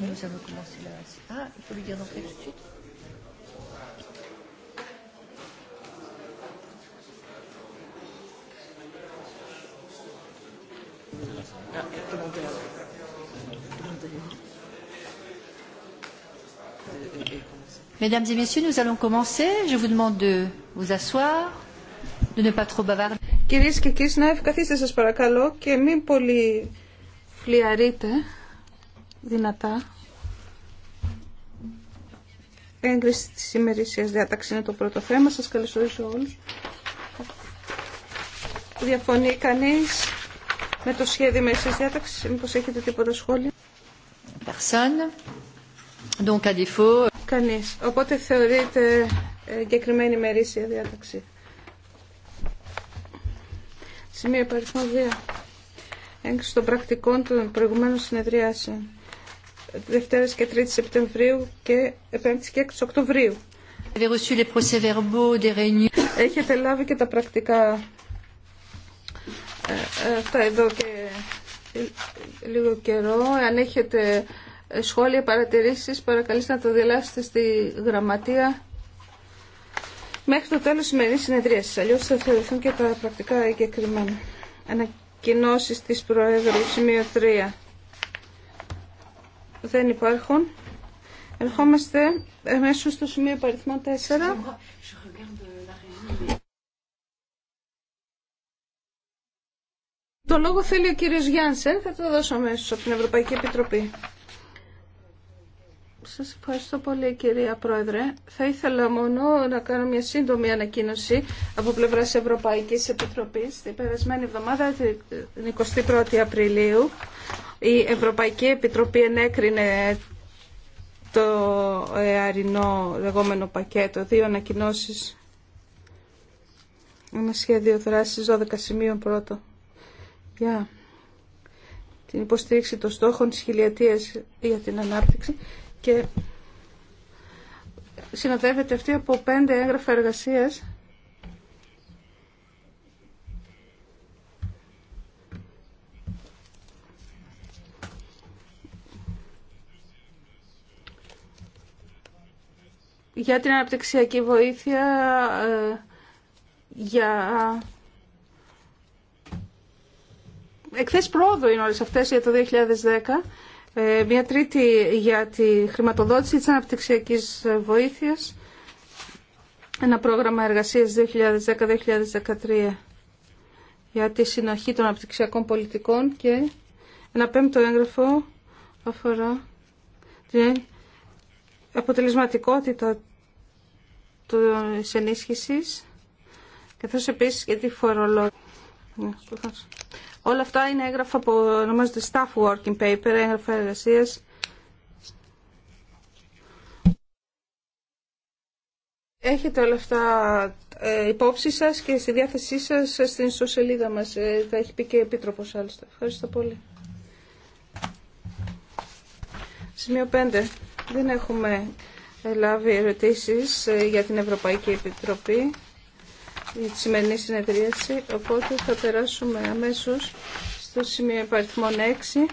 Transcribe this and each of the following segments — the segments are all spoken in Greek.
nous avons commencé là. Ah, il faut lui dire d'entrer tout de suite. Mesdames et messieurs, nous allons commencer. Je vous demande de vous asseoir, de ne pas trop bavarder. Κυρίες και κύριοι συνάδελφοι, καθίστε σας παρακαλώ και μην πολύ φλιαρείτε δυνατά έγκριση τη ημερησία διάταξη είναι το πρώτο θέμα. Σα καλωσορίζω όλου. Διαφωνεί κανεί με το σχέδιο ημερήσιας διάταξη. μήπω έχετε τίποτα σχόλια. Personne. Donc, à défaut... Κανείς. Οπότε θεωρείται εγκεκριμένη ημερήσια διάταξη. Σημείο υπαριθμό 2. Έγκριση των πρακτικών των προηγουμένων συνεδριάσεων. Δευτέρα και Τρίτη Σεπτεμβρίου και 5 και 6 Οκτωβρίου. Έχετε λάβει και τα πρακτικά ε, ε, αυτά εδώ και λίγο καιρό. Αν έχετε ε, σχόλια, παρατηρήσει, παρακαλείστε να το διαλάσετε στη γραμματεία μέχρι το τη σημερινή συνεδρίαση. Αλλιώ θα θεωρηθούν και τα πρακτικά εγκεκριμένα. ανακοινώσει τη Προέδρου, σημείο 3 δεν υπάρχουν. Ερχόμαστε αμέσως στο σημείο παριθμό 4. Το λόγο θέλει ο κύριος Γιάνσεν, θα το δώσω αμέσως από την Ευρωπαϊκή Επιτροπή. Σας ευχαριστώ πολύ κυρία Πρόεδρε. Θα ήθελα μόνο να κάνω μια σύντομη ανακοίνωση από πλευράς Ευρωπαϊκής Επιτροπής. Την περασμένη εβδομάδα, την 21η Απριλίου, η Ευρωπαϊκή Επιτροπή ενέκρινε το ε, αρινό λεγόμενο πακέτο, δύο ανακοινώσει. Ένα σχέδιο δράση 12 σημείων πρώτο. Για την υποστήριξη των στόχων της χιλιατίας για την ανάπτυξη και συνοδεύεται αυτή από πέντε έγγραφα εργασίας για την αναπτυξιακή βοήθεια, ε, για εκθέσεις πρόοδο είναι όλες αυτές για το 2010 ε, μία τρίτη για τη χρηματοδότηση της αναπτυξιακής βοήθειας. Ένα πρόγραμμα εργασίας 2010-2013 για τη συνοχή των αναπτυξιακών πολιτικών και ένα πέμπτο έγγραφο αφορά την αποτελεσματικότητα της ενίσχυσης καθώς επίσης και τη φορολόγηση. Όλα αυτά είναι έγγραφα που ονομάζονται staff working paper, έγγραφα εργασία. Έχετε όλα αυτά ε, υπόψη σας και στη διάθεσή σας στην ιστοσελίδα μας. Θα ε, έχει πει και η Επίτροπος άλλωστε. Ευχαριστώ πολύ. Σημείο 5. Δεν έχουμε ε, λάβει ερωτήσεις για την Ευρωπαϊκή Επιτροπή για τη σημερινή συνεδρίαση, οπότε θα περάσουμε αμέσως στο σημείο υπαριθμών 6.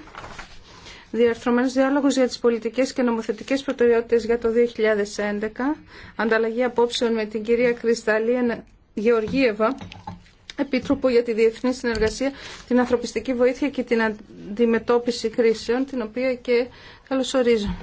Διαρθρωμένος διάλογος για τις πολιτικές και νομοθετικές προτεραιότητες για το 2011. Ανταλλαγή απόψεων με την κυρία Κρυσταλία Γεωργίεβα Επίτροπο για τη Διεθνή Συνεργασία, την Ανθρωπιστική Βοήθεια και την Αντιμετώπιση Κρίσεων, την οποία και καλωσορίζω.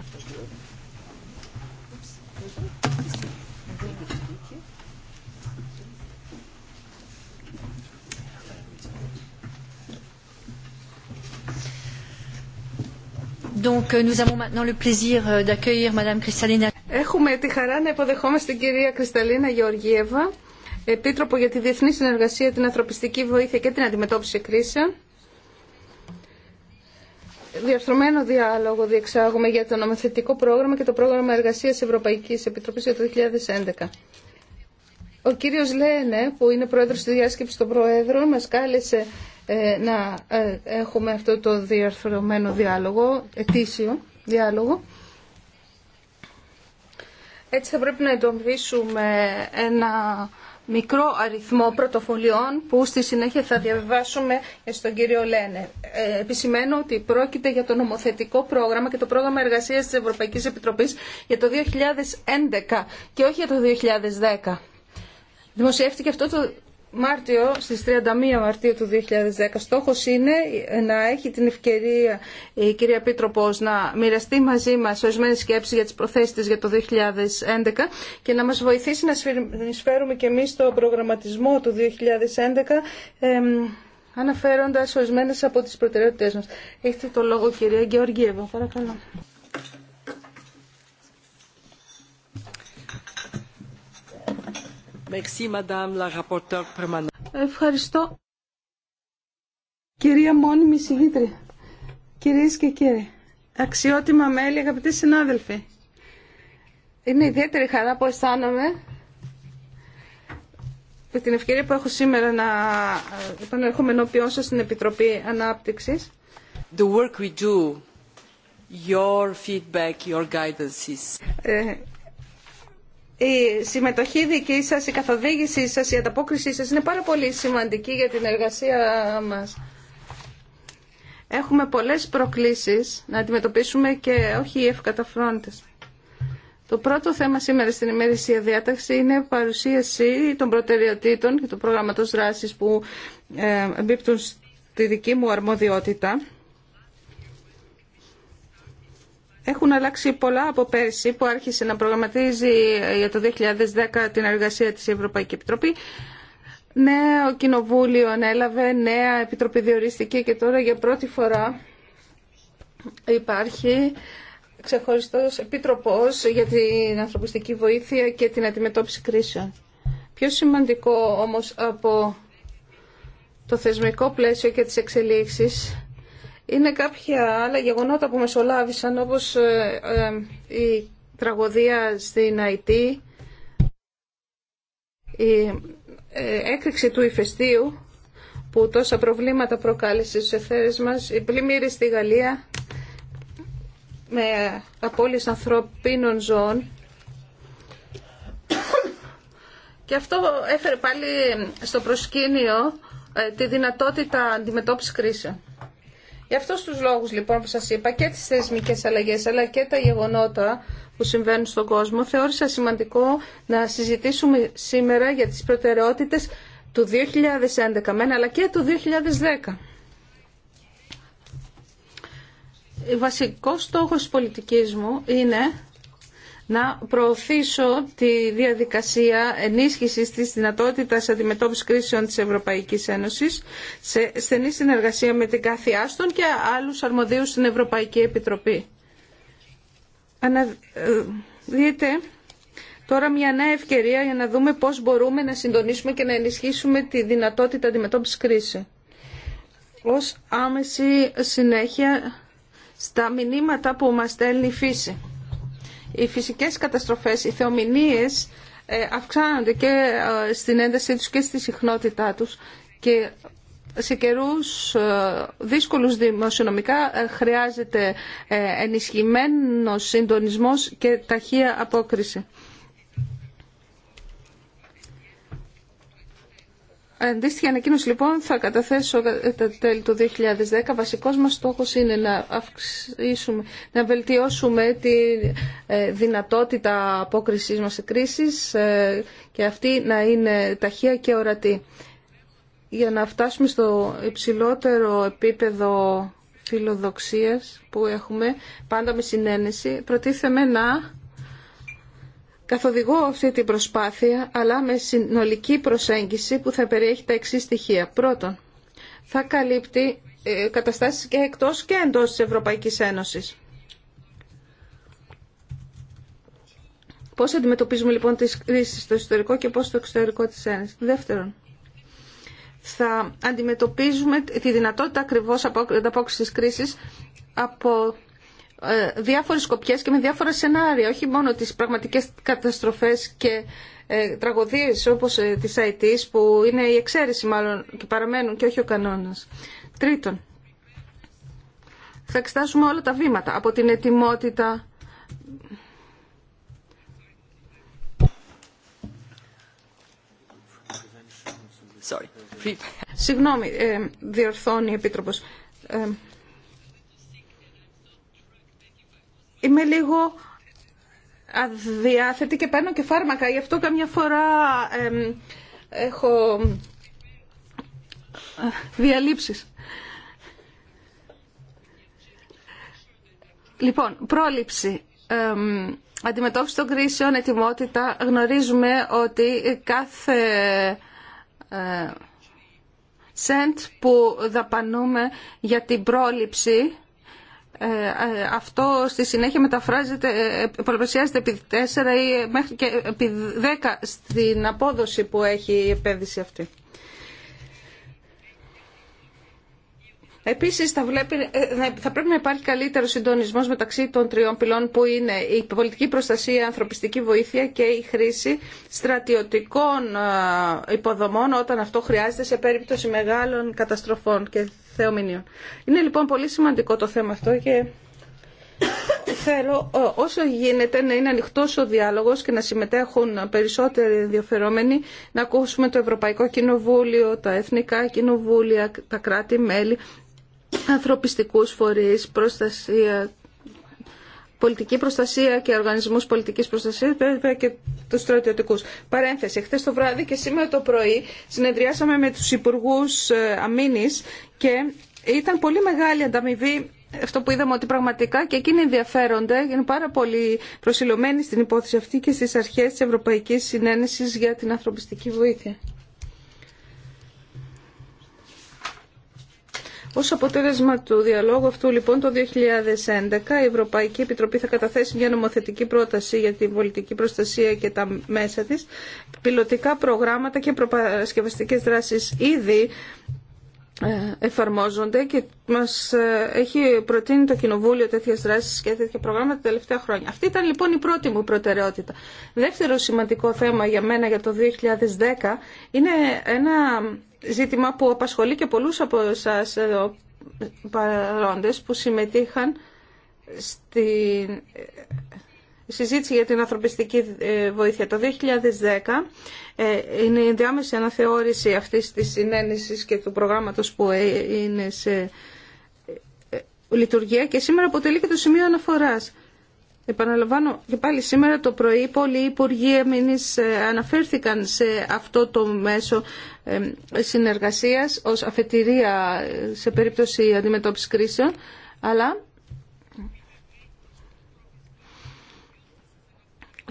Έχουμε τη χαρά να υποδεχόμαστε την κυρία Κρυσταλίνα Γεωργίευα, Επίτροπο για τη Διεθνή Συνεργασία, την Ανθρωπιστική Βοήθεια και την Αντιμετώπιση Κρίσεων. Διαρθρωμένο διάλογο διεξάγουμε για το νομοθετικό πρόγραμμα και το πρόγραμμα εργασίας Ευρωπαϊκής Επιτροπής για το 2011. Ο κύριος Λένε, που είναι πρόεδρος της διάσκεψης των Προέδρων, μας κάλεσε ε, να ε, έχουμε αυτό το διαρθρωμένο διάλογο, ετήσιο διάλογο. Έτσι θα πρέπει να εντοπίσουμε ένα μικρό αριθμό πρωτοφολιών που στη συνέχεια θα διαβάσουμε στον κύριο Λένε. Ε, επισημαίνω ότι πρόκειται για το νομοθετικό πρόγραμμα και το πρόγραμμα εργασίας της Ευρωπαϊκής Επιτροπής για το 2011 και όχι για το 2010. Δημοσιεύτηκε αυτό το Μάρτιο, στις 31 Μαρτίου του 2010, στόχος είναι να έχει την ευκαιρία η κυρία Πίτροπος να μοιραστεί μαζί μας ορισμένες σκέψεις για τις προθέσεις της για το 2011 και να μας βοηθήσει να εισφέρουμε και εμείς το προγραμματισμό του 2011 εμ, αναφέροντας ορισμένες από τις προτεραιότητες μας. Έχετε το λόγο κυρία Γεωργίευα, παρακαλώ. Ευχαριστώ. Κυρία Μόνιμη Συγήτρια, κυρίες και κύριοι, αξιότιμα μέλη, αγαπητοί συνάδελφοι, είναι ιδιαίτερη χαρά που αισθάνομαι με την ευκαιρία που έχω σήμερα να επανέρχομαι ενώπιόν σας στην Επιτροπή Ανάπτυξης. The work we do, your feedback, your η συμμετοχή δική σας, η καθοδήγησή σας, η ανταπόκρισή σας είναι πάρα πολύ σημαντική για την εργασία μας. Έχουμε πολλές προκλήσεις να αντιμετωπίσουμε και όχι οι ευκαταφρόντες. Το πρώτο θέμα σήμερα στην ημερησία διάταξη είναι παρουσίαση των προτεραιοτήτων και του προγράμματο δράσης που ε, εμπίπτουν στη δική μου αρμοδιότητα. Έχουν αλλάξει πολλά από πέρσι που άρχισε να προγραμματίζει για το 2010 την εργασία της Ευρωπαϊκή Επιτροπή. Νέο ναι, κοινοβούλιο ανέλαβε, νέα επιτροπή διοριστική και τώρα για πρώτη φορά υπάρχει ξεχωριστός επίτροπος για την ανθρωπιστική βοήθεια και την αντιμετώπιση κρίσεων. Πιο σημαντικό όμως από το θεσμικό πλαίσιο και τις εξελίξεις είναι κάποια άλλα γεγονότα που μεσολάβησαν όπως ε, ε, η τραγωδία στην Αϊτή, η ε, έκρηξη του ηφαιστείου που τόσα προβλήματα προκάλεσε στους εθέρες μας, η πλημμύρη στη Γαλλία με απόλυση ανθρωπίνων ζώων. Και αυτό έφερε πάλι στο προσκήνιο τη δυνατότητα αντιμετώπισης κρίσεων. Γι' αυτούς τους λόγους λοιπόν που σας είπα και τις θεσμικέ αλλαγές αλλά και τα γεγονότα που συμβαίνουν στον κόσμο θεώρησα σημαντικό να συζητήσουμε σήμερα για τις προτεραιότητες του 2011 αλλά και του 2010. Ο βασικός στόχος της πολιτικής μου είναι να προωθήσω τη διαδικασία ενίσχυσης της δυνατότητας αντιμετώπισης κρίσεων της Ευρωπαϊκής Ένωσης σε στενή συνεργασία με την Κάθη Άστον και άλλους αρμοδίους στην Ευρωπαϊκή Επιτροπή. Δείτε τώρα μια νέα ευκαιρία για να δούμε πώς μπορούμε να συντονίσουμε και να ενισχύσουμε τη δυνατότητα αντιμετώπισης κρίσεων. Ως άμεση συνέχεια στα μηνύματα που μας στέλνει η φύση οι φυσικές καταστροφές, οι θεομηνίες ε, αυξάνονται και ε, στην έντασή τους και στη συχνότητά τους και σε καιρούς ε, δύσκολους δημοσιονομικά χρειάζεται ενισχυμένος συντονισμός και ταχεία απόκριση. Αντίστοιχη ανακοίνωση λοιπόν θα καταθέσω τα τέλη του 2010. Βασικός μας στόχος είναι να αυξήσουμε, να βελτιώσουμε τη ε, δυνατότητα απόκρισής μας σε κρίσεις ε, και αυτή να είναι ταχεία και ορατή. Για να φτάσουμε στο υψηλότερο επίπεδο φιλοδοξίας που έχουμε, πάντα με συνένεση, προτίθεμε να Καθοδηγώ αυτή την προσπάθεια, αλλά με συνολική προσέγγιση που θα περιέχει τα εξή στοιχεία. Πρώτον, θα καλύπτει ε, καταστάσεις και εκτός και εντός της Ευρωπαϊκής Ένωσης. Πώς αντιμετωπίζουμε λοιπόν τις κρίσεις στο ιστορικό και πώς στο εξωτερικό της Ένωσης. Δεύτερον, θα αντιμετωπίζουμε τη δυνατότητα ακριβώς ανταπόκρισης κρίσης από ε, διάφορες σκοπιές και με διάφορα σενάρια, όχι μόνο τις πραγματικές καταστροφές και ε, τραγωδίες όπως ε, της ΑΕΤΗΣ που είναι η εξαίρεση μάλλον και παραμένουν και όχι ο κανόνας. Τρίτον, θα εξετάσουμε όλα τα βήματα από την ετοιμότητα Sorry. Συγγνώμη, διορθώνει η Επίτροπος. είμαι λίγο αδιάθετη και παίρνω και φάρμακα. Γι' αυτό καμιά φορά έχω διαλύσεις. Λοιπόν, πρόληψη. Εμ, αντιμετώπιση των κρίσεων, ετοιμότητα. Γνωρίζουμε ότι κάθε σεντ που δαπανούμε για την πρόληψη ε, ε, αυτό στη συνέχεια μεταφράζεται, ε, πολλαπλασιάζεται επί 4 ή μέχρι και επί 10 στην απόδοση που έχει η επένδυση αυτή. Επίσης θα, ε, θα πρέπει να υπάρχει καλύτερο συντονισμός μεταξύ των τριών πυλών που είναι η πολιτική προστασία, η ανθρωπιστική βοήθεια και η χρήση στρατιωτικών ε, υποδομών όταν αυτό χρειάζεται σε περίπτωση μεγάλων καταστροφών και θεομηνίων. Είναι λοιπόν πολύ σημαντικό το θέμα αυτό και θέλω ε, όσο γίνεται να είναι ανοιχτό ο διάλογος και να συμμετέχουν περισσότεροι ενδιαφερόμενοι, να ακούσουμε το Ευρωπαϊκό Κοινοβούλιο, τα Εθνικά Κοινοβούλια, τα κράτη-μέλη, ανθρωπιστικούς φορείς, προστασία, πολιτική προστασία και οργανισμούς πολιτικής προστασίας βέβαια και τους στρατιωτικούς. Παρένθεση, χθε το βράδυ και σήμερα το πρωί συνεδριάσαμε με τους υπουργούς ε, αμήνης και ήταν πολύ μεγάλη ανταμοιβή αυτό που είδαμε ότι πραγματικά και εκείνοι ενδιαφέρονται, είναι πάρα πολύ προσιλωμένοι στην υπόθεση αυτή και στις αρχές της Ευρωπαϊκής Συνένεσης για την ανθρωπιστική βοήθεια. Ως αποτέλεσμα του διαλόγου αυτού λοιπόν το 2011 η Ευρωπαϊκή Επιτροπή θα καταθέσει μια νομοθετική πρόταση για την πολιτική προστασία και τα μέσα της, πιλωτικά προγράμματα και προπαρασκευαστικές δράσεις ήδη ε, εφαρμόζονται και μας ε, έχει προτείνει το Κοινοβούλιο τέτοιες δράσεις και τέτοια προγράμματα τα τελευταία χρόνια. Αυτή ήταν λοιπόν η πρώτη μου προτεραιότητα. Δεύτερο σημαντικό θέμα για μένα για το 2010 είναι ένα ζήτημα που απασχολεί και πολλούς από εσάς εδώ παρόντες που συμμετείχαν στην συζήτηση για την ανθρωπιστική ε, βοήθεια. Το 2010 ε, είναι η διάμεση αναθεώρηση αυτής της συνένεσης και του προγράμματος που ε, είναι σε λειτουργία και σήμερα αποτελεί και το σημείο αναφοράς. Επαναλαμβάνω και πάλι σήμερα το πρωί πολλοί υπουργοί εμείς αναφέρθηκαν σε αυτό το μέσο συνεργασίας ως αφετηρία σε περίπτωση αντιμετώπισης κρίσεων αλλά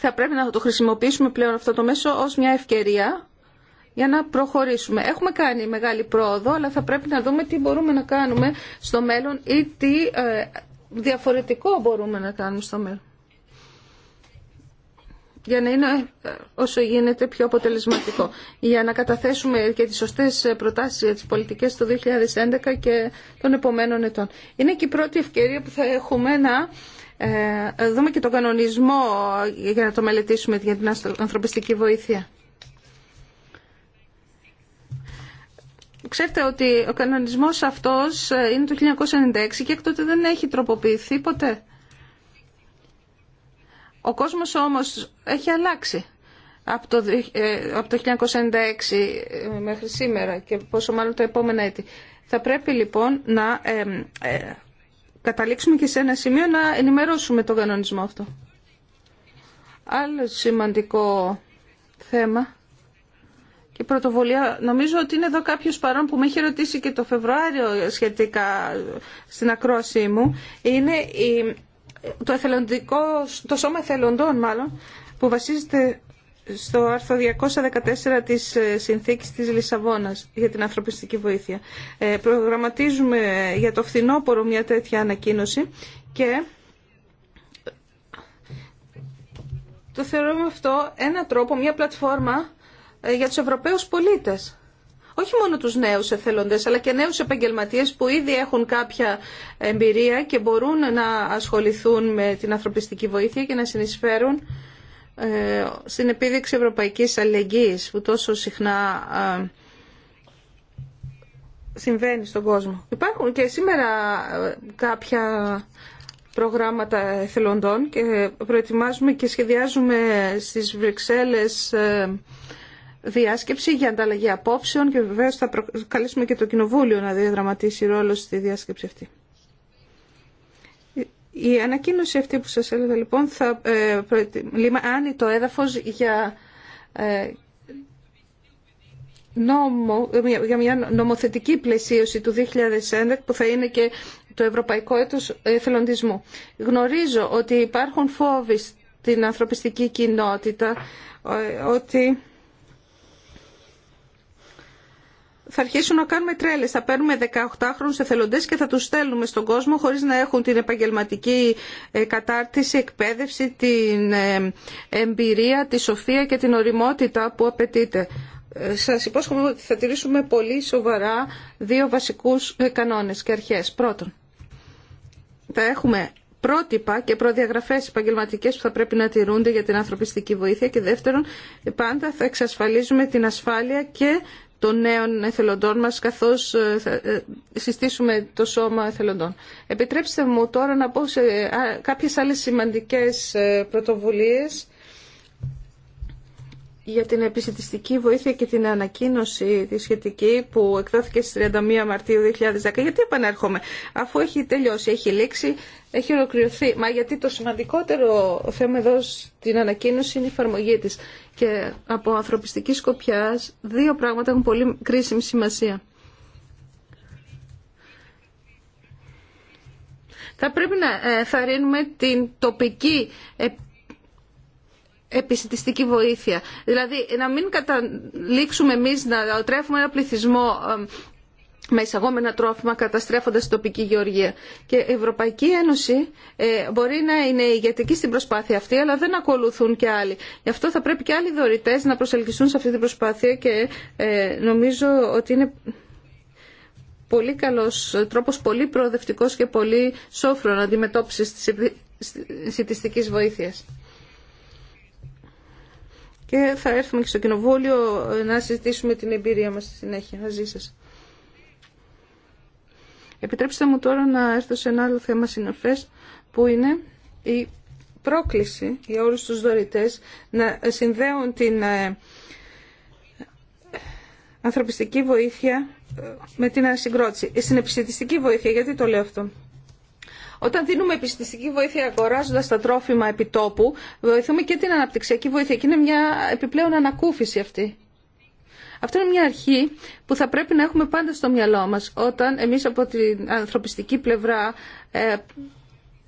θα πρέπει να το χρησιμοποιήσουμε πλέον αυτό το μέσο ως μια ευκαιρία για να προχωρήσουμε. Έχουμε κάνει μεγάλη πρόοδο, αλλά θα πρέπει να δούμε τι μπορούμε να κάνουμε στο μέλλον ή τι ε, διαφορετικό μπορούμε να κάνουμε στο μέλλον. Για να είναι ε, όσο γίνεται πιο αποτελεσματικό. Για να καταθέσουμε και τις σωστές προτάσεις για τις πολιτικές το 2011 και των επομένων ετών. Είναι και η πρώτη ευκαιρία που θα έχουμε να ε, δούμε και τον κανονισμό για να το μελετήσουμε για την ανθρωπιστική βοήθεια. Ξέρετε ότι ο κανονισμός αυτός ε, είναι το 1996 και εκ τότε δεν έχει τροποποιηθεί ποτέ. Ο κόσμος όμως έχει αλλάξει από το, ε, από το 1996 μέχρι σήμερα και πόσο μάλλον το επόμενο έτη. Θα πρέπει λοιπόν να καταλήξουμε και σε ένα σημείο να ενημερώσουμε τον κανονισμό αυτό. Άλλο σημαντικό θέμα και πρωτοβουλία. Νομίζω ότι είναι εδώ κάποιος παρόν που με έχει ρωτήσει και το Φεβρουάριο σχετικά στην ακρόασή μου. Είναι το, το σώμα εθελοντών μάλλον που βασίζεται στο άρθρο 214 της ε, Συνθήκης της Λισαβόνας για την ανθρωπιστική βοήθεια. Ε, προγραμματίζουμε για το φθινόπωρο μια τέτοια ανακοίνωση και το θεωρούμε αυτό ένα τρόπο, μια πλατφόρμα ε, για τους Ευρωπαίους πολίτες. Όχι μόνο τους νέους εθελοντές, αλλά και νέους επαγγελματίες που ήδη έχουν κάποια εμπειρία και μπορούν να ασχοληθούν με την ανθρωπιστική βοήθεια και να συνεισφέρουν ε, στην επίδειξη ευρωπαϊκής αλληλεγγύης που τόσο συχνά ε, συμβαίνει στον κόσμο. Υπάρχουν και σήμερα ε, κάποια προγράμματα εθελοντών και προετοιμάζουμε και σχεδιάζουμε στις Βρυξέλλες διάσκεψη για ανταλλαγή απόψεων και βεβαίως θα καλέσουμε και το Κοινοβούλιο να διαδραματίσει ρόλο στη διάσκεψη αυτή. Η ανακοίνωση αυτή που σας έλεγα λοιπόν θα ε, προετοιμάνει το έδαφος για, ε, νόμο, για μια νομοθετική πλαισίωση του 2011 που θα είναι και το Ευρωπαϊκό Έτος Εθελοντισμού. Γνωρίζω ότι υπάρχουν φόβοι στην ανθρωπιστική κοινότητα ε, ότι θα αρχίσουν να κάνουμε τρέλε. Θα παίρνουμε 18χρονου εθελοντέ και θα του στέλνουμε στον κόσμο χωρί να έχουν την επαγγελματική ε, κατάρτιση, εκπαίδευση, την ε, εμπειρία, τη σοφία και την οριμότητα που απαιτείται. Ε, Σα υπόσχομαι ότι θα τηρήσουμε πολύ σοβαρά δύο βασικού κανόνε και αρχέ. Πρώτον, θα έχουμε πρότυπα και προδιαγραφέ επαγγελματικέ που θα πρέπει να τηρούνται για την ανθρωπιστική βοήθεια και δεύτερον, πάντα θα εξασφαλίζουμε την ασφάλεια και των νέων εθελοντών μας καθώς ε, ε, συστήσουμε το σώμα εθελοντών. Επιτρέψτε μου τώρα να πω σε κάποιες άλλες σημαντικές ε, πρωτοβουλίες για την επιστημιστική βοήθεια και την ανακοίνωση τη σχετική που εκδόθηκε στις 31 Μαρτίου 2010. Γιατί επανέρχομαι, αφού έχει τελειώσει, έχει λήξει, έχει ολοκληρωθεί. Μα γιατί το σημαντικότερο θέμα εδώ στην ανακοίνωση είναι η εφαρμογή της και από ανθρωπιστική σκοπιά δύο πράγματα έχουν πολύ κρίσιμη σημασία. Θα πρέπει να ε, θαρρύνουμε την τοπική ε, επιστηστική βοήθεια. Δηλαδή να μην καταλήξουμε εμείς να τρέφουμε ένα πληθυσμό ε, με εισαγόμενα τρόφιμα καταστρέφοντα την τοπική γεωργία. Και η Ευρωπαϊκή Ένωση ε, μπορεί να είναι ηγετική στην προσπάθεια αυτή, αλλά δεν ακολουθούν και άλλοι. Γι' αυτό θα πρέπει και άλλοι δωρητέ να προσελκυστούν σε αυτή την προσπάθεια και ε, νομίζω ότι είναι πολύ καλός τρόπος, πολύ προοδευτικός και πολύ σόφρον αντιμετώπισης της σιτιστικής βοήθειας. Και θα έρθουμε και στο Κοινοβούλιο ε, να συζητήσουμε την εμπειρία μας στη συνέχεια. Να ζήσετε. Επιτρέψτε μου τώρα να έρθω σε ένα άλλο θέμα συναφές που είναι η πρόκληση για όλους τους δωρητές να συνδέουν την ε, ανθρωπιστική βοήθεια ε, με την ασυγκρότηση. Ε, Στην επιστημιστική βοήθεια, γιατί το λέω αυτό. Όταν δίνουμε επιστημιστική βοήθεια αγοράζοντα τα τρόφιμα επιτόπου, βοηθούμε και την αναπτυξιακή βοήθεια και είναι μια επιπλέον ανακούφιση αυτή. Αυτό είναι μια αρχή που θα πρέπει να έχουμε πάντα στο μυαλό μας όταν εμείς από την ανθρωπιστική πλευρά ε,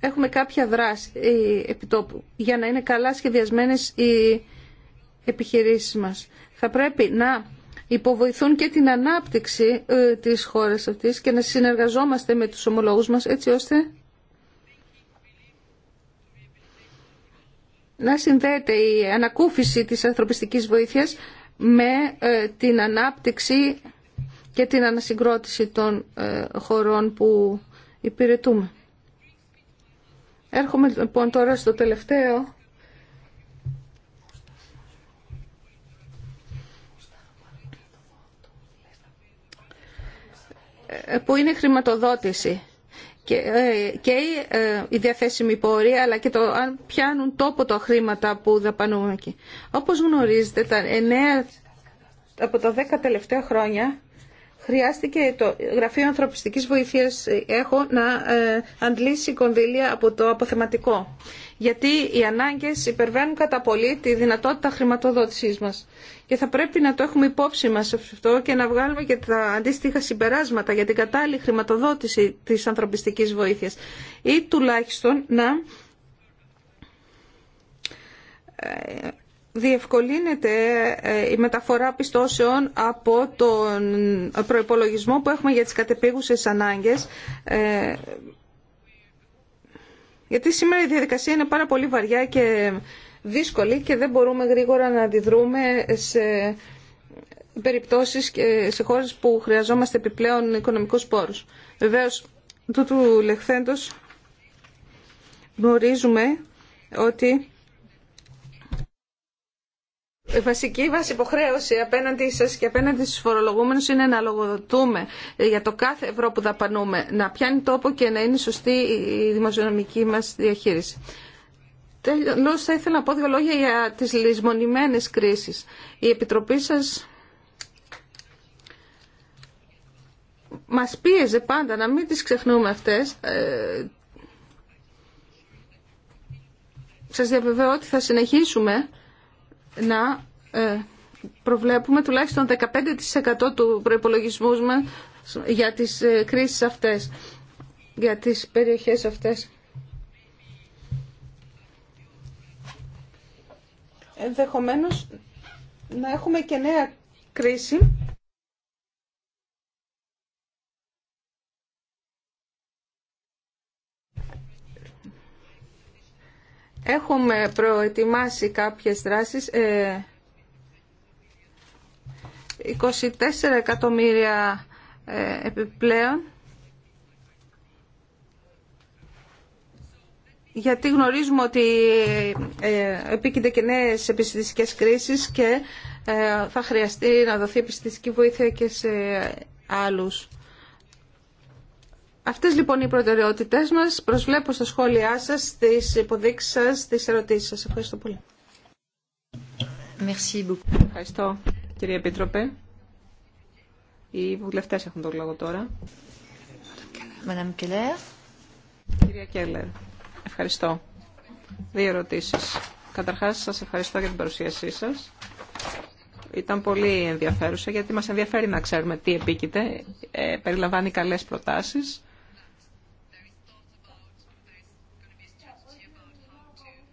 έχουμε κάποια δράση ε, επιτόπου για να είναι καλά σχεδιασμένες οι επιχειρήσεις μας. Θα πρέπει να υποβοηθούν και την ανάπτυξη ε, της χώρας αυτής και να συνεργαζόμαστε με τους ομολόγους μας έτσι ώστε να συνδέεται η ανακούφιση της ανθρωπιστικής βοήθειας με ε, την ανάπτυξη και την ανασυγκρότηση των ε, χωρών που υπηρετούμε. Έρχομαι λοιπόν τώρα στο τελευταίο ε, που είναι η χρηματοδότηση και, ε, και ε, η διαθέσιμη πορεία αλλά και το αν πιάνουν τόπο τα χρήματα που δαπανούμε εκεί. Όπως γνωρίζετε τα από τα δέκα τελευταία χρόνια χρειάστηκε το Γραφείο Ανθρωπιστικής Βοηθείας ε, έχω να αντλήσει κονδύλια από το αποθεματικό γιατί οι ανάγκες υπερβαίνουν κατά πολύ τη δυνατότητα χρηματοδότησής μας. Και θα πρέπει να το έχουμε υπόψη μας αυτό και να βγάλουμε και τα αντίστοιχα συμπεράσματα για την κατάλληλη χρηματοδότηση της ανθρωπιστικής βοήθειας ή τουλάχιστον να ε, διευκολύνεται ε, η μεταφορά πιστώσεων από τον προϋπολογισμό που έχουμε για τις κατεπίγουσες ανάγκες ε, γιατί σήμερα η διαδικασία είναι πάρα πολύ βαριά και δύσκολη και δεν μπορούμε γρήγορα να αντιδρούμε σε περιπτώσεις και σε χώρες που χρειαζόμαστε επιπλέον οικονομικούς πόρους. Βεβαίως, τούτου λεχθέντος γνωρίζουμε ότι η βασική μα υποχρέωση απέναντι σα και απέναντι στους φορολογούμενους είναι να λογοδοτούμε για το κάθε ευρώ που δαπανούμε, να πιάνει τόπο και να είναι σωστή η δημοσιονομική μας διαχείριση. Τέλος, θα ήθελα να πω δύο λόγια για τι λησμονημένε κρίσει. Η Επιτροπή σας μας πίεζε πάντα να μην τις ξεχνούμε αυτές. Ε, σας διαβεβαιώ ότι θα συνεχίσουμε να ε, προβλέπουμε τουλάχιστον 15% του προϋπολογισμούς μας για τις ε, κρίσεις αυτές, για τις περιοχές αυτές. Ενδεχομένως να έχουμε και νέα κρίση Έχουμε προετοιμάσει κάποιες δράσεις. 24 ε, εκατομμύρια ε, επιπλέον. γιατί γνωρίζουμε ότι ε, επίκυνται και νέε επιστημιστικές κρίσεις και θα χρειαστεί να δοθεί επιστημιστική βοήθεια και σε άλλους. Αυτές λοιπόν οι προτεραιότητές μας. Προσβλέπω στα σχόλιά σα στι υποδείξει σα στι ερωτήσεις σας. Ευχαριστώ πολύ. Merci Ευχαριστώ κύριε Επίτροπε. Οι βουλευτέ έχουν τον λόγο τώρα. Madame Keller. Κυρία Κέλλερ, ευχαριστώ. Δύο ερωτήσεις. Καταρχάς σας ευχαριστώ για την παρουσίασή σας. Ήταν πολύ ενδιαφέρουσα γιατί μας ενδιαφέρει να ξέρουμε τι επίκειται. Ε, περιλαμβάνει καλές προτάσεις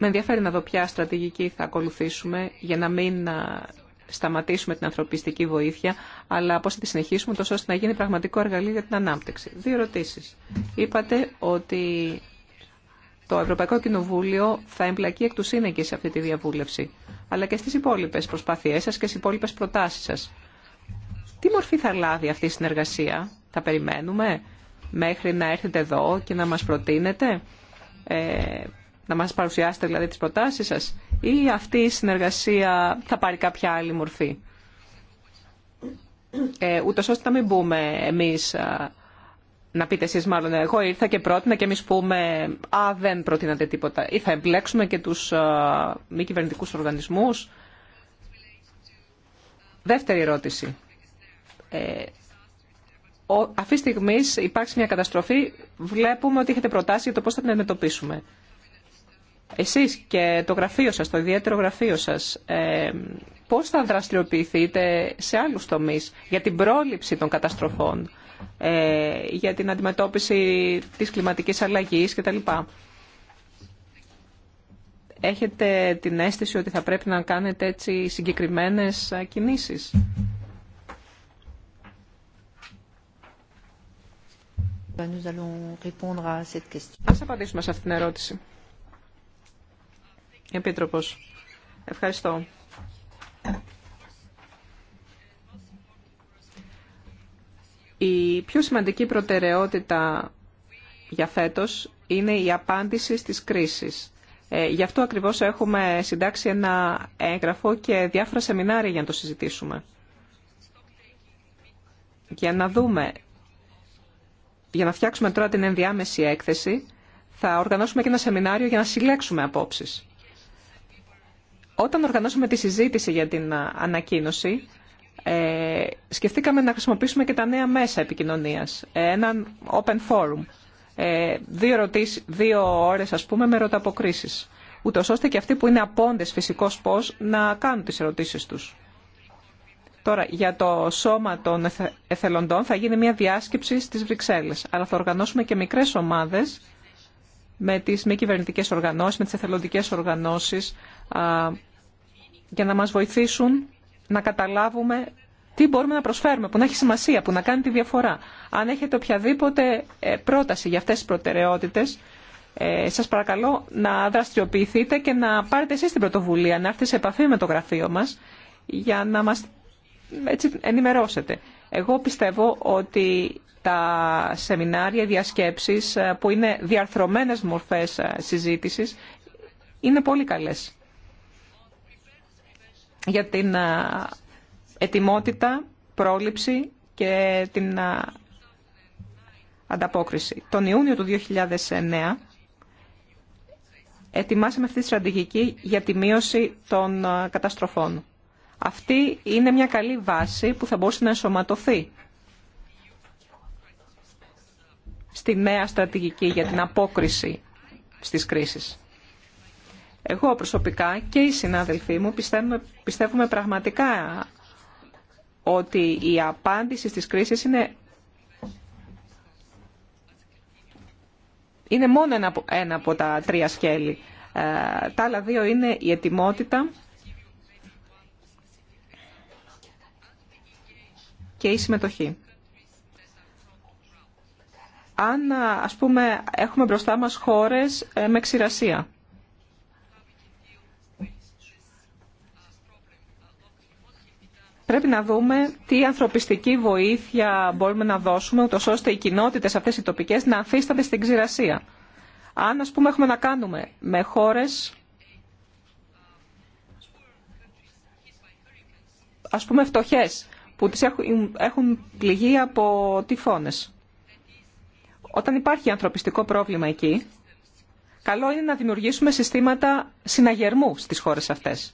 Με ενδιαφέρει να δω ποια στρατηγική θα ακολουθήσουμε για να μην σταματήσουμε την ανθρωπιστική βοήθεια, αλλά πώς θα τη συνεχίσουμε τόσο ώστε να γίνει πραγματικό εργαλείο για την ανάπτυξη. Δύο ερωτήσεις. Είπατε ότι το Ευρωπαϊκό Κοινοβούλιο θα εμπλακεί εκ του σύνεγγυ σε αυτή τη διαβούλευση, αλλά και στις υπόλοιπες προσπάθειές σας και στις υπόλοιπες προτάσεις σας. Τι μορφή θα λάβει αυτή η συνεργασία, θα περιμένουμε μέχρι να έρθετε εδώ και να μας προτείνετε ε, να μας παρουσιάσετε δηλαδή τις προτάσεις σας ή αυτή η συνεργασία θα πάρει κάποια άλλη μορφή. Ε, ούτως ώστε να μην μπούμε εμείς, να πείτε εσείς μάλλον εγώ ήρθα και πρότεινα και εμείς πούμε α δεν προτείνατε τίποτα ή θα εμπλέξουμε και τους μη κυβερνητικού οργανισμούς. Δεύτερη ερώτηση. Ε, αυτή τη στιγμή υπάρξει μια καταστροφή, βλέπουμε ότι έχετε προτάσει για το πώς θα την αντιμετωπίσουμε εσείς και το γραφείο σας, το ιδιαίτερο γραφείο σας, ε, πώς θα δραστηριοποιηθείτε σε άλλους τομείς για την πρόληψη των καταστροφών, ε, για την αντιμετώπιση της κλιματικής αλλαγής κτλ. Έχετε την αίσθηση ότι θα πρέπει να κάνετε έτσι συγκεκριμένες κινήσεις. Ας απαντήσουμε σε αυτήν την ερώτηση. Επίτροπος. Ευχαριστώ. Η πιο σημαντική προτεραιότητα για φέτος είναι η απάντηση στις κρίσεις. Ε, γι' αυτό ακριβώς έχουμε συντάξει ένα έγγραφο και διάφορα σεμινάρια για να το συζητήσουμε. Για να δούμε, για να φτιάξουμε τώρα την ενδιάμεση έκθεση, θα οργανώσουμε και ένα σεμινάριο για να συλλέξουμε απόψεις. Όταν οργανώσαμε τη συζήτηση για την ε, ανακοίνωση, ε, σκεφτήκαμε να χρησιμοποιήσουμε και τα νέα μέσα επικοινωνίας, ε, έναν open forum, ε, δύο, ερωτήσεις, δύο ώρες ας πούμε με ρωταποκρίσεις, ούτως ώστε και αυτοί που είναι απόντες φυσικός πώς να κάνουν τις ερωτήσεις τους. Τώρα, για το σώμα των εθελοντών θα γίνει μια διάσκεψη στις Βρυξέλλες, αλλά θα οργανώσουμε και μικρές ομάδες με τις μη κυβερνητικές οργανώσεις, με τις εθελοντικές οργανώσεις, για να μας βοηθήσουν να καταλάβουμε τι μπορούμε να προσφέρουμε, που να έχει σημασία, που να κάνει τη διαφορά. Αν έχετε οποιαδήποτε ε, πρόταση για αυτές τις προτεραιότητες, ε, σας παρακαλώ να δραστηριοποιηθείτε και να πάρετε εσείς την πρωτοβουλία, να έρθετε σε επαφή με το γραφείο μας για να μας έτσι, ενημερώσετε. Εγώ πιστεύω ότι τα σεμινάρια, διασκέψεις ε, που είναι διαρθρωμένες μορφές ε, συζήτησης είναι πολύ καλές για την ετοιμότητα, πρόληψη και την ανταπόκριση. Τον Ιούνιο του 2009 ετοιμάσαμε αυτή τη στρατηγική για τη μείωση των καταστροφών. Αυτή είναι μια καλή βάση που θα μπορούσε να ενσωματωθεί στη νέα στρατηγική για την απόκριση στις κρίσεις. Εγώ προσωπικά και οι συνάδελφοί μου πιστεύουμε, πιστεύουμε πραγματικά ότι η απάντηση στις κρίσεις είναι, είναι μόνο ένα, από τα τρία σκέλη. Ε, τα άλλα δύο είναι η ετοιμότητα και η συμμετοχή. Αν, ας πούμε, έχουμε μπροστά μας χώρες ε, με ξηρασία, Πρέπει να δούμε τι ανθρωπιστική βοήθεια μπορούμε να δώσουμε, ούτως ώστε οι κοινότητες αυτές οι τοπικές να αφίστανται στην ξηρασία. Αν, ας πούμε, έχουμε να κάνουμε με χώρες, ας πούμε, φτωχέ, που τις έχουν, έχουν πληγεί από τυφώνες. Όταν υπάρχει ανθρωπιστικό πρόβλημα εκεί, καλό είναι να δημιουργήσουμε συστήματα συναγερμού στις χώρες αυτές.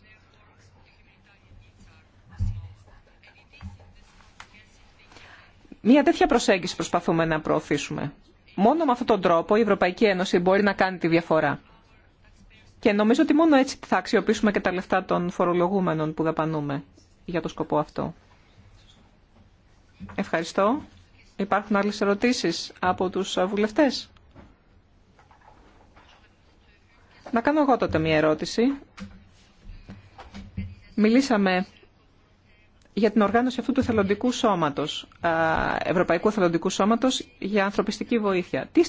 Μία τέτοια προσέγγιση προσπαθούμε να προωθήσουμε. Μόνο με αυτόν τον τρόπο η Ευρωπαϊκή Ένωση μπορεί να κάνει τη διαφορά. Και νομίζω ότι μόνο έτσι θα αξιοποιήσουμε και τα λεφτά των φορολογούμενων που δαπανούμε για το σκοπό αυτό. Ευχαριστώ. Υπάρχουν άλλες ερωτήσεις από τους βουλευτές. Να κάνω εγώ τότε μία ερώτηση. Μιλήσαμε για την οργάνωση αυτού του θελοντικού σώματος, Ευρωπαϊκού Θελοντικού Σώματος για ανθρωπιστική βοήθεια. Τι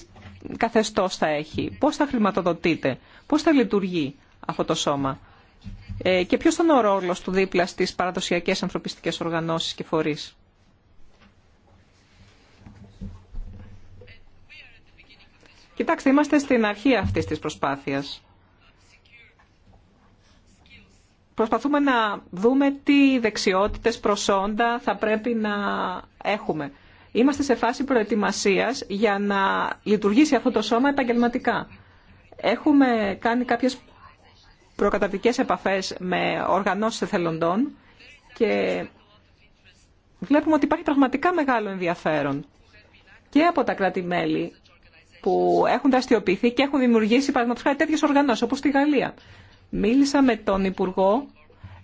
καθεστώς θα έχει, πώς θα χρηματοδοτείται, πώς θα λειτουργεί αυτό το σώμα ε, και ποιος θα είναι ο ρόλος του δίπλα στις παραδοσιακές ανθρωπιστικές οργανώσεις και φορείς. Κοιτάξτε, είμαστε στην αρχή αυτής της προσπάθειας. προσπαθούμε να δούμε τι δεξιότητες προσόντα θα πρέπει να έχουμε. Είμαστε σε φάση προετοιμασίας για να λειτουργήσει αυτό το σώμα επαγγελματικά. Έχουμε κάνει κάποιες προκαταρτικές επαφές με οργανώσεις εθελοντών και βλέπουμε ότι υπάρχει πραγματικά μεγάλο ενδιαφέρον και από τα κράτη-μέλη που έχουν δραστηριοποιηθεί και έχουν δημιουργήσει παραδείγματος χάρη τέτοιες οργανώσεις όπως τη Γαλλία. Μίλησα με τον Υπουργό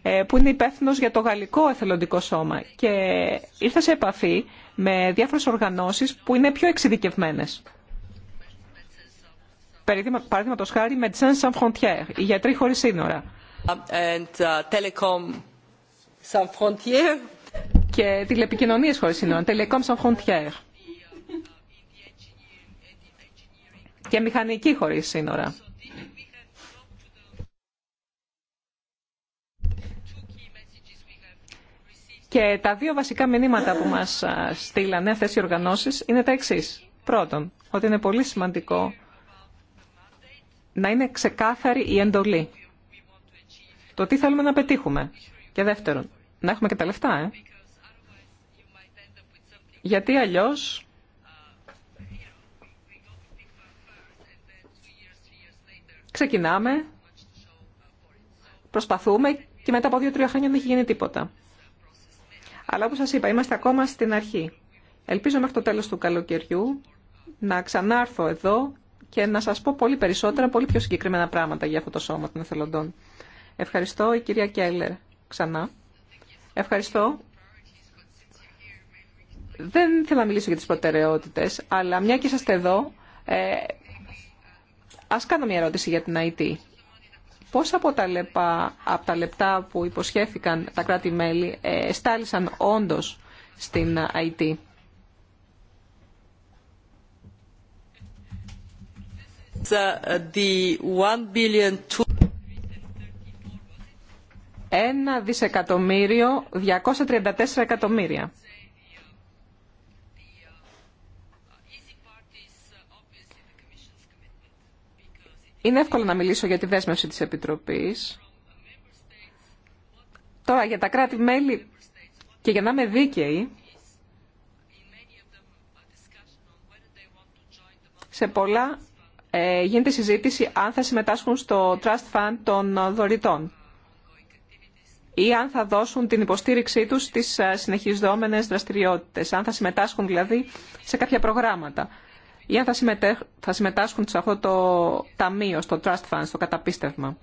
ε, που είναι υπεύθυνο για το Γαλλικό Εθελοντικό Σώμα και ήρθα σε επαφή με διάφορες οργανώσεις που είναι πιο εξειδικευμένες. Παραδείγματος χάρη Medecins Sans Frontières, οι γιατροί χωρίς σύνορα. And, uh, telecom sans Και τηλεπικοινωνίες χωρίς σύνορα, Telecom Sans Frontières. Και μηχανική χωρίς σύνορα. Και τα δύο βασικά μηνύματα που μας στείλανε αυτέ οι οργανώσεις είναι τα εξή. Πρώτον, ότι είναι πολύ σημαντικό να είναι ξεκάθαρη η εντολή. Το τι θέλουμε να πετύχουμε. Και δεύτερον, να έχουμε και τα λεφτά, ε. Γιατί αλλιώς ξεκινάμε, προσπαθούμε και μετά από δύο-τρία χρόνια δεν έχει γίνει τίποτα. Αλλά όπως σας είπα, είμαστε ακόμα στην αρχή. Ελπίζω μέχρι το τέλος του καλοκαιριού να ξανάρθω εδώ και να σας πω πολύ περισσότερα, πολύ πιο συγκεκριμένα πράγματα για αυτό το σώμα των εθελοντών. Ευχαριστώ η κυρία Κέλλερ ξανά. Ευχαριστώ. Δεν θέλω να μιλήσω για τις προτεραιότητες, αλλά μια και είσαστε εδώ, ε, ας κάνω μια ερώτηση για την IT. Πόσα από τα, λεπά, από τα λεπτά που υποσχέθηκαν τα κράτη-μέλη ε, στάλησαν όντως στην uh, IT. Ένα δισεκατομμύριο, 234 εκατομμύρια. Είναι εύκολο να μιλήσω για τη δέσμευση της Επιτροπής. Τώρα για τα κράτη-μέλη και για να είμαι δίκαιη, σε πολλά ε, γίνεται συζήτηση αν θα συμμετάσχουν στο Trust Fund των δωρητών ή αν θα δώσουν την υποστήριξή τους στις ε, συνεχιζόμενες δραστηριότητες, αν θα συμμετάσχουν δηλαδή σε κάποια προγράμματα ή αν θα, συμμετάσχουν σε αυτό το ταμείο, στο trust fund, στο καταπίστευμα.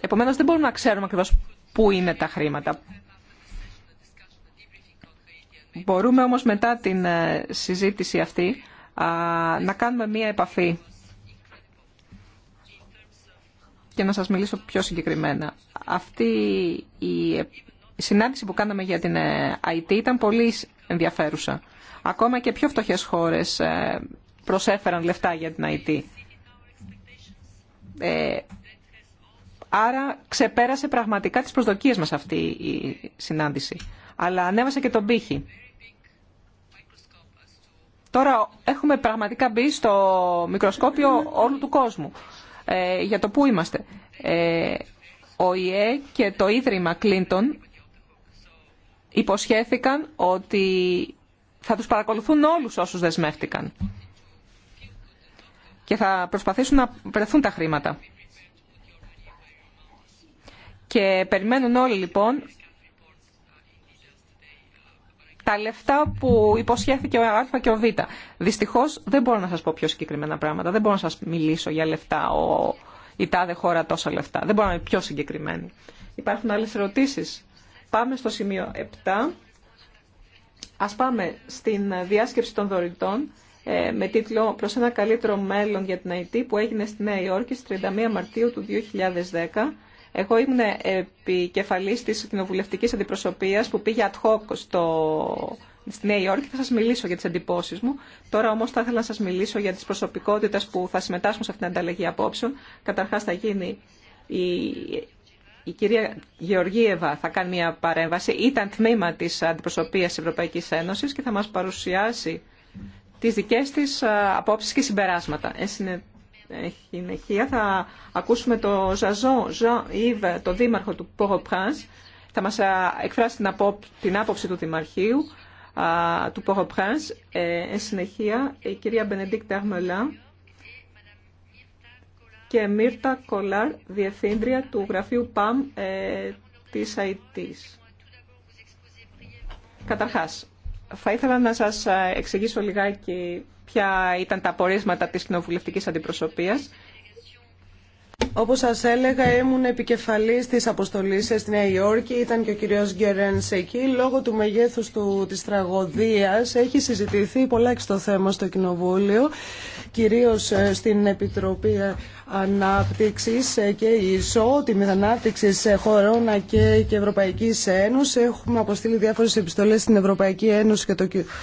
Επομένως δεν μπορούμε να ξέρουμε ακριβώς πού είναι τα χρήματα. Μπορούμε όμως μετά την ε, συζήτηση αυτή να κάνουμε μία επαφή και να σας μιλήσω πιο συγκεκριμένα. Αυτή η ε, συνάντηση που κάναμε για την ε, IT ήταν πολύ ενδιαφέρουσα. Ακόμα και πιο φτωχές χώρες ε, προσέφεραν λεφτά για την ΑΕΤ. άρα ξεπέρασε πραγματικά τις προσδοκίες μας αυτή η συνάντηση. Αλλά ανέβασε και τον πύχη. Τώρα έχουμε πραγματικά μπει στο μικροσκόπιο όλου του κόσμου. Ε, για το πού είμαστε. Ε, ο ΙΕ και το Ίδρυμα Κλίντον υποσχέθηκαν ότι θα τους παρακολουθούν όλους όσους δεσμεύτηκαν και θα προσπαθήσουν να βρεθούν τα χρήματα. Και περιμένουν όλοι λοιπόν τα λεφτά που υποσχέθηκε ο Α και ο Β. Δυστυχώς δεν μπορώ να σας πω πιο συγκεκριμένα πράγματα. Δεν μπορώ να σας μιλήσω για λεφτά. Ο... Η τάδε χώρα τόσα λεφτά. Δεν μπορώ να είμαι πιο συγκεκριμένη. Υπάρχουν άλλες ερωτήσεις. Πάμε στο σημείο 7. Ας πάμε στην διάσκεψη των δωρητών ε, με τίτλο «Προς ένα καλύτερο μέλλον για την ΑΕΤ» που έγινε στη Νέα Υόρκη στις 31 Μαρτίου του 2010. Εγώ ήμουν επικεφαλής της κοινοβουλευτικής αντιπροσωπείας που πήγε ad hoc στο... στη Νέα Υόρκη. Θα σας μιλήσω για τις εντυπώσεις μου. Τώρα όμως θα ήθελα να σας μιλήσω για τις προσωπικότητες που θα συμμετάσχουν σε αυτήν την ανταλλαγή απόψεων. Καταρχάς θα γίνει η η κυρία Γεωργίευα θα κάνει μια παρέμβαση. Ήταν τμήμα της αντιπροσωπείας της Ευρωπαϊκής Ένωσης και θα μας παρουσιάσει τις δικές της απόψεις και συμπεράσματα. Εν συνεχεία θα ακούσουμε το Ζαζό Ζαν Ιβ, δήμαρχο του Πόρο Θα μας εκφράσει την, άποψη του Δημαρχείου του Πόρο ε, Εν συνεχεία η κυρία Μπενεντίκ Ταρμελά και Μύρτα Κολάρ, Διευθύντρια του Γραφείου ΠΑΜ ε, της ΑΙΤΙΣ. Καταρχάς, θα ήθελα να σας ε, εξηγήσω λιγάκι ποια ήταν τα απορίσματα της κοινοβουλευτικής αντιπροσωπείας Όπω σα έλεγα ήμουν επικεφαλής της αποστολής στη Νέα Υόρκη, ήταν και ο κύριος Γκερέν εκεί. Λόγω του μεγέθου τη της έχει συζητηθεί πολλά το θέμα στο Κοινοβούλιο, κυρίω ε, στην Επιτροπή ε, ε, ανάπτυξη και Ισότιμη σε Χωρών και, και Ευρωπαϊκής Ένωσης. Έχουμε αποστείλει διάφορε επιστολέ στην Ευρωπαϊκή Ένωση και το Κοινοβούλιο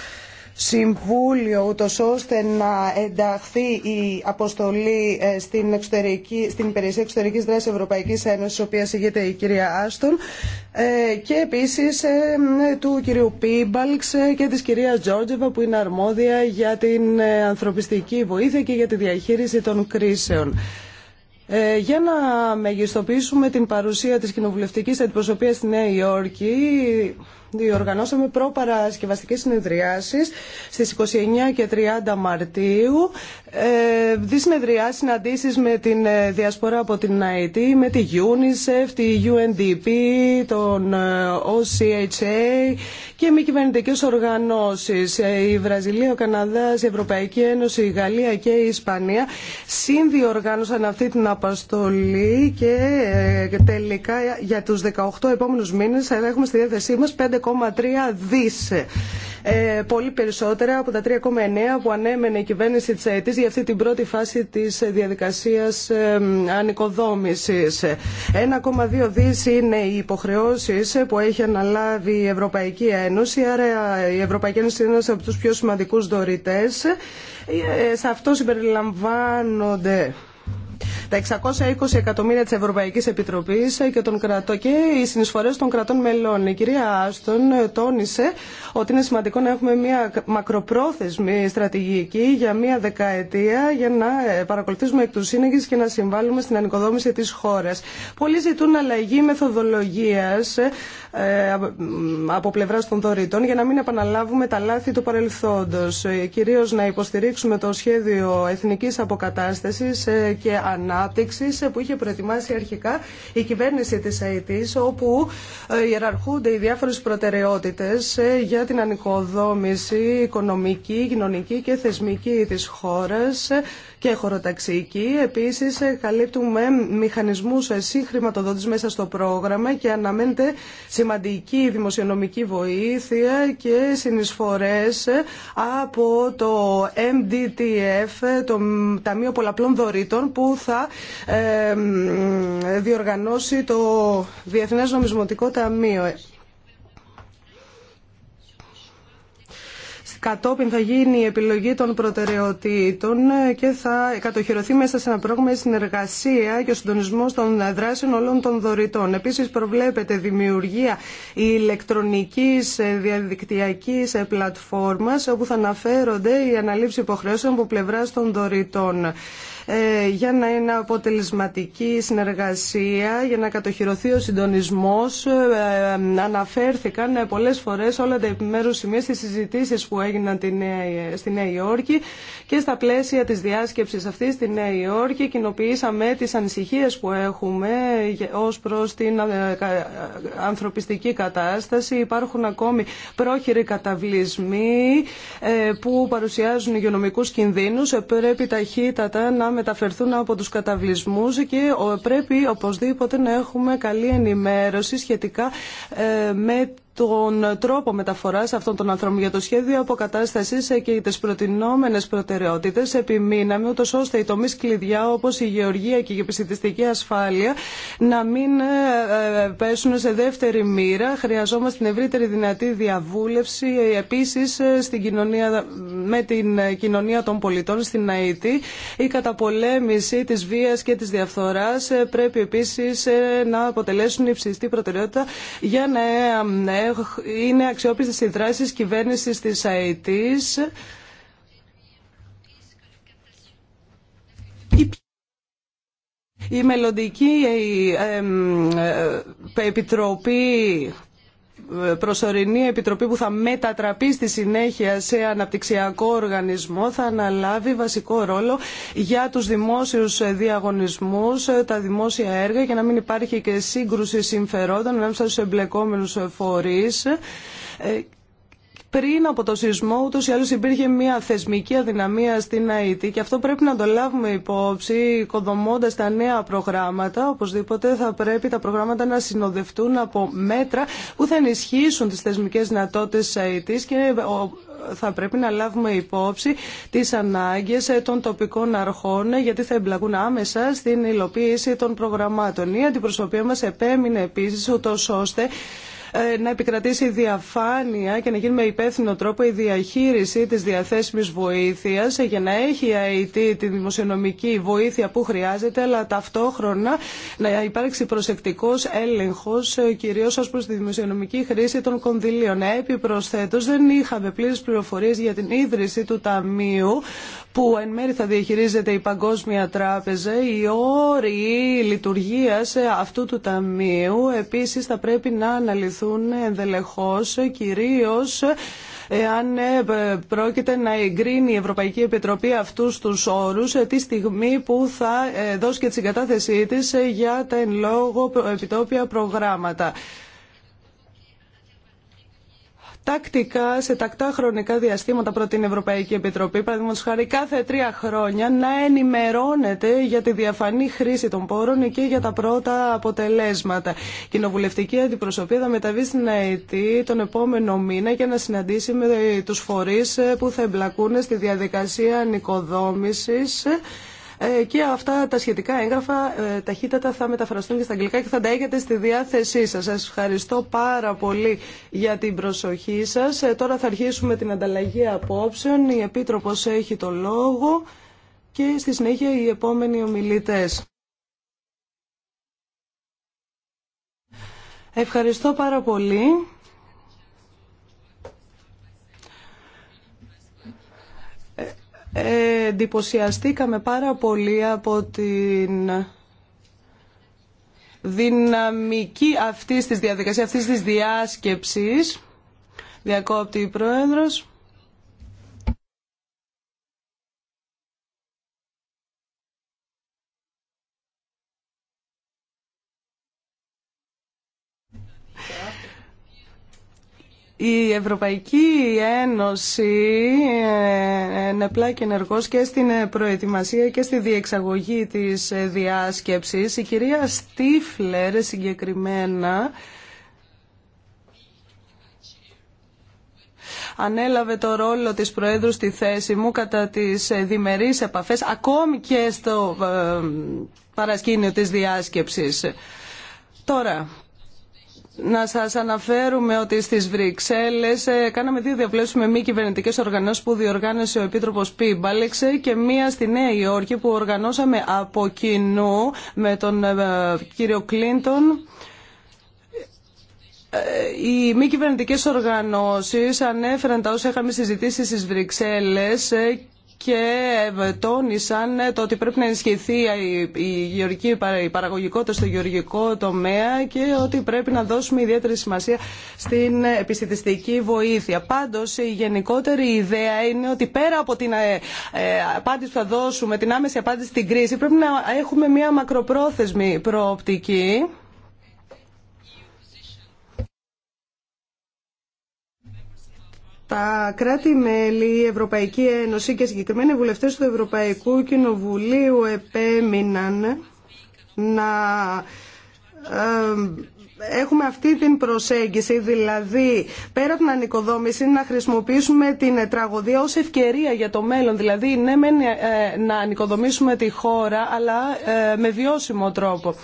Συμβούλιο, ούτως ώστε να ενταχθεί η αποστολή ε, στην, εξωτερική, στην υπηρεσία εξωτερικής δράσης Ευρωπαϊκής Ένωσης, η οποία ηγείται η κυρία Άστον, ε, και επίσης ε, του κυρίου Πίμπαλξ και της κυρίας Τζόρτζεβα, που είναι αρμόδια για την ανθρωπιστική βοήθεια και για τη διαχείριση των κρίσεων. για να μεγιστοποιήσουμε την παρουσία της κοινοβουλευτικής αντιπροσωπείας στη Νέα Υόρκη, διοργανώσαμε προπαρασκευαστικές συνεδριάσεις στις 29 και 30 Μαρτίου. Ε, δι συνεδριάσεις, συναντήσεις με την ε, διασπορά από την ΑΕΤ, με τη UNICEF, τη UNDP, τον OCHA ε, και μη κυβερνητικές οργανώσεις. Ε, η Βραζιλία, ο Καναδάς, η Ευρωπαϊκή Ένωση, η Γαλλία και η Ισπανία συνδιοργάνωσαν αυτή την αποστολή και τελικά για τους 18 επόμενους μήνες έχουμε στη διάθεσή μας 5 5,3 δις. Ε, πολύ περισσότερα από τα 3,9 που ανέμενε η κυβέρνηση της ΑΕΤΗΣ για αυτή την πρώτη φάση της διαδικασίας ε, ανοικοδόμησης. 1,2 δις είναι οι υποχρεώσεις που έχει αναλάβει η Ευρωπαϊκή Ένωση, άρα η Ευρωπαϊκή Ένωση είναι από του πιο σημαντικούς δωρητέ, ε, σε αυτό συμπεριλαμβάνονται τα 620 εκατομμύρια τη Ευρωπαϊκή Επιτροπή και, και οι συνεισφορέ των κρατών μελών. Η κυρία Άστον τόνισε ότι είναι σημαντικό να έχουμε μια μακροπρόθεσμη στρατηγική για μια δεκαετία για να ε, παρακολουθήσουμε εκ του σύνεγγυ και να συμβάλλουμε στην ανοικοδόμηση τη χώρα. Πολλοί ζητούν αλλαγή μεθοδολογία ε, από πλευρά των δωρητών για να μην επαναλάβουμε τα λάθη του παρελθόντο. Ε, Κυρίω να υποστηρίξουμε το σχέδιο εθνική αποκατάσταση και ανάπτυξη ε, που είχε προετοιμάσει αρχικά η κυβέρνηση της ΑΕΤ όπου ε, ιεραρχούνται οι διάφορε προτεραιότητες ε, για την ανοικοδόμηση οικονομική, κοινωνική και θεσμική της χώρας και χωροταξική. Επίσης, ε, καλύπτουμε μηχανισμούς ε, συγχρηματοδότηση μέσα στο πρόγραμμα και αναμένεται σημαντική δημοσιονομική βοήθεια και συνεισφορέ ε, από το MDTF, το Ταμείο Πολλαπλών Δωρήτων, που θα διοργανώσει το Διεθνές Νομισματικό Ταμείο. Κατόπιν θα γίνει η επιλογή των προτεραιοτήτων και θα κατοχυρωθεί μέσα σε ένα πρόγραμμα η συνεργασία και ο συντονισμό των δράσεων όλων των δωρητών. Επίση, προβλέπεται δημιουργία ηλεκτρονική διαδικτυακή πλατφόρμα όπου θα αναφέρονται οι αναλήψει υποχρεώσεων από πλευρά των δωρητών. Ε, για να είναι αποτελεσματική συνεργασία, για να κατοχυρωθεί ο συντονισμός. Ε, ε, αναφέρθηκαν πολλές φορές όλα τα επιμέρους σημεία στις συζητήσεις που έγιναν στη Νέα Υόρκη και στα πλαίσια της διάσκεψης αυτής στη Νέα Υόρκη κοινοποιήσαμε τις ανησυχίες που έχουμε ως προς την ανθρωπιστική κατάσταση. Υπάρχουν ακόμη πρόχειροι καταβλισμοί που παρουσιάζουν υγειονομικούς κινδύνους. Πρέπει ταχύτατα να μεταφερθούν από τους καταβλισμούς και πρέπει οπωσδήποτε να έχουμε καλή ενημέρωση σχετικά ε, με τον τρόπο μεταφοράς αυτών των ανθρώπων για το σχέδιο αποκατάστασης ε, και τις προτινόμενες προτεραιότητες επιμείναμε ούτως ώστε οι τομείς κλειδιά όπως η γεωργία και η επιστημιστική ασφάλεια να μην ε, ε, πέσουν σε δεύτερη μοίρα. Χρειαζόμαστε την ευρύτερη δυνατή διαβούλευση επίσης με την κοινωνία των πολιτών στην ΑΕΤ. Η καταπολέμηση της βίας και της διαφθοράς πρέπει επίσης να αποτελέσουν υψηλή προτεραιότητα για να είναι αξιόπιστες οι δράσεις κυβέρνησης της ΑΕΤΗΣ, Η μελλοντική ε, επιτροπή προσωρινή επιτροπή που θα μετατραπεί στη συνέχεια σε αναπτυξιακό οργανισμό θα αναλάβει βασικό ρόλο για τους δημόσιους διαγωνισμούς, τα δημόσια έργα για να μην υπάρχει και σύγκρουση συμφερόντων ανάμεσα στους εμπλεκόμενους φορείς ε, πριν από το σεισμό ούτως ή άλλως υπήρχε μια θεσμική αδυναμία στην ΑΕΤ και αυτό πρέπει να το λάβουμε υπόψη οικοδομώντας τα νέα προγράμματα. Οπωσδήποτε θα πρέπει τα προγράμματα να συνοδευτούν από μέτρα που θα ενισχύσουν τις θεσμικές δυνατότητες της ΑΕΤ και ε, θα πρέπει να λάβουμε υπόψη τις ανάγκες ε, των τοπικών αρχών ε, γιατί θα εμπλακούν άμεσα στην υλοποίηση των προγραμμάτων. Η αντιπροσωπεία μας επέμεινε επίσης ούτως ώστε ε, να επικρατήσει διαφάνεια και να γίνει με υπεύθυνο τρόπο η διαχείριση της διαθέσιμης βοήθειας για να έχει η ΑΕΤ τη δημοσιονομική βοήθεια που χρειάζεται αλλά ταυτόχρονα να υπάρξει προσεκτικός έλεγχος ε, κυρίω ω προ τη δημοσιονομική χρήση των κονδυλίων. Επιπροσθέτω, δεν είχαμε πλήρες πληροφορίε για την ίδρυση του Ταμείου που εν μέρη θα διαχειρίζεται η Παγκόσμια Τράπεζα, οι όροι λειτουργία αυτού του ταμείου επίσης θα πρέπει να αναλυθούν ενδελεχώς, κυρίως εάν ε, πρόκειται να εγκρίνει η Ευρωπαϊκή Επιτροπή αυτούς τους όρους ε, τη στιγμή που θα ε, δώσει και τη συγκατάθεσή της για τα εν λόγω επιτόπια προγράμματα τακτικά, σε τακτά χρονικά διαστήματα προ την Ευρωπαϊκή Επιτροπή, παραδείγματο χάρη κάθε τρία χρόνια, να ενημερώνεται για τη διαφανή χρήση των πόρων και για τα πρώτα αποτελέσματα. Η κοινοβουλευτική αντιπροσωπεία θα μεταβεί στην ΑΕΤ τον επόμενο μήνα για να συναντήσει με του φορεί που θα εμπλακούν στη διαδικασία νοικοδόμηση. Ε, και αυτά τα σχετικά έγγραφα ε, ταχύτατα θα μεταφραστούν και στα αγγλικά και θα τα έχετε στη διάθεσή σας. Σας ευχαριστώ πάρα πολύ για την προσοχή σας. Ε, τώρα θα αρχίσουμε την ανταλλαγή απόψεων. Η Επίτροπος έχει το λόγο και στη συνέχεια οι επόμενοι ομιλητές. Ευχαριστώ πάρα πολύ. Ε, εντυπωσιαστήκαμε πάρα πολύ από την δυναμική αυτής της διαδικασίας, αυτής της διάσκεψης, διακόπτη η Πρόεδρος. Η Ευρωπαϊκή Ένωση είναι απλά και ενεργός και στην προετοιμασία και στη διεξαγωγή της διάσκεψης. Η κυρία Στίφλερ συγκεκριμένα ανέλαβε το ρόλο της Προέδρου στη θέση μου κατά τις διμερείς επαφές, ακόμη και στο ε, παρασκήνιο της διάσκεψης. Τώρα, να σας αναφέρουμε ότι στις Βρυξέλλες ε, κάναμε δύο διαβλέψεις με μη κυβερνητικέ οργανώσει που διοργάνωσε ο Επίτροπος Πίμπαλεξε και μία στη Νέα Υόρκη που οργανώσαμε από κοινού με τον ε, κύριο Κλίντον ε, οι μη κυβερνητικέ οργανώσει ανέφεραν τα όσα είχαμε συζητήσει στι Βρυξέλλε και τόνισαν το ότι πρέπει να ενισχυθεί η, γεωργική, παραγωγικότητα στο γεωργικό τομέα και ότι πρέπει να δώσουμε ιδιαίτερη σημασία στην επιστημιστική βοήθεια. Πάντως η γενικότερη ιδέα είναι ότι πέρα από την ε, ε, απάντηση που θα δώσουμε, την άμεση απάντηση στην κρίση, πρέπει να έχουμε μια μακροπρόθεσμη προοπτική τα κράτη-μέλη, η Ευρωπαϊκή Ένωση και συγκεκριμένα οι βουλευτές του Ευρωπαϊκού Κοινοβουλίου επέμειναν να έχουμε αυτή την προσέγγιση, δηλαδή πέρα από την ανοικοδόμηση να χρησιμοποιήσουμε την τραγωδία ως ευκαιρία για το μέλλον. Δηλαδή ναι, ε, να ανοικοδομήσουμε τη χώρα, αλλά ε, με βιώσιμο τρόπο.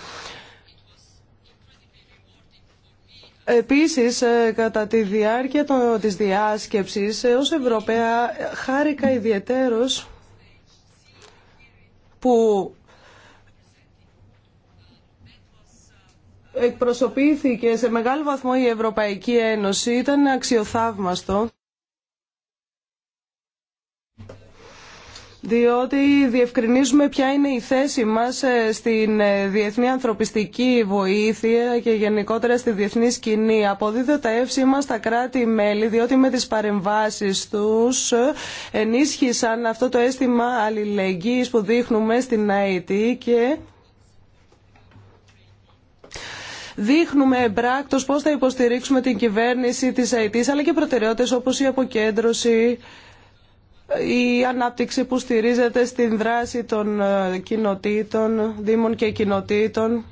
Επίσης, ε, κατά τη διάρκεια της διάσκεψης, ε, ως Ευρωπαία ε, χάρηκα ιδιαιτέρως που εκπροσωπήθηκε σε μεγάλο βαθμό η Ευρωπαϊκή Ένωση. Ήταν αξιοθαύμαστο. διότι διευκρινίζουμε ποια είναι η θέση μας ε, στην ε, διεθνή ανθρωπιστική βοήθεια και γενικότερα στη διεθνή σκηνή. Αποδίδω τα εύσημα στα κράτη-μέλη, διότι με τις παρεμβάσεις τους ε, ενίσχυσαν αυτό το αίσθημα αλληλεγγύης που δείχνουμε στην ΑΕΤ και δείχνουμε εμπράκτος πώς θα υποστηρίξουμε την κυβέρνηση της ΑΕΤ, αλλά και προτεραιότητες όπως η αποκέντρωση η ανάπτυξη που στηρίζεται στην δράση των ε, κοινοτήτων, δήμων και κοινοτήτων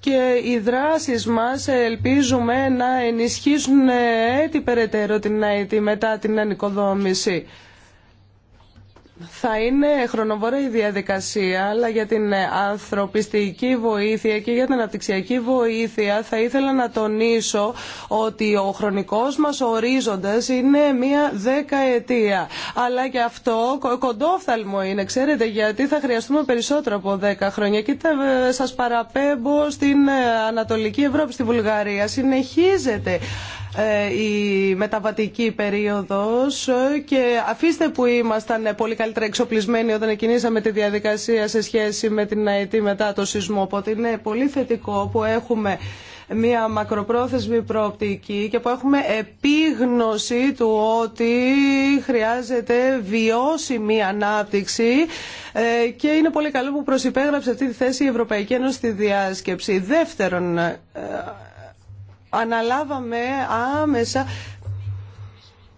και οι δράσεις μας ελπίζουμε να ενισχύσουν ε, έτσι περαιτέρω την ΑΕΤ μετά την ανοικοδόμηση θα είναι χρονοβόρα η διαδικασία, αλλά για την ανθρωπιστική βοήθεια και για την αναπτυξιακή βοήθεια θα ήθελα να τονίσω ότι ο χρονικός μας ορίζοντας είναι μία δεκαετία. Αλλά και αυτό κοντόφθαλμο είναι, ξέρετε, γιατί θα χρειαστούμε περισσότερο από δέκα χρόνια. Κοίτα, σας παραπέμπω στην ε, Ανατολική Ευρώπη, στη Βουλγαρία. Συνεχίζεται ε, η μεταβατική περίοδος ε, και αφήστε που ήμασταν πολύ καλύτερα εξοπλισμένοι όταν κινήσαμε τη διαδικασία σε σχέση με την ΑΕΤ μετά το σεισμό. Οπότε είναι πολύ θετικό που έχουμε μια μακροπρόθεσμη προοπτική και που έχουμε επίγνωση του ότι χρειάζεται βιώσιμη ανάπτυξη ε, και είναι πολύ καλό που προσυπέγραψε αυτή τη θέση η Ευρωπαϊκή Ένωση στη διάσκεψη. Δεύτερον, αναλάβαμε άμεσα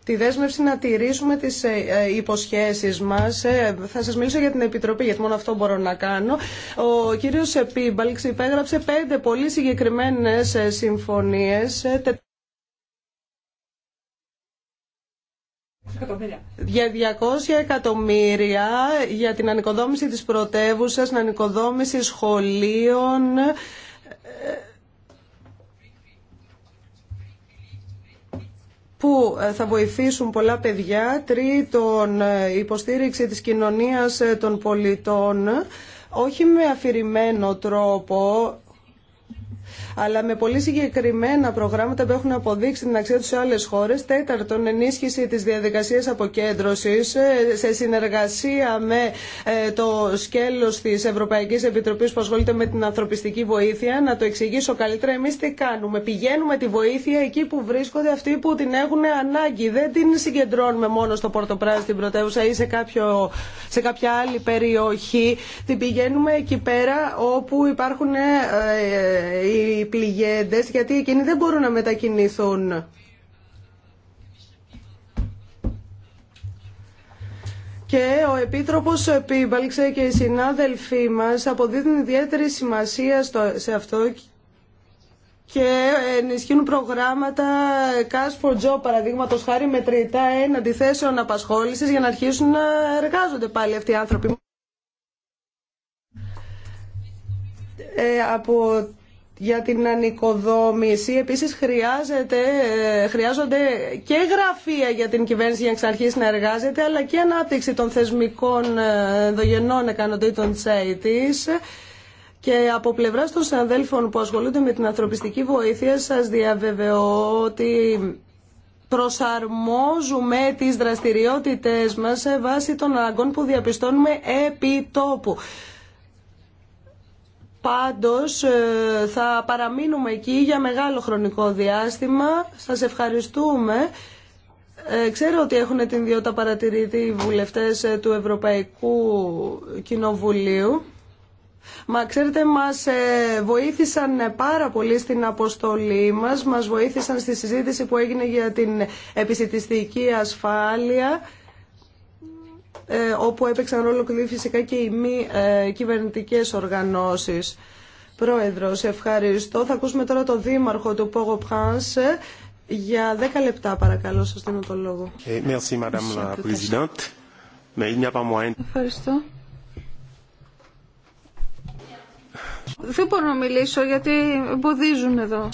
τη δέσμευση να τηρήσουμε τις ε, ε, υποσχέσεις μας. Ε, θα σας μιλήσω για την Επιτροπή, γιατί μόνο αυτό μπορώ να κάνω. Ο κύριος Επίμπαλξ υπέγραψε πέντε πολύ συγκεκριμένες συμφωνίες. 200 εκατομμύρια για την ανοικοδόμηση της πρωτεύουσας, την ανοικοδόμηση σχολείων, που ε, θα βοηθήσουν πολλά παιδιά. Τρίτον, ε, υποστήριξη της κοινωνίας ε, των πολιτών, όχι με αφηρημένο τρόπο, αλλά με πολύ συγκεκριμένα προγράμματα που έχουν αποδείξει την αξία του σε άλλε χώρε. Τέταρτον, ενίσχυση τη διαδικασία αποκέντρωση ε, σε συνεργασία με ε, το σκέλο τη Ευρωπαϊκή Επιτροπή που ασχολείται με την ανθρωπιστική βοήθεια. Να το εξηγήσω καλύτερα. Εμεί τι κάνουμε. Πηγαίνουμε τη βοήθεια εκεί που βρίσκονται αυτοί που την έχουν ανάγκη. Δεν την συγκεντρώνουμε μόνο στο Πορτοπράζ στην πρωτεύουσα ή σε, σε κάποια άλλη περιοχή. Την πηγαίνουμε εκεί πέρα όπου υπάρχουν ε, πληγέντες γιατί εκείνοι δεν μπορούν να μετακινηθούν. Και ο Επίτροπος επίβαλξε και οι συνάδελφοί μας αποδίδουν ιδιαίτερη σημασία σε αυτό και ενισχύουν προγράμματα Cash for Job, παραδείγματο χάρη μετρητά εν αντιθέσεων απασχόληση για να αρχίσουν να εργάζονται πάλι αυτοί οι άνθρωποι. Ε, από για την ανοικοδόμηση. Επίσης ε, χρειάζονται και γραφεία για την κυβέρνηση για να ξαρχίσει να εργάζεται αλλά και ανάπτυξη των θεσμικών ε, δογενών ικανοτήτων της ΑΕΤΗΣ. Και από πλευρά των συναδέλφων που ασχολούνται με την ανθρωπιστική βοήθεια σας διαβεβαιώ ότι προσαρμόζουμε τις δραστηριότητες μας σε βάση των άγκων που διαπιστώνουμε επί τόπου. Πάντως ε, θα παραμείνουμε εκεί για μεγάλο χρονικό διάστημα. Σας ευχαριστούμε. Ε, ξέρω ότι έχουν την ιδιότητα παρατηρηθεί οι βουλευτές ε, του Ευρωπαϊκού Κοινοβουλίου. Μα ξέρετε, μας βοήθησαν πάρα πολύ στην αποστολή μας, μας βοήθησαν στη συζήτηση που έγινε για την επισητιστική ασφάλεια. Ε, όπου έπαιξαν ρόλο κλειδί φυσικά και οι μη ε, κυβερνητικές οργανώσεις. Πρόεδρος, ευχαριστώ. Θα ακούσουμε τώρα τον Δήμαρχο του Πόγο Πράνσε Για 10 λεπτά παρακαλώ σας δίνω το λόγο. Ευχαριστώ. Δεν μπορώ να μιλήσω γιατί εμποδίζουν εδώ.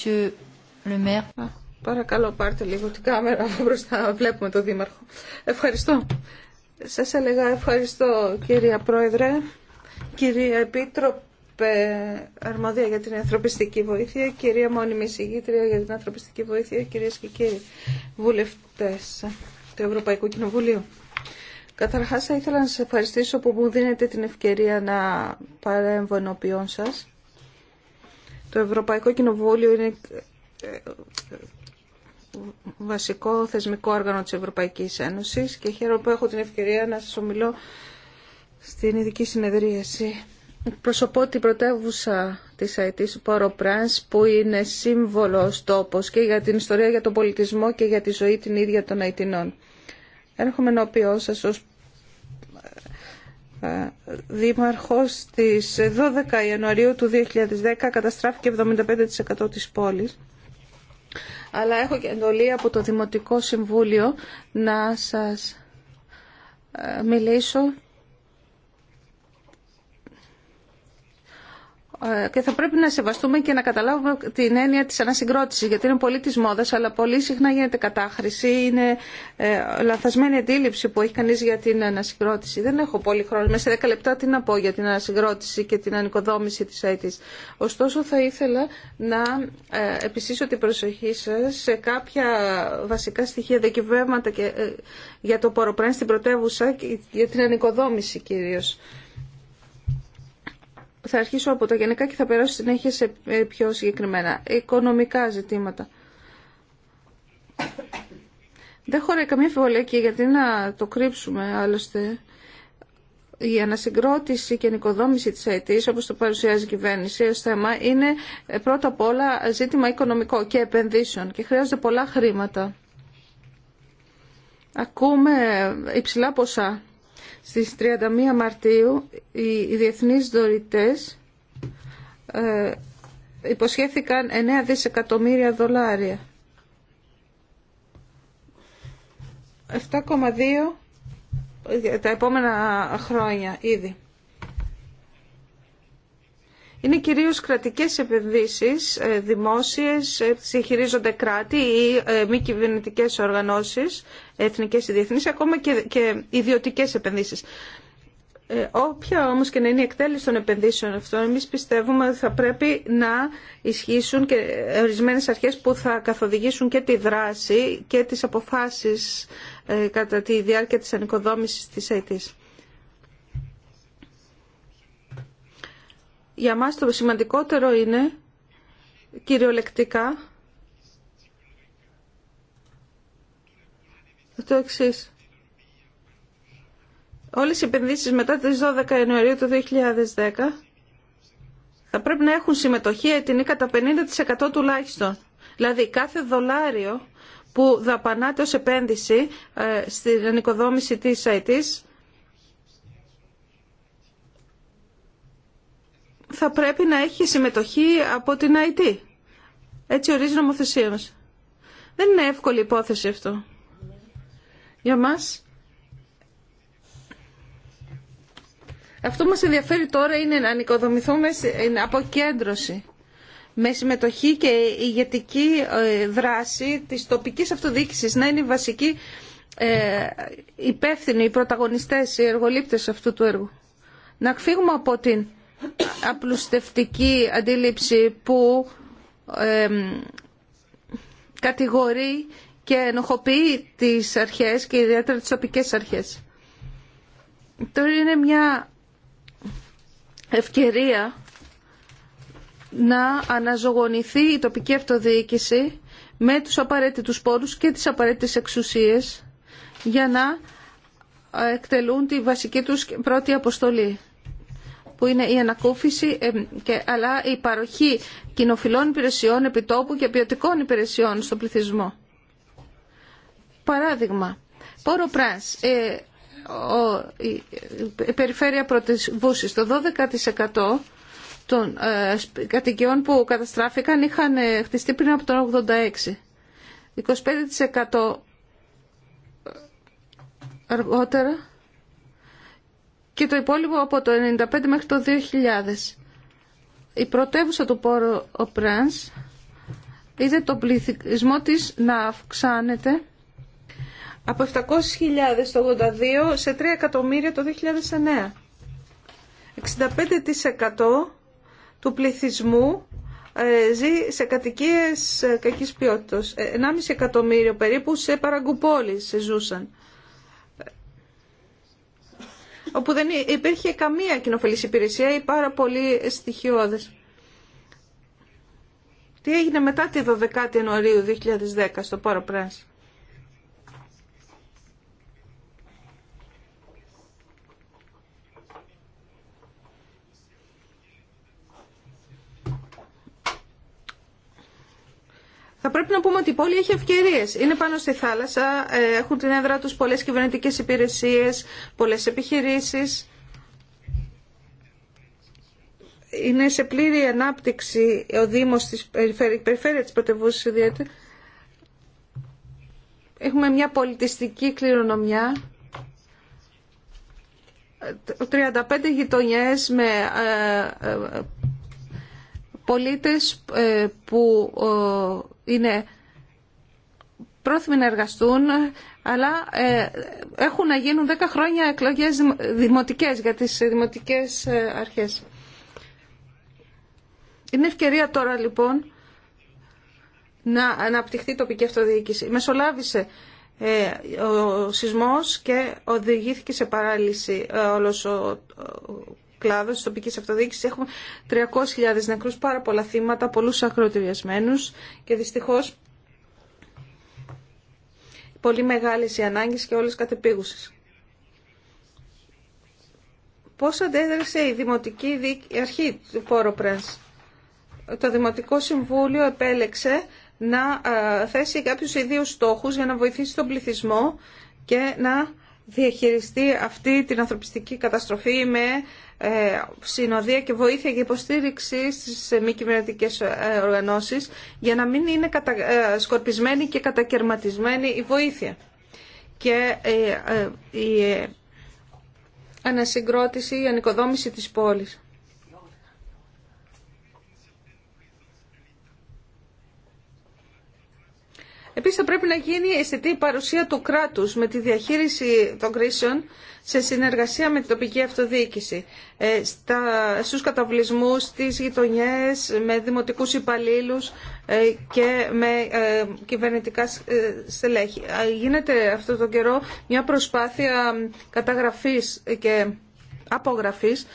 Παρακαλώ πάρτε λίγο την κάμερα από μπροστά, βλέπουμε τον Δήμαρχο. Ευχαριστώ. Σας έλεγα ευχαριστώ κυρία Πρόεδρε, κυρία Επίτροπε αρμόδια για την ανθρωπιστική βοήθεια, κυρία μόνιμη Συγήτρια για την ανθρωπιστική βοήθεια, κυρίες και κύριοι βουλευτές του Ευρωπαϊκού Κοινοβουλίου. Καταρχάς θα ήθελα να σας ευχαριστήσω που μου δίνετε την ευκαιρία να παρέμβω ενώπιόν σας. Το Ευρωπαϊκό Κοινοβούλιο είναι ε, βασικό θεσμικό όργανο της Ευρωπαϊκής Ένωσης και χαίρομαι που έχω την ευκαιρία να σας ομιλώ στην ειδική συνεδρίαση. Προσωπώ την πρωτεύουσα της ΑΕΤ, Πόρο που είναι σύμβολο τόπος και για την ιστορία, για τον πολιτισμό και για τη ζωή την ίδια των Αιτινών. Έρχομαι ενώπιό σα ως ε, δήμαρχος της 12 Ιανουαρίου του 2010 καταστράφηκε 75% της πόλης αλλά έχω και εντολή από το Δημοτικό Συμβούλιο να σας ε, μιλήσω Ε, και θα πρέπει να σεβαστούμε και να καταλάβουμε την έννοια της ανασυγκρότησης γιατί είναι πολύ της μόδας αλλά πολύ συχνά γίνεται κατάχρηση είναι ε, λαθασμένη αντίληψη που έχει κανείς για την ανασυγκρότηση δεν έχω πολύ χρόνο, μέσα σε 10 λεπτά τι να πω για την ανασυγκρότηση και την ανοικοδόμηση της αίτης ωστόσο θα ήθελα να ε, επισήσω την προσοχή σας σε κάποια βασικά στοιχεία ε, για το ποροπρέν στην πρωτεύουσα και για την ανοικοδόμηση κυρίως θα αρχίσω από τα γενικά και θα περάσω συνέχεια σε ε, πιο συγκεκριμένα. Οικονομικά ζητήματα. Δεν χωράει καμία αμφιβολία και γιατί να το κρύψουμε άλλωστε. Η ανασυγκρότηση και νοικοδόμηση της ΑΕΤ, όπως το παρουσιάζει η κυβέρνηση ως θέμα, είναι ε, πρώτα απ' όλα ζήτημα οικονομικό και επενδύσεων και χρειάζονται πολλά χρήματα. Ακούμε υψηλά ποσά στις 31 Μαρτίου οι διεθνείς δωρητές ε, υποσχέθηκαν 9 δισεκατομμύρια δολάρια. 7,2 τα επόμενα χρόνια ήδη είναι κυρίως κρατικές επενδύσεις, ε, δημόσιες, ε, συγχειρίζονται κράτη ή ε, μη κυβερνητικέ οργανώσεις, εθνικές ή διεθνείς, ακόμα και, και ιδιωτικές επενδύσεις. όποια όμως και να είναι η εκτέλεση των επενδύσεων αυτών, εμείς πιστεύουμε ότι θα πρέπει να ισχύσουν και ορισμένες αρχές που θα καθοδηγήσουν και τη δράση και τις αποφάσεις κατά τη διάρκεια της ανοικοδόμησης της ΑΕΤΗΣ. για μας το σημαντικότερο είναι κυριολεκτικά το εξή. Όλες οι επενδύσεις μετά τις 12 Ιανουαρίου του 2010 θα πρέπει να έχουν συμμετοχή έτοιμη κατά 50% τουλάχιστον. Δηλαδή κάθε δολάριο που δαπανάται ως επένδυση ε, στην ανοικοδόμηση της ΑΕΤΗΣ θα πρέπει να έχει συμμετοχή από την IT. Έτσι ορίζει η νομοθεσία μας. Δεν είναι εύκολη υπόθεση αυτό. Για μας. Αυτό μας ενδιαφέρει τώρα είναι να ανοικοδομηθούμε από κέντρωση με συμμετοχή και ηγετική ε, δράση της τοπικής αυτοδιοίκησης να είναι η βασική ε, υπεύθυνοι, οι πρωταγωνιστές, οι εργολήπτες αυτού του έργου. Να φύγουμε από την απλουστευτική αντίληψη που κατηγορεί και ενοχοποιεί τις αρχές και ιδιαίτερα τις τοπικές αρχές. Τώρα είναι μια ευκαιρία να αναζωογονηθεί η τοπική αυτοδιοίκηση με τους απαραίτητους πόρους και τις απαραίτητες εξουσίες για να εκτελούν τη βασική τους πρώτη αποστολή που είναι η ανακούφιση, και, αλλά η παροχή κοινοφιλών υπηρεσιών επιτόπου και ποιοτικών υπηρεσιών στον πληθυσμό. Παράδειγμα, Πόρο Πράς, ε, η περιφέρεια βούσης. το 12% των ε, κατοικιών που καταστράφηκαν είχαν ε, χτιστεί πριν από το 86. 25% αργότερα και το υπόλοιπο από το 1995 μέχρι το 2000. Η πρωτεύουσα του πόρου ο Πρανς είδε το πληθυσμό της να αυξάνεται από 700.000 το 82 σε 3 εκατομμύρια το 2009. 65% του πληθυσμού ε, ζει σε κατοικίες ε, κακής ποιότητας. 1,5 ε, εκατομμύριο περίπου σε παραγκουπόλεις ζούσαν όπου δεν υπήρχε καμία κοινοφελής υπηρεσία ή πάρα πολύ στοιχειώδες. Τι έγινε μετά τη 12η Ιανουαρίου 2010 στο Πόρο Πράσι. Θα πρέπει να πούμε ότι η πόλη έχει ευκαιρίε. Είναι πάνω στη θάλασσα, ε, έχουν την έδρα του πολλέ κυβερνητικέ υπηρεσίε, πολλέ επιχειρήσει. Είναι σε πλήρη ανάπτυξη ο Δήμος της περιφέρεια τη πρωτευούση ιδιαίτερα. Έχουμε μια πολιτιστική κληρονομιά. 35 ε, γειτονιές με ε, πολίτες που είναι πρόθυμοι να εργαστούν, αλλά ε, έχουν να γίνουν 10 χρόνια εκλογές δημοτικές για τις δημοτικές ε, αρχές. Είναι ευκαιρία τώρα λοιπόν να αναπτυχθεί η τοπική αυτοδιοίκηση. Μεσολάβησε ε, ο σεισμός και οδηγήθηκε σε παράλυση όλος ο κλάδο τη τοπική αυτοδιοίκηση. Έχουμε 300.000 νεκρού, πάρα πολλά θύματα, πολλού ακροτηριασμένου και δυστυχώ πολύ μεγάλε οι ανάγκε και όλε κατεπίγουσε. Πώ αντέδρασε η δημοτική αρχή του Πρέσ. Το Δημοτικό Συμβούλιο επέλεξε να ε, θέσει κάποιους ιδίους στόχους για να βοηθήσει τον πληθυσμό και να διαχειριστεί αυτή την ανθρωπιστική καταστροφή με ε, συνοδεία και βοήθεια και υποστήριξη στις μη κυβερνητικέ ε, οργανώσεις για να μην είναι ε, σκορπισμένη και κατακαιρματισμένη η βοήθεια. Και η ανασυγκρότηση, η ανοικοδόμηση της πόλης. Επίσης θα πρέπει να γίνει αισθητή η παρουσία του κράτους με τη διαχείριση των κρίσεων σε συνεργασία με την τοπική αυτοδιοίκηση, ε, στα, στους καταβλισμούς, στις γειτονιές, με δημοτικούς υπαλλήλους ε, και με ε, κυβερνητικά ε, στελέχη. Γίνεται αυτό τον καιρό μια προσπάθεια καταγραφής και απογραφής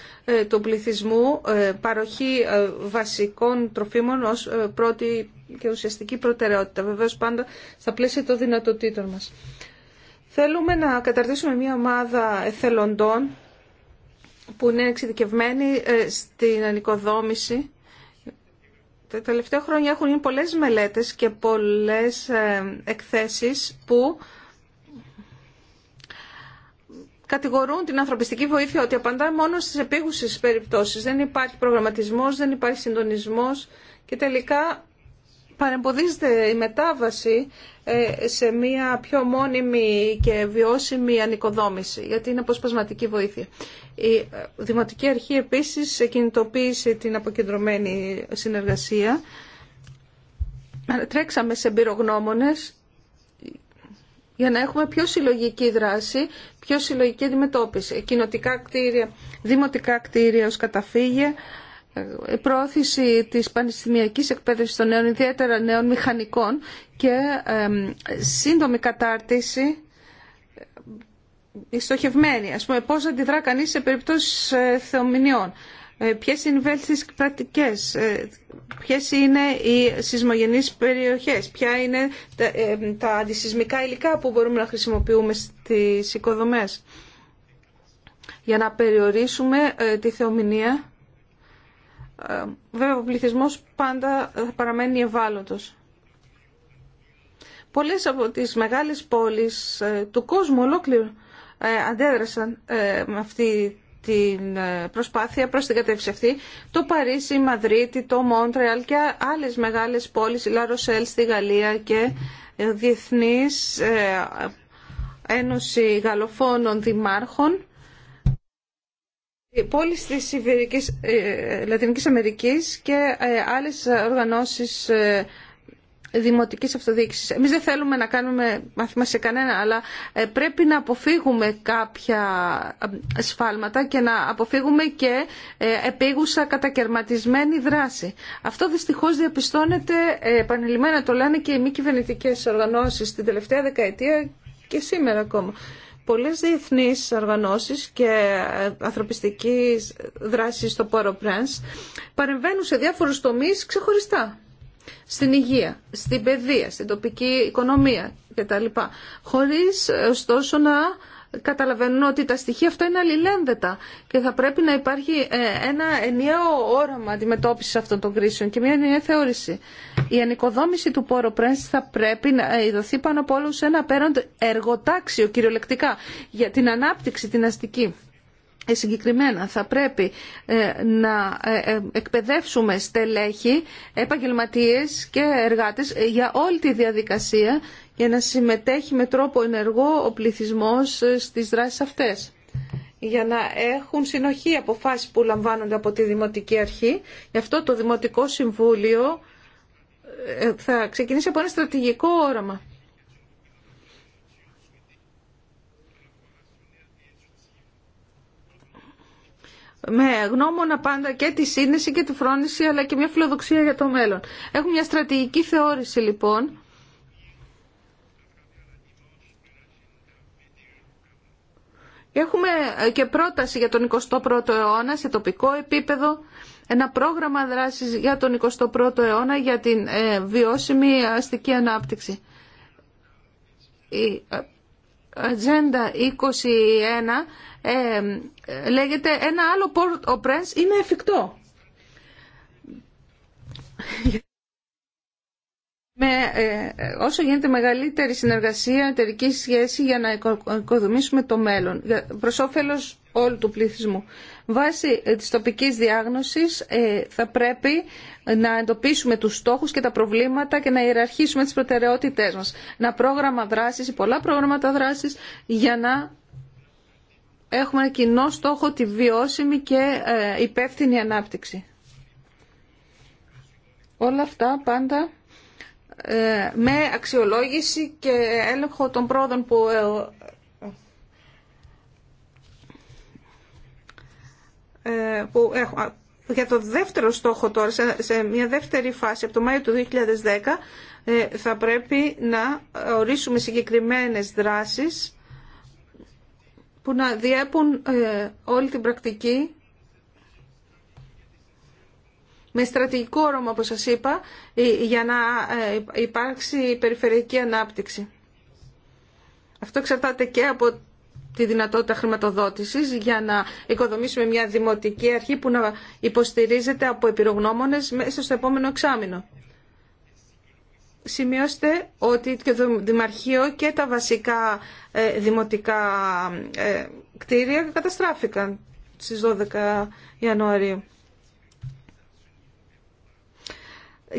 του πληθυσμού, παροχή βασικών τροφίμων ως πρώτη και ουσιαστική προτεραιότητα, βεβαίω πάντα στα πλαίσια των δυνατοτήτων μας. Θέλουμε να καταρτήσουμε μια ομάδα εθελοντών που είναι εξειδικευμένοι ε, στην ανοικοδόμηση. Τα τελευταία χρόνια έχουν γίνει πολλές μελέτες και πολλές ε, εκθέσεις που κατηγορούν την ανθρωπιστική βοήθεια ότι απαντά μόνο στις επίγουσες περιπτώσεις. Δεν υπάρχει προγραμματισμός, δεν υπάρχει συντονισμός και τελικά παρεμποδίζεται η μετάβαση ε, σε μια πιο μόνιμη και βιώσιμη ανοικοδόμηση, γιατί είναι αποσπασματική βοήθεια. Η ε, Δημοτική Αρχή επίσης κινητοποίησε την αποκεντρωμένη συνεργασία. Τρέξαμε σε εμπειρογνώμονες για να έχουμε πιο συλλογική δράση, πιο συλλογική αντιμετώπιση. Κοινοτικά κτίρια, δημοτικά κτίρια ως καταφύγια, η ε, πρόθεση της πανεπιστημιακής εκπαίδευσης των νέων, ιδιαίτερα νέων μηχανικών και σύντομη κατάρτιση ε, στοχευμένη. Ας πούμε, πώς αντιδρά κανείς σε περιπτώσεις ε, θεομηνιών. Ποιες είναι οι βέλτιστες πρακτικές, ποιες είναι οι σεισμογενείς περιοχές, ποια είναι τα, τα αντισυσμικά υλικά που μπορούμε να χρησιμοποιούμε στις οικοδομές για να περιορίσουμε τη θεομηνία ε, βέβαια ο πληθυσμός πάντα θα παραμένει ευάλωτος. Πολλές από τις μεγάλες πόλεις ε, του κόσμου ολόκληρου ε, αντέδρασαν με αυτή την προσπάθεια προς την κατεύθυνση αυτή. Το Παρίσι, η Μαδρίτη, το Μόντρεαλ και άλλες μεγάλες πόλεις, η Λαροσέλ στη Γαλλία και Διεθνής Ένωση Γαλλοφώνων Δημάρχων πόλεις της Ιβηρικής, ε, Λατινικής Αμερικής και ε, άλλες οργανώσεις ε, δημοτικής αυτοδιοίκησης. Εμείς δεν θέλουμε να κάνουμε μάθημα σε κανένα, αλλά πρέπει να αποφύγουμε κάποια σφάλματα και να αποφύγουμε και επίγουσα κατακαιρματισμένη δράση. Αυτό δυστυχώς διαπιστώνεται επανειλημμένα, το λένε και οι μη κυβερνητικέ οργανώσεις την τελευταία δεκαετία και σήμερα ακόμα. Πολλές διεθνείς οργανώσεις και ε, ανθρωπιστική δράση στο Πόρο παρεμβαίνουν σε διάφορους τομείς ξεχωριστά. Στην υγεία, στην παιδεία, στην τοπική οικονομία κτλ. Χωρίς ε, ωστόσο να καταλαβαίνουν ότι τα στοιχεία αυτά είναι αλληλένδετα και θα πρέπει να υπάρχει ε, ένα ενιαίο όραμα αντιμετώπισης αυτών των κρίσεων και μια ενιαία θεώρηση. Η ανοικοδόμηση του πόρου πρένσης θα πρέπει να ε, ειδωθεί πάνω από όλους ένα απέραντο εργοτάξιο κυριολεκτικά για την ανάπτυξη την αστική. Ε, συγκεκριμένα θα πρέπει να εκπαιδεύσουμε στελέχη, επαγγελματίες και εργάτες για όλη τη διαδικασία για να συμμετέχει με τρόπο ενεργό ο πληθυσμός ε, στις δράσεις αυτές για να έχουν συνοχή αποφάσει που λαμβάνονται από τη Δημοτική Αρχή. Γι' αυτό το Δημοτικό Συμβούλιο ε, θα ξεκινήσει από ένα στρατηγικό όραμα. με γνώμονα πάντα και τη σύνεση και τη φρόνηση αλλά και μια φιλοδοξία για το μέλλον. Έχουμε μια στρατηγική θεώρηση λοιπόν Έχουμε ε, και πρόταση για τον 21ο αιώνα σε τοπικό επίπεδο, ένα πρόγραμμα δράσης για τον 21ο αιώνα για την ε, βιώσιμη αστική ανάπτυξη. Η ε, Ατζέντα 21 ε, λέγεται ένα άλλο port au prince είναι εφικτό με ε, όσο γίνεται μεγαλύτερη συνεργασία, εταιρική σχέση για να οικοδομήσουμε το μέλλον προς όφελος όλου του πληθυσμού. Βάσει ε, της τοπικής διάγνωσης ε, θα πρέπει να εντοπίσουμε τους στόχους και τα προβλήματα και να ιεραρχήσουμε τις προτεραιότητές μας. Να πρόγραμμα δράσης ή πολλά πρόγραμματα δράσης για να έχουμε κοινό στόχο τη βιώσιμη και υπεύθυνη ανάπτυξη. Όλα αυτά πάντα ε, με αξιολόγηση και έλεγχο των πρόοδων που ε, ε, που έχω. Για το δεύτερο στόχο τώρα, σε μια δεύτερη φάση, από το Μάιο του 2010, θα πρέπει να ορίσουμε συγκεκριμένες δράσεις που να διέπουν όλη την πρακτική με στρατηγικό όρομα, όπως σας είπα, ε, για να ε, υπάρξει περιφερειακή ανάπτυξη. Αυτό εξαρτάται και από τη δυνατότητα χρηματοδότησης για να οικοδομήσουμε μια δημοτική αρχή που να υποστηρίζεται από επιρρογνώμονες μέσα στο επόμενο εξάμεινο. Σημειώστε ότι το Δημαρχείο και τα βασικά ε, δημοτικά κτίρια καταστράφηκαν στις 12 Ιανουαρίου.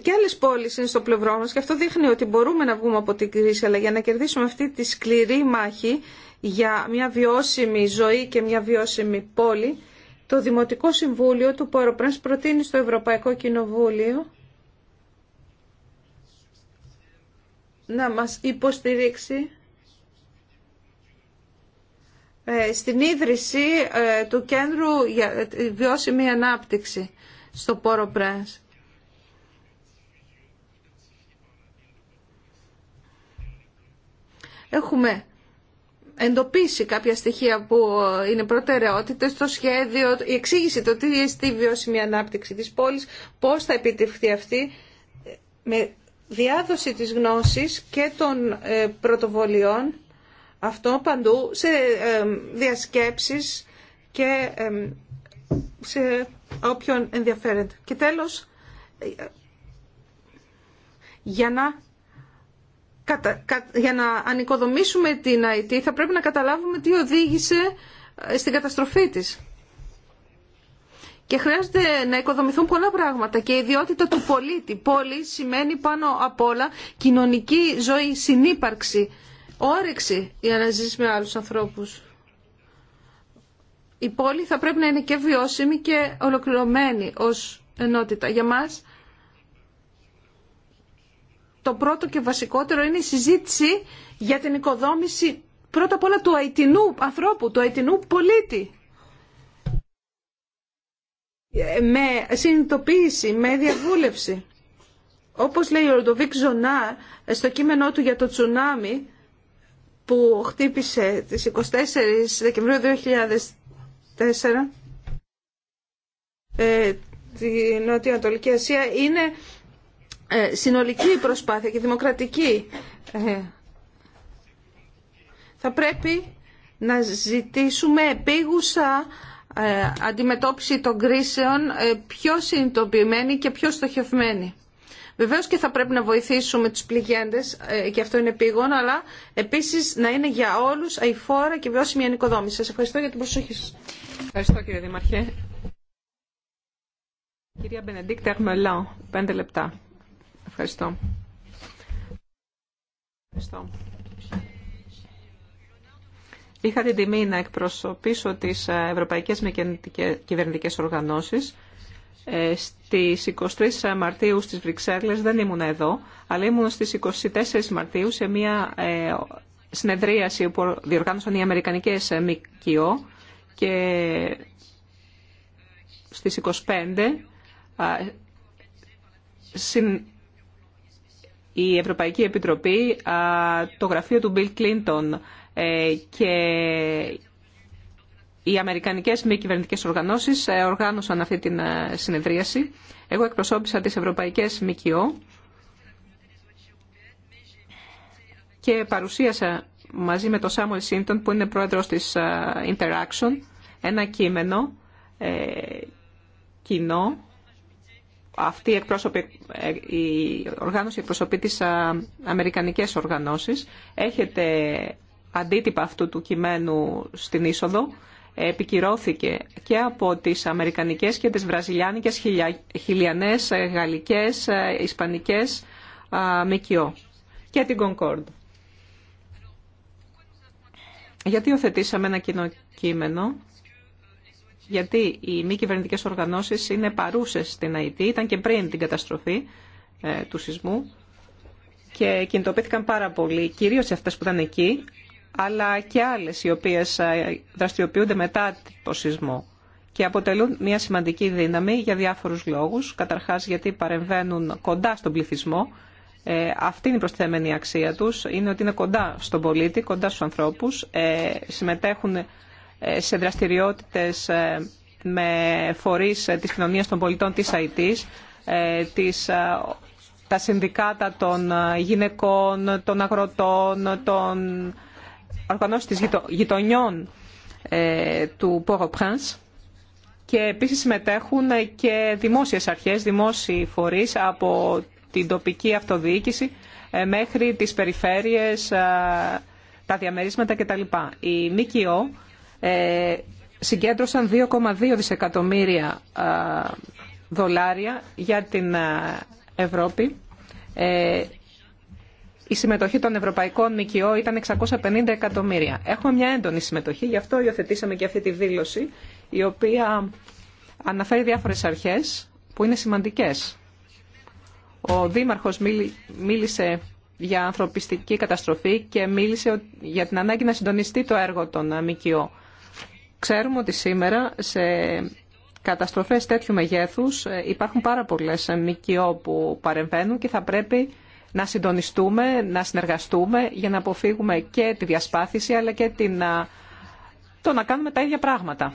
και άλλε πόλεις είναι στο πλευρό μα και αυτό δείχνει ότι μπορούμε να βγούμε από την κρίση αλλά για να κερδίσουμε αυτή τη σκληρή μάχη για μια βιώσιμη ζωή και μια βιώσιμη πόλη το Δημοτικό Συμβούλιο του Ποροπρένς προτείνει στο Ευρωπαϊκό Κοινοβούλιο να μας υποστηρίξει ε, στην ίδρυση ε, του Κέντρου για Βιώσιμη Ανάπτυξη στο Πρένς. Έχουμε εντοπίσει κάποια στοιχεία που είναι προτεραιότητες στο σχέδιο, η εξήγηση το τι είναι στη βιώσιμη ανάπτυξη της πόλης, πώς θα επιτευχθεί αυτή με διάδοση της γνώσης και των ε, πρωτοβολιών αυτό παντού σε ε, διασκέψεις και ε, σε όποιον ενδιαφέρεται. Και τέλος, για να για να ανοικοδομήσουμε την ΑΕΤ θα πρέπει να καταλάβουμε τι οδήγησε ε, στην καταστροφή της. Και χρειάζεται να οικοδομηθούν πολλά πράγματα και η ιδιότητα του πολίτη. Πόλη σημαίνει πάνω απ' όλα κοινωνική ζωή, συνύπαρξη, όρεξη για να ζήσει με άλλους ανθρώπους. Η πόλη θα πρέπει να είναι και βιώσιμη και ολοκληρωμένη ως ενότητα. Για μας το πρώτο και βασικότερο είναι η συζήτηση για την οικοδόμηση πρώτα απ' όλα του αιτινού ανθρώπου, του αιτινού πολίτη. Ε, με συνειδητοποίηση, με διαβούλευση. Όπως λέει ο Ροντοβίκ Ζωνά στο κείμενό του για το τσουνάμι που χτύπησε τις 24 Δεκεμβρίου 2004 ε, την Νότια Ανατολική Ασία είναι ε, συνολική προσπάθεια και δημοκρατική. Ε, θα πρέπει να ζητήσουμε επίγουσα ε, αντιμετώπιση των κρίσεων πιο συνειδητοποιημένη και πιο στοχευμένη. Βεβαίως και θα πρέπει να βοηθήσουμε τους πληγέντες και αυτό είναι επίγον αλλά επίσης να είναι για όλους αηφόρα και βιώσιμη ανοικοδόμηση. Σας ευχαριστώ για την προσοχή σας. Ευχαριστώ κύριε Δημαρχέ. Κυρία Μπενεντίκ πέντε λεπτά. Ευχαριστώ. Ευχαριστώ. Είχα την τιμή να εκπροσωπήσω τις ε, Ευρωπαϊκές Κυβερνητικές Οργανώσεις. Ε, στις 23 ε, Μαρτίου στις Βρυξέλλες δεν ήμουν εδώ, αλλά ήμουν στις 24 Μαρτίου σε μια συνεδρίαση που διοργάνωσαν οι Αμερικανικές ΜΚΟ και στις 25 συν, η Ευρωπαϊκή Επιτροπή, το γραφείο του Bill Clinton ε, και οι Αμερικανικές μη κυβερνητικές οργανώσεις ε, οργάνωσαν αυτή την ε, συνεδρίαση. Εγώ εκπροσώπησα τις Ευρωπαϊκές ΜΚΟ και παρουσίασα μαζί με τον Σάμουελ Σίντον που είναι πρόεδρος της Interaction ένα κείμενο κοινό αυτή η, ε, η οργάνωση εκπροσωπεί τις αμερικανικές οργανώσεις. Έχετε αντίτυπα αυτού του κειμένου στην είσοδο. Επικυρώθηκε και από τις αμερικανικές και τις βραζιλιάνικες, χιλιανές, ε, γαλλικές, ε, ισπανικές ΜΚΟ και την Concord. Γιατί οθετήσαμε ένα κοινό κείμενο γιατί οι μη κυβερνητικέ οργανώσει είναι παρούσες στην ΑΕΤ, ήταν και πριν την καταστροφή ε, του σεισμού και κινητοποιήθηκαν πάρα πολύ, κυρίως αυτέ που ήταν εκεί, αλλά και άλλε οι οποίε ε, δραστηριοποιούνται μετά το σεισμό και αποτελούν μια σημαντική δύναμη για διάφορους λόγους. Καταρχά γιατί παρεμβαίνουν κοντά στον πληθυσμό. Ε, αυτή είναι η προσθέμενη αξία τους. Είναι ότι είναι κοντά στον πολίτη, κοντά στους ανθρώπους. συμμετέχουν ε, σε δραστηριότητες ε, με φορείς ε, της κοινωνίας των πολιτών της ΑΕΤ, τα συνδικάτα των γυναικών, των αγροτών, των οργανώσεων της γειτονιών του Port-au-Prince και επίσης συμμετέχουν και δημόσιες αρχές, δημόσιοι φορείς από την τοπική αυτοδιοίκηση μέχρι τις περιφέρειες, τα διαμερίσματα κτλ. Η ΜΚΟ ε, συγκέντρωσαν 2,2 δισεκατομμύρια δολάρια για την Ευρώπη. Ε, η συμμετοχή των Ευρωπαϊκών ΜΚΟ ήταν 650 εκατομμύρια. Έχουμε μια έντονη συμμετοχή, γι' αυτό υιοθετήσαμε και αυτή τη δήλωση, η οποία αναφέρει διάφορες αρχές που είναι σημαντικές. Ο Δήμαρχος μίλησε για ανθρωπιστική καταστροφή και μίλησε για την ανάγκη να συντονιστεί το έργο των ΜΚΟ. Ξέρουμε ότι σήμερα σε καταστροφές τέτοιου μεγέθους ε, υπάρχουν πάρα πολλές ΜΚΟ που παρεμβαίνουν και θα πρέπει να συντονιστούμε, να συνεργαστούμε για να αποφύγουμε και τη διασπάθηση αλλά και την, το να κάνουμε τα ίδια πράγματα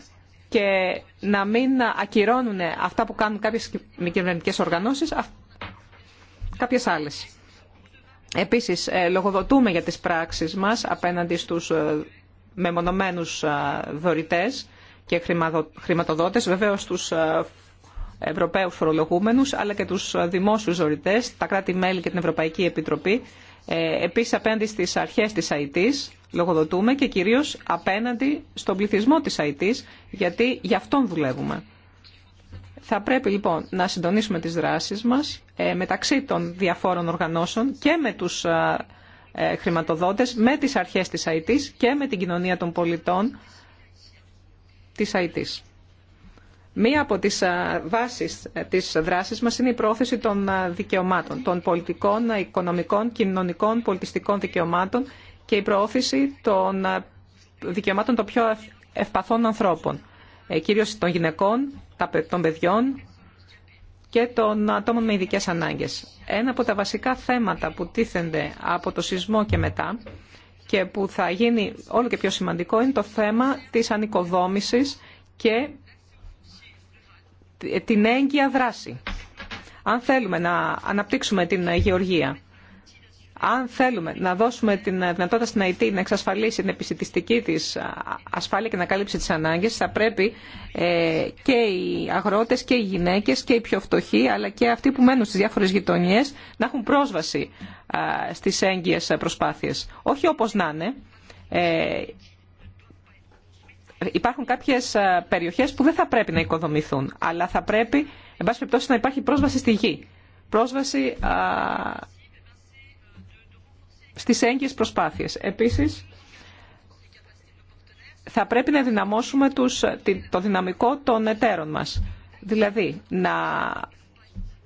και να μην ακυρώνουν αυτά που κάνουν κάποιες μη κυβερνητικές οργανώσεις κάποιες άλλες. Επίσης, ε, λογοδοτούμε για τις πράξεις μας απέναντι στους ε, με μονομένους ε, δωρητές και χρηματοδότες, βεβαίως τους ε, Ευρωπαίους φορολογούμενους, αλλά και τους ε, δημόσιους δωρητές, τα κράτη-μέλη και την Ευρωπαϊκή Επιτροπή. Επίσης, απέναντι στις αρχές της ΑΕΤ, λογοδοτούμε και κυρίως απέναντι στον πληθυσμό της ΑΕΤ, γιατί γι' αυτόν δουλεύουμε. Θα πρέπει λοιπόν να συντονίσουμε τις δράσεις μας μεταξύ των διαφόρων οργανώσεων και με τους ε, χρηματοδότες με τις αρχές της ΑΕΤ και με την κοινωνία των πολιτών της ΑΕΤ. Μία από τις ε, βάσεις ε, της δράσης μας είναι η πρόθεση των δικαιωμάτων, των πολιτικών, οικονομικών, κοινωνικών, πολιτιστικών δικαιωμάτων και η πρόθεση των δικαιωμάτων των πιο ευπαθών ανθρώπων, κυρίως των γυναικών, των παιδιών και των ατόμων με ειδικές ανάγκες ένα από τα βασικά θέματα που τίθενται από το σεισμό και μετά και που θα γίνει όλο και πιο σημαντικό είναι το θέμα της ανοικοδόμησης και την έγκυα δράση. Αν θέλουμε να αναπτύξουμε την γεωργία αν θέλουμε να δώσουμε την δυνατότητα στην ΑΕΤ να εξασφαλίσει την επιστημιστική της ασφάλεια και να κάλυψει τις ανάγκες, θα πρέπει ε, και οι αγρότες και οι γυναίκες και οι πιο φτωχοί, αλλά και αυτοί που μένουν στις διάφορες γειτονίε να έχουν πρόσβαση στις έγκυε προσπάθειε. Όχι όπως να είναι. Ε, υπάρχουν κάποιες ε, περιοχές που δεν θα πρέπει να οικοδομηθούν, αλλά θα πρέπει, εν πάση περιπτώσει, να υπάρχει πρόσβαση στη γη. Πρόσβαση στις έγκυες προσπάθειες. Επίσης, θα πρέπει να δυναμώσουμε τους, το δυναμικό των εταίρων μας. Δηλαδή, να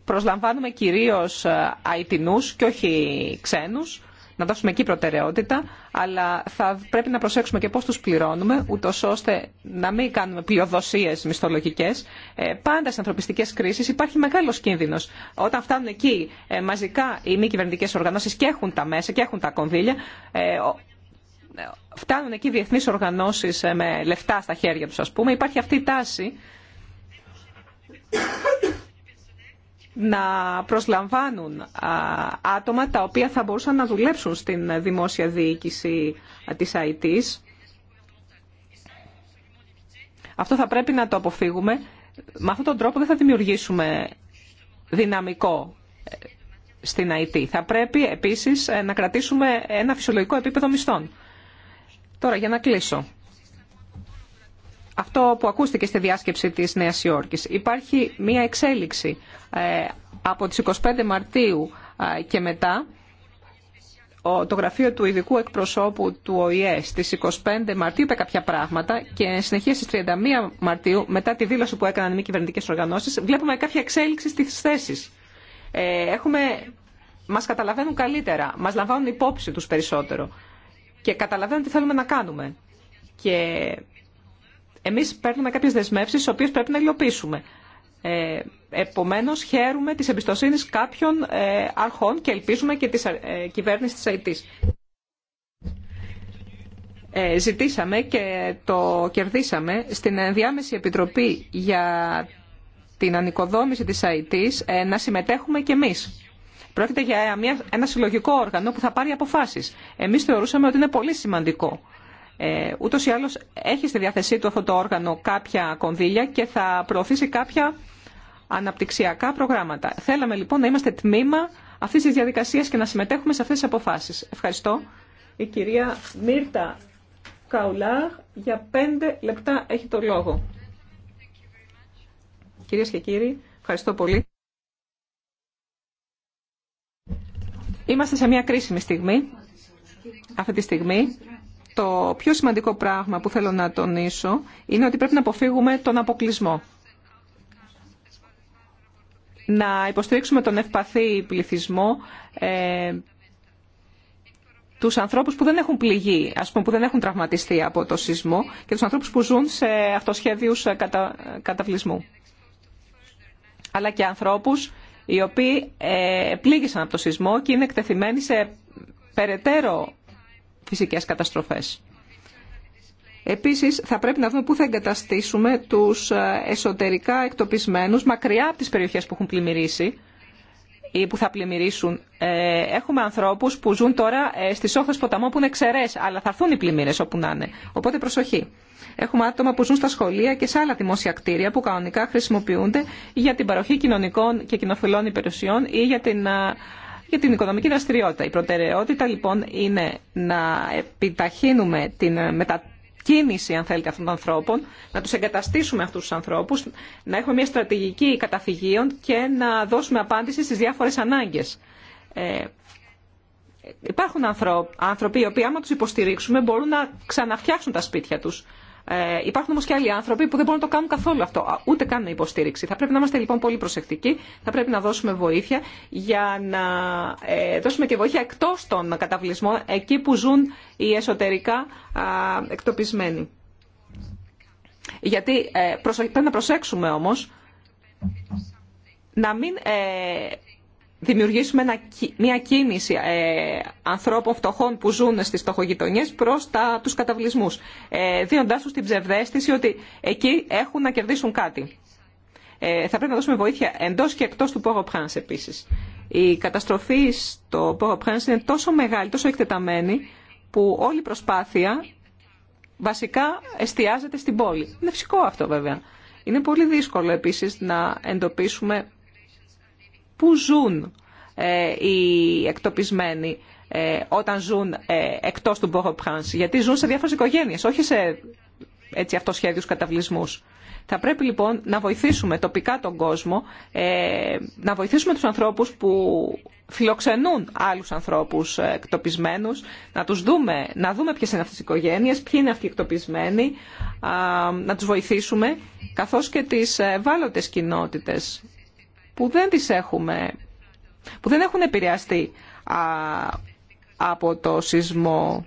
προσλαμβάνουμε κυρίως ε, αιτινούς και όχι ξένους, να δώσουμε εκεί προτεραιότητα, αλλά θα πρέπει να προσέξουμε και πώς τους πληρώνουμε, ούτω ώστε να μην κάνουμε πλειοδοσίες μισθολογικές. Ε, πάντα στις ανθρωπιστικές κρίσεις υπάρχει μεγάλος κίνδυνος. Όταν φτάνουν εκεί ε, μαζικά οι μη κυβερνητικέ οργανώσεις και έχουν τα μέσα και έχουν τα κονδύλια, ε, φτάνουν εκεί διεθνείς οργανώσεις με λεφτά στα χέρια τους, ας πούμε, υπάρχει αυτή η τάση να προσλαμβάνουν άτομα τα οποία θα μπορούσαν να δουλέψουν στην δημόσια διοίκηση της ΑΕΤ. Αυτό θα πρέπει να το αποφύγουμε. Με αυτόν τον τρόπο δεν θα δημιουργήσουμε δυναμικό ε, στην ΑΕΤ. Θα πρέπει επίσης ε, να κρατήσουμε ένα φυσιολογικό επίπεδο μισθών. Τώρα για να κλείσω αυτό που ακούστηκε στη διάσκεψη της Νέας Υόρκης. Υπάρχει μία εξέλιξη ε, από τις 25 Μαρτίου ε, και μετά. Το γραφείο του ειδικού εκπροσώπου του ΟΗΕ στις 25 Μαρτίου είπε κάποια πράγματα και συνεχεία στις 31 Μαρτίου, μετά τη δήλωση που έκαναν οι μη κυβερνητικές οργανώσεις, βλέπουμε κάποια εξέλιξη στις θέσεις. Ε, έχουμε... Μας καταλαβαίνουν καλύτερα, μας λαμβάνουν υπόψη τους περισσότερο και καταλαβαίνουν τι θέλουμε να κάνουμε. Και εμείς παίρνουμε κάποιες δεσμεύσεις, τις οποίες πρέπει να υλοποιήσουμε. Ε, επομένως, χαίρουμε της εμπιστοσύνης κάποιων ε, αρχών και ελπίζουμε και της ε, κυβέρνησης της ΑΕΤΗΣ. Ε, ζητήσαμε και το κερδίσαμε στην ενδιάμεση επιτροπή για την ανοικοδόμηση της ΑΕΤΗΣ ε, να συμμετέχουμε και εμείς. Πρόκειται για ένα συλλογικό όργανο που θα πάρει αποφάσεις. Εμείς θεωρούσαμε ότι είναι πολύ σημαντικό ε, ούτως ή άλλως έχει στη διάθεσή του αυτό το όργανο κάποια κονδύλια και θα προωθήσει κάποια αναπτυξιακά προγράμματα. Θέλαμε λοιπόν να είμαστε τμήμα αυτή τη διαδικασία και να συμμετέχουμε σε αυτέ τι αποφάσει. Ευχαριστώ. Η κυρία Μίρτα Καουλάχ για πέντε λεπτά έχει το λόγο. Κυρίες και κύριοι, ευχαριστώ πολύ. Είμαστε σε μια κρίσιμη στιγμή. Αυτή τη στιγμή το πιο σημαντικό πράγμα που θέλω να τονίσω είναι ότι πρέπει να αποφύγουμε τον αποκλεισμό. Να υποστηρίξουμε τον ευπαθή πληθυσμό, ε, τους ανθρώπους που δεν έχουν πληγεί, ας πούμε, που δεν έχουν τραυματιστεί από το σεισμό και τους ανθρώπους που ζουν σε αυτοσχέδιους ε, κατα... καταβλισμού. Αλλά και ανθρώπους οι οποίοι ε, πλήγησαν από το σεισμό και είναι εκτεθειμένοι σε περαιτέρω φυσικές καταστροφές. Επίσης, θα πρέπει να δούμε πού θα εγκαταστήσουμε τους ε, εσωτερικά εκτοπισμένους μακριά από τις περιοχές που έχουν πλημμυρίσει ή που θα πλημμυρίσουν. Ε, έχουμε ανθρώπους που ζουν τώρα ε, στις όχθες ποταμών που είναι ξερές, αλλά θα έρθουν οι πλημμύρες όπου να είναι. Οπότε προσοχή. Έχουμε άτομα που ζουν στα σχολεία και σε άλλα δημόσια κτίρια που κανονικά χρησιμοποιούνται για την παροχή κοινωνικών και κοινοφιλών υπηρεσιών ή για την για την οικονομική δραστηριότητα. Η προτεραιότητα λοιπόν είναι να επιταχύνουμε την μετακίνηση αν θέλετε αυτών των ανθρώπων, να τους εγκαταστήσουμε αυτούς τους ανθρώπους, να έχουμε μια στρατηγική καταφυγίων και να δώσουμε απάντηση στις διάφορες ανάγκες. Ε, υπάρχουν άνθρωποι οι οποίοι άμα τους υποστηρίξουμε μπορούν να ξαναφτιάξουν τα σπίτια τους ε, υπάρχουν όμω και άλλοι άνθρωποι που δεν μπορούν να το κάνουν καθόλου αυτό, ούτε καν υποστήριξη. Θα πρέπει να είμαστε λοιπόν πολύ προσεκτικοί, θα πρέπει να δώσουμε βοήθεια για να ε, δώσουμε και βοήθεια εκτό των καταβλισμών, εκεί που ζουν οι εσωτερικά εκτοπισμένοι. Γιατί ε, πρέπει να προσέξουμε όμως να μην δημιουργήσουμε μια κίνηση ε, ανθρώπων φτωχών που ζουν στις φτωχογειτονιές προς τα, τους καταβλισμούς, ε, δίνοντάς τους την ψευδέστηση ότι εκεί έχουν να κερδίσουν κάτι. Ε, θα πρέπει να δώσουμε βοήθεια εντός και εκτός του Πόγο au επισης Η καταστροφή στο Πόγο au τόσο μεγάλη, τόσο εκτεταμένη, που όλη η προσπάθεια βασικά εστιάζεται στην πόλη. Είναι φυσικό αυτό βέβαια. Είναι πολύ δύσκολο επίσης να εντοπίσουμε πού ζουν ε, οι εκτοπισμένοι ε, όταν ζουν ε, εκτός του Port-au-Prince. γιατι ζουν σε διάφορες οικογένειες, όχι σε έτσι, αυτοσχέδιους καταβλισμούς. Θα πρέπει λοιπόν να βοηθήσουμε τοπικά τον κόσμο, να βοηθήσουμε τους ανθρώπους που φιλοξενούν άλλους ανθρώπους εκτοπισμένους, να τους δούμε, να δούμε ποιες είναι αυτές οι οικογένειες, ποιοι είναι αυτοί οι εκτοπισμένοι, να τους βοηθήσουμε, καθώς και τις ευάλωτες κοινότητες που δεν τις έχουμε, που δεν έχουν επηρεαστεί από το σεισμό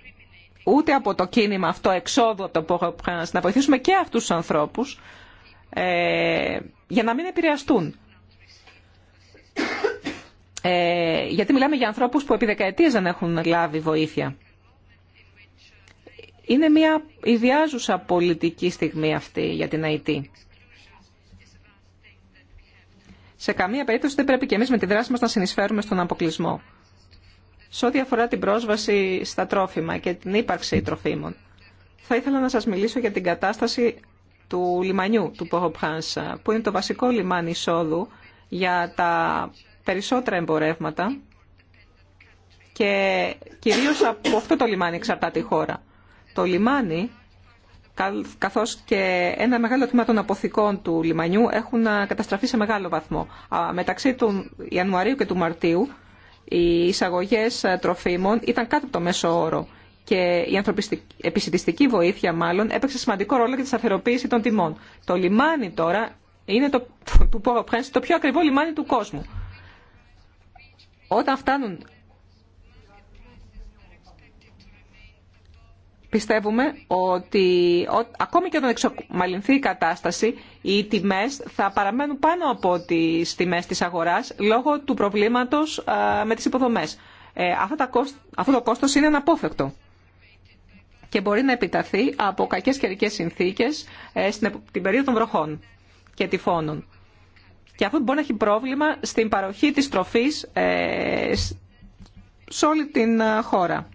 ούτε από το κίνημα αυτό εξόδου το να βοηθήσουμε και αυτούς τους ανθρώπους ε, για να μην επηρεαστούν. Ε, γιατί μιλάμε για ανθρώπους που επί δεκαετίες δεν έχουν λάβει βοήθεια. Είναι μια ιδιάζουσα πολιτική στιγμή αυτή για την ΑΕΤ. Σε καμία περίπτωση δεν πρέπει και εμείς με τη δράση μα να συνεισφέρουμε στον αποκλεισμό. Σε ό,τι αφορά την πρόσβαση στα τρόφιμα και την ύπαρξη τροφίμων, θα ήθελα να σας μιλήσω για την κατάσταση του λιμανιού του Πχάνσα, που είναι το βασικό λιμάνι εισόδου για τα περισσότερα εμπορεύματα και κυρίως από αυτό το λιμάνι εξαρτάται η χώρα. Το λιμάνι καθώς και ένα μεγάλο τμήμα των αποθηκών του λιμανιού έχουν καταστραφεί σε μεγάλο βαθμό. Μεταξύ του Ιανουαρίου και του Μαρτίου οι εισαγωγές τροφίμων ήταν κάτω από το μέσο όρο και η επισητιστική βοήθεια μάλλον έπαιξε σημαντικό ρόλο για τη σταθεροποίηση των τιμών. Το λιμάνι τώρα είναι το, το πιο ακριβό λιμάνι του κόσμου. Όταν φτάνουν Πιστεύουμε ότι ακόμη και όταν εξομαλυνθεί η κατάσταση, οι τιμέ θα παραμένουν πάνω από τι τιμέ της αγοράς λόγω του προβλήματος με τις υποδομές. Ε, αυτό το κόστο είναι αναπόφευκτο και μπορεί να επιταθεί από κακές καιρικές συνθήκες ε, στην περίοδο των βροχών και τυφώνων. Και αυτό μπορεί να έχει πρόβλημα στην παροχή της τροφής ε, σε όλη την χώρα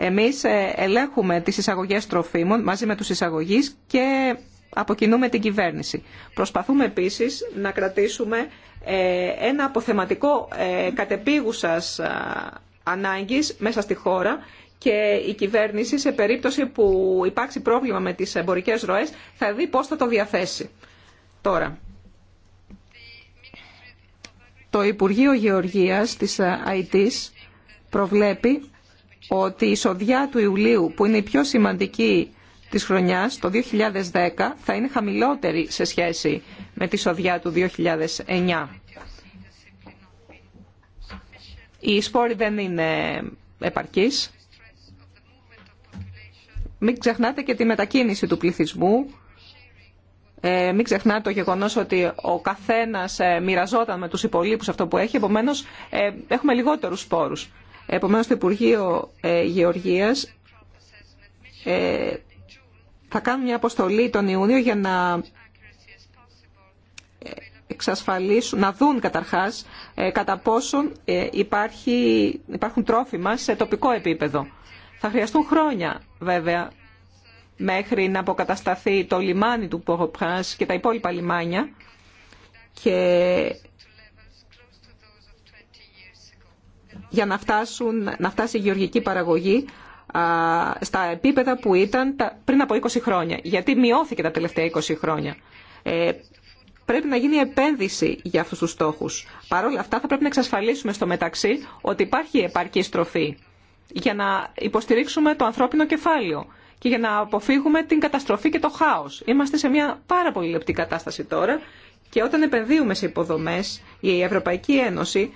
εμείς ε, ελέγχουμε τις εισαγωγές τροφίμων μαζί με τους εισαγωγείς και αποκινούμε την κυβέρνηση. Προσπαθούμε επίσης να κρατήσουμε ε, ένα αποθεματικό ε, κατεπίγουσας ανάγκης μέσα στη χώρα και η κυβέρνηση σε περίπτωση που υπάρξει πρόβλημα με τις εμπορικές ροές θα δει πώς θα το διαθέσει. Τώρα, το Υπουργείο Γεωργίας της ΑΙΤΙΣ προβλέπει ότι η εισοδιά του Ιουλίου, που είναι η πιο σημαντική της χρονιάς, το 2010, θα είναι χαμηλότερη σε σχέση με τη εισοδιά του 2009. Οι σπόροι δεν είναι επαρκείς. Μην ξεχνάτε και τη μετακίνηση του πληθυσμού. Ε, μην ξεχνάτε το γεγονός ότι ο καθένας ε, μοιραζόταν με τους υπολείπους αυτό που έχει, επομένως ε, έχουμε λιγότερους σπόρους. Επομένως, το Υπουργείο ε, Γεωργίας ε, θα κάνουν μια αποστολή τον Ιούνιο για να ε, εξασφαλίσουν, να δουν καταρχάς κατά πόσον υπάρχει, υπάρχουν τρόφιμα σε τοπικό επίπεδο. Θα χρειαστούν χρόνια βέβαια μέχρι να αποκατασταθεί το λιμάνι του Πογοπράς και τα υπόλοιπα λιμάνια και για να, φτάσουν, να φτάσει η γεωργική παραγωγή στα επίπεδα που ήταν πριν από 20 χρόνια. Γιατί μειώθηκε τα τελευταία 20 χρόνια. Ε, πρέπει να γίνει επένδυση για αυτούς τους στόχους. Παρ' όλα αυτά θα πρέπει να εξασφαλίσουμε στο μεταξύ ότι υπάρχει επαρκή στροφή για να υποστηρίξουμε το ανθρώπινο κεφάλαιο και για να αποφύγουμε την καταστροφή και το χάος. Είμαστε σε μια πάρα πολύ λεπτή κατάσταση τώρα και όταν επενδύουμε σε υποδομές, η Ευρωπαϊκή Ένωση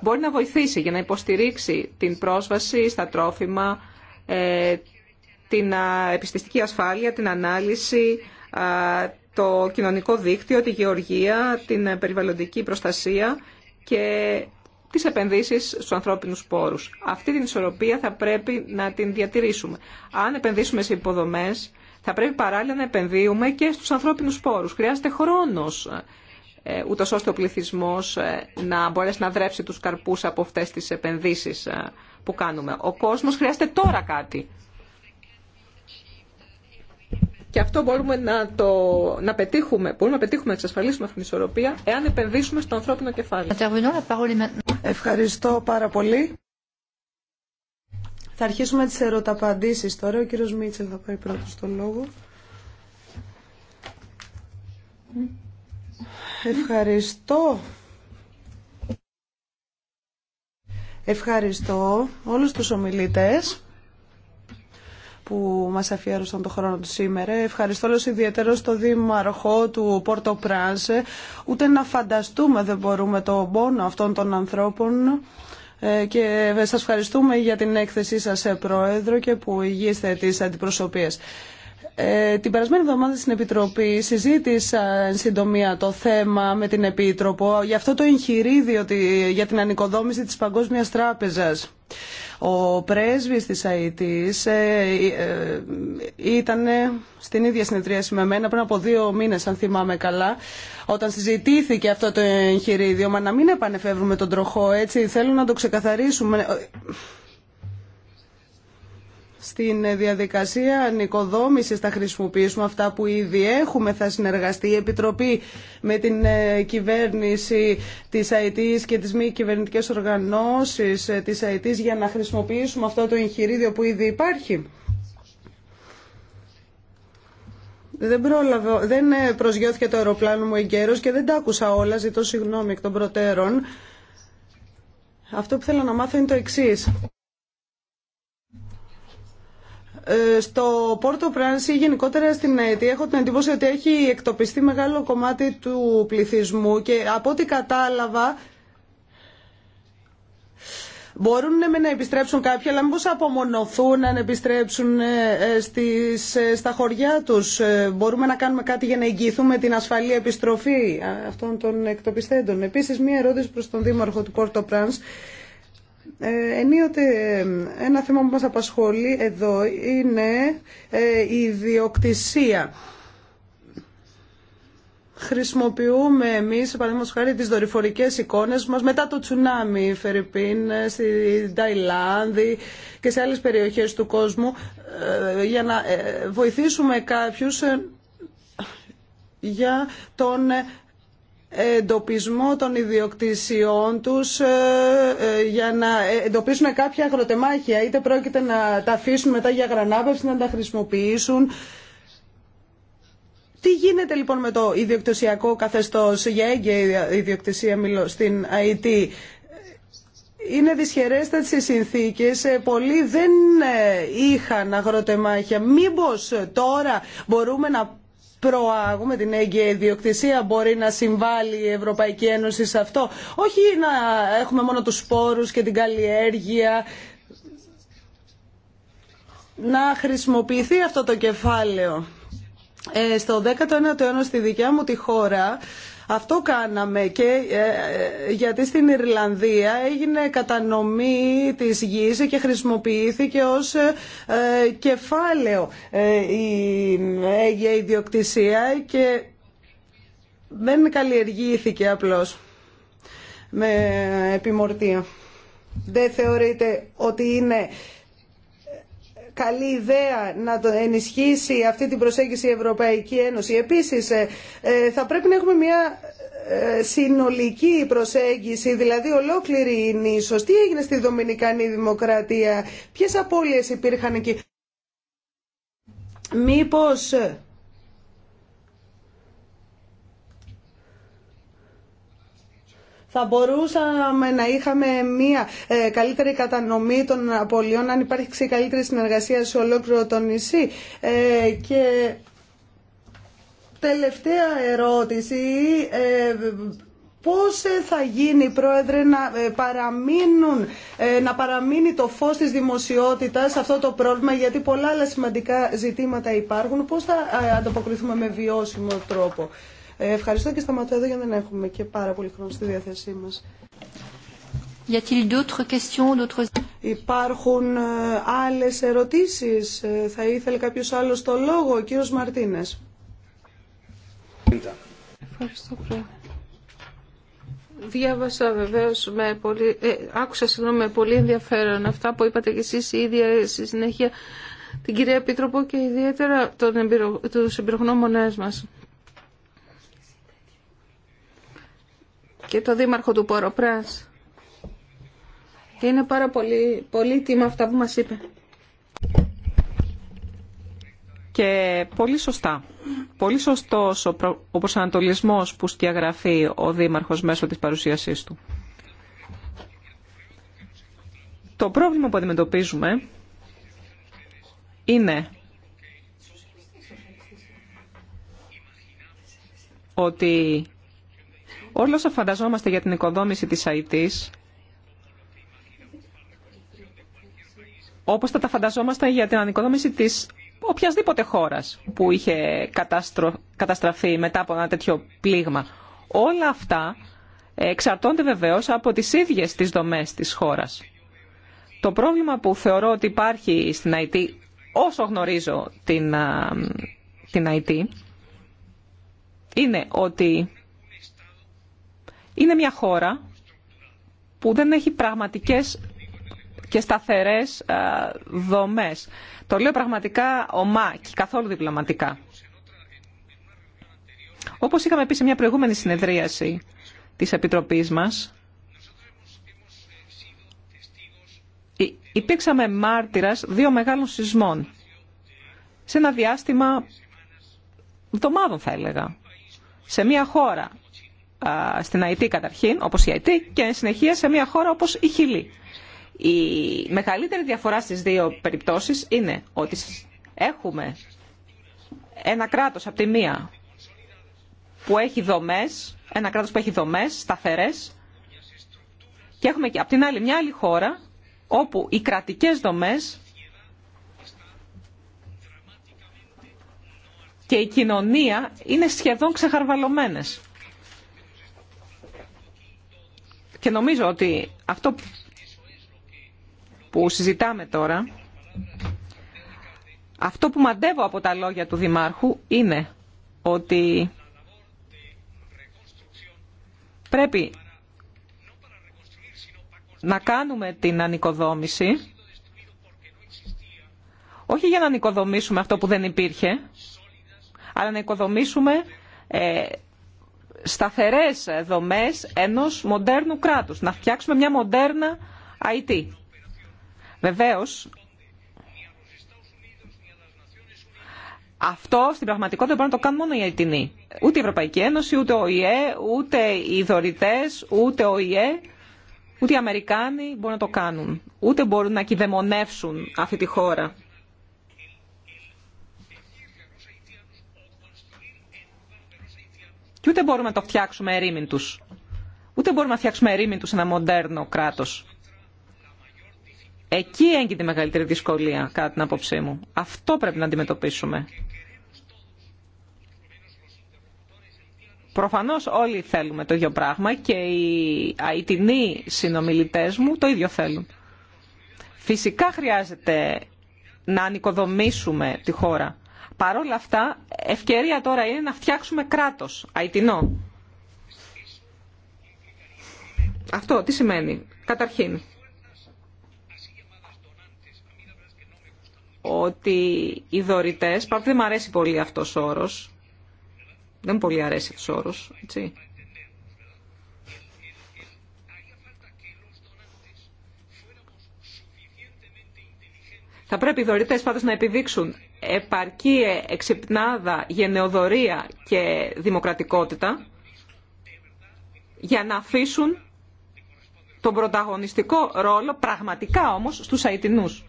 μπορεί να βοηθήσει για να υποστηρίξει την πρόσβαση στα τρόφιμα, ε, την επιστηστική ασφάλεια, την ανάλυση, το κοινωνικό δίκτυο, τη γεωργία, την ε, περιβαλλοντική προστασία και τις επενδύσεις στους ανθρώπινους πόρους. Αυτή την ισορροπία θα πρέπει να την διατηρήσουμε. Αν επενδύσουμε σε υποδομές, θα πρέπει παράλληλα να επενδύουμε και στους ανθρώπινους πόρους. Χρειάζεται χρόνος ε, ούτως ώστε ο πληθυσμός ε, να μπορέσει να δρέψει τους καρπούς από αυτές τις επενδύσεις ε, που κάνουμε. Ο κόσμος χρειάζεται τώρα κάτι. Και αυτό μπορούμε να, το, να πετύχουμε, μπορούμε να πετύχουμε να εξασφαλίσουμε αυτήν την ισορροπία εάν επενδύσουμε στο ανθρώπινο κεφάλι. Ευχαριστώ πάρα πολύ. Θα αρχίσουμε τις ερωταπαντήσεις τώρα. Ο κύριος Μίτσελ θα πάει πρώτος στο λόγο. Ευχαριστώ. Ευχαριστώ όλους τους ομιλητές που μας αφιέρωσαν το χρόνο του σήμερα. Ευχαριστώ όλους ιδιαίτερα στο Δήμαρχο του Πόρτο Πράνσε. Ούτε να φανταστούμε δεν μπορούμε το πόνο αυτών των ανθρώπων ε, και σας ευχαριστούμε για την έκθεσή σας, ε, Πρόεδρο, και που υγείστε τις αντιπροσωπείες. Ε, την περασμένη εβδομάδα στην Επιτροπή συζήτησα εν συντομία το θέμα με την Επίτροπο για αυτό το εγχειρίδιο για την ανοικοδόμηση της Παγκόσμιας Τράπεζας. Ο πρέσβης της ΑΕΤ ε, ε, ήταν στην ίδια συνεδρίαση με μένα πριν από δύο μήνες, αν θυμάμαι καλά, όταν συζητήθηκε αυτό το εγχειρίδιο. Μα να μην επανεφεύρουμε τον τροχό, έτσι, θέλω να το ξεκαθαρίσουμε στην διαδικασία νοικοδόμησης θα χρησιμοποιήσουμε αυτά που ήδη έχουμε. Θα συνεργαστεί η Επιτροπή με την ε, κυβέρνηση της ΑΕΤΙΣ και τις μη κυβερνητικές οργανώσεις ε, της ΑΕΤΙΣ για να χρησιμοποιήσουμε αυτό το εγχειρίδιο που ήδη υπάρχει. Δεν, πρόλαβε, δεν ε, προσγειώθηκε το αεροπλάνο μου εγκαίρος και δεν τα άκουσα όλα, ζητώ συγγνώμη εκ των προτέρων. Αυτό που θέλω να μάθω είναι το εξής. Ε, στο Πόρτο Πράνση γενικότερα στην Αιτία έχω την εντύπωση ότι έχει εκτοπιστεί μεγάλο κομμάτι του πληθυσμού και από ό,τι κατάλαβα μπορούν ναι, να επιστρέψουν κάποιοι, αλλά μήπως απομονωθούν να επιστρέψουν ε, ε, στις, στα χωριά τους. Μπορούμε να κάνουμε κάτι για να εγγυηθούμε την ασφαλή επιστροφή αυτών των εκτοπιστέντων. Επίσης, μία ερώτηση προς τον Δήμαρχο του Πόρτο Πράνς. Ε, ενίοτε ένα θέμα που μας απασχολεί εδώ είναι ε, η ιδιοκτησία. Χρησιμοποιούμε εμείς, παραδείγματος χάρη, τις δορυφορικές εικόνες μας μετά το τσουνάμι, Φερρυπίν, ε, στη Ταϊλάνδη και σε άλλες περιοχές του κόσμου για να βοηθήσουμε κάποιους για τον εντοπισμό των ιδιοκτησιών τους ε, ε, για να εντοπίσουν κάποια αγροτεμάχια. Είτε πρόκειται να τα αφήσουν μετά για γρανάβευση, να τα χρησιμοποιήσουν. Τι γίνεται λοιπόν με το ιδιοκτησιακό καθεστώς για έγκαιη ιδιοκτησία μιλώ, στην ΑΕΤ. Είναι δυσχερέστατες οι συνθήκες, ε, πολλοί δεν είχαν αγροτεμάχια. Μήπως τώρα μπορούμε να προάγουμε την έγκαιη ιδιοκτησία. Μπορεί να συμβάλλει η Ευρωπαϊκή Ένωση σε αυτό. Όχι να έχουμε μόνο τους σπόρους και την καλλιέργεια. Να χρησιμοποιηθεί αυτό το κεφάλαιο. Ε, στο 19ο αιώνα στη δικιά μου τη χώρα αυτό κάναμε και ε, ε, γιατί στην Ιρλανδία έγινε κατανομή της γης και χρησιμοποιήθηκε ως ε, κεφάλαιο η η ιδιοκτησία και δεν καλλιεργήθηκε απλώς με επιμορτία. Δεν θεωρείτε ότι είναι καλή ιδέα να ενισχύσει αυτή την προσέγγιση η Ευρωπαϊκή Ένωση. Επίσης, ε, ε, θα πρέπει να έχουμε μια ε, συνολική προσέγγιση, δηλαδή ολόκληρη η νήσος. Τι έγινε στη Δομινικανή Δημοκρατία, ποιες απώλειες υπήρχαν εκεί. Μήπως Θα μπορούσαμε να είχαμε μια ε, καλύτερη κατανομή των απολειών αν υπάρχει καλύτερη συνεργασία σε ολόκληρο το νησί. Ε, και τελευταία ερώτηση. Ε, πώς θα γίνει, Πρόεδρε, να, παραμείνουν, να παραμείνει το φως της δημοσιότητας σε αυτό το πρόβλημα, γιατί πολλά άλλα σημαντικά ζητήματα υπάρχουν. Πώς θα ανταποκριθούμε με βιώσιμο τρόπο. Ε, ευχαριστώ και σταματώ εδώ για να έχουμε και πάρα πολύ χρόνο στη διάθεσή μα. Υπάρχουν ε, άλλε ερωτήσεις. Ε, θα ήθελε κάποιο άλλο το λόγο. Ο κύριο Μαρτίνες. Ευχαριστώ πολύ. Διάβασα βεβαίω με πολύ, άκουσα συγγνώμη με πολύ ενδιαφέρον αυτά που είπατε και εσεί οι ίδια στη συνέχεια την κυρία Επίτροπο και ιδιαίτερα τον εμπειρο, τους εμπειρογνώμονές μας. και το δήμαρχο του Ποροπράς. Και είναι πάρα πολύ τιμα αυτά που μας είπε. Και πολύ σωστά. Πολύ σωστός ο, προ... προσανατολισμός που σκιαγραφεί ο Δήμαρχος μέσω της παρουσίασής του. Το πρόβλημα που αντιμετωπίζουμε είναι ότι Όλο όσα φανταζόμαστε για την οικοδόμηση της ΑΕΤΗΣ, όπως θα τα φανταζόμασταν για την ανοικοδόμηση της οποιασδήποτε χώρας που είχε καταστρο... καταστραφεί μετά από ένα τέτοιο πλήγμα. Όλα αυτά εξαρτώνται βεβαίως από τις ίδιες τις δομές της χώρας. Το πρόβλημα που θεωρώ ότι υπάρχει στην ΑΕΤ, όσο γνωρίζω την, την ΑΕΤ, είναι ότι είναι μια χώρα που δεν έχει πραγματικές και σταθερές ε, δομές. Το λέω πραγματικά ομά και καθόλου διπλωματικά. Όπως είχαμε πει σε μια προηγούμενη συνεδρίαση της Επιτροπής μας, υπήρξαμε μάρτυρας δύο μεγάλων σεισμών. Σε ένα διάστημα εβδομάδων θα έλεγα. Σε μια χώρα στην Αϊτή καταρχήν, όπως η Αϊτή, και εν συνεχεία σε μια χώρα όπως η Χιλή. Η μεγαλύτερη διαφορά στις δύο περιπτώσεις είναι ότι έχουμε ένα κράτος από τη μία που έχει δομές, ένα κράτος που έχει δομές σταθερές και έχουμε και από την άλλη μια άλλη χώρα όπου οι κρατικές δομές και η κοινωνία είναι σχεδόν ξεχαρβαλωμένες. Και νομίζω ότι αυτό που συζητάμε τώρα, αυτό που μαντεύω από τα λόγια του Δημάρχου είναι ότι πρέπει να κάνουμε την ανοικοδόμηση όχι για να ανοικοδομήσουμε αυτό που δεν υπήρχε, αλλά να οικοδομήσουμε ε, σταθερές δομές ενός μοντέρνου κράτους, να φτιάξουμε μια μοντέρνα IT. Βεβαίως, αυτό στην πραγματικότητα μπορεί να το κάνουν μόνο οι Αιτινοί. Ούτε η Ευρωπαϊκή Ένωση, ούτε ο ΙΕ, ούτε οι δωρητές, ούτε ο ΙΕ, ούτε οι Αμερικάνοι μπορούν να το κάνουν. Ούτε μπορούν να κυδαιμονεύσουν αυτή τη χώρα Και ούτε μπορούμε να το φτιάξουμε ερήμην τους. Ούτε μπορούμε να φτιάξουμε ερήμην τους ένα μοντέρνο κράτος. Εκεί έγκυται η μεγαλύτερη δυσκολία, κατά την άποψή μου. Αυτό πρέπει να αντιμετωπίσουμε. Προφανώς όλοι θέλουμε το ίδιο πράγμα και οι αιτινοί συνομιλητές μου το ίδιο θέλουν. Φυσικά χρειάζεται να ανοικοδομήσουμε τη χώρα. Παρ' όλα αυτά, ευκαιρία τώρα είναι να φτιάξουμε κράτος αιτινό. Αυτό τι σημαίνει. Καταρχήν, ότι οι δωρητές, παρότι δεν μου αρέσει πολύ αυτός ο όρος, δεν μου πολύ αρέσει αυτός ο όρος, έτσι. Θα πρέπει οι δωρητές πάντως να επιδείξουν επαρκή εξυπνάδα, γενεοδορία και δημοκρατικότητα για να αφήσουν τον πρωταγωνιστικό ρόλο πραγματικά όμως στους Αιτινούς.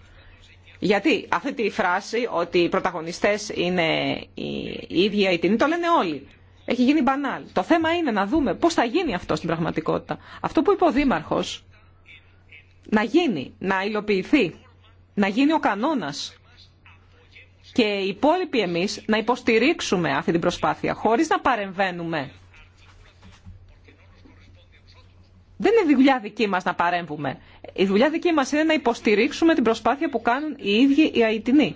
Γιατί αυτή τη φράση ότι οι πρωταγωνιστές είναι οι ίδιοι Αιτινοί το λένε όλοι. Έχει γίνει μπανάλ. Το θέμα είναι να δούμε πώς θα γίνει αυτό στην πραγματικότητα. Αυτό που είπε ο Δήμαρχος να γίνει, να υλοποιηθεί, να γίνει ο κανόνας και οι υπόλοιποι εμείς να υποστηρίξουμε αυτή την προσπάθεια χωρίς να παρεμβαίνουμε. Δεν είναι δουλειά δική μας να παρέμβουμε. Η δουλειά δική μας είναι να υποστηρίξουμε την προσπάθεια που κάνουν οι ίδιοι οι Αιτινοί,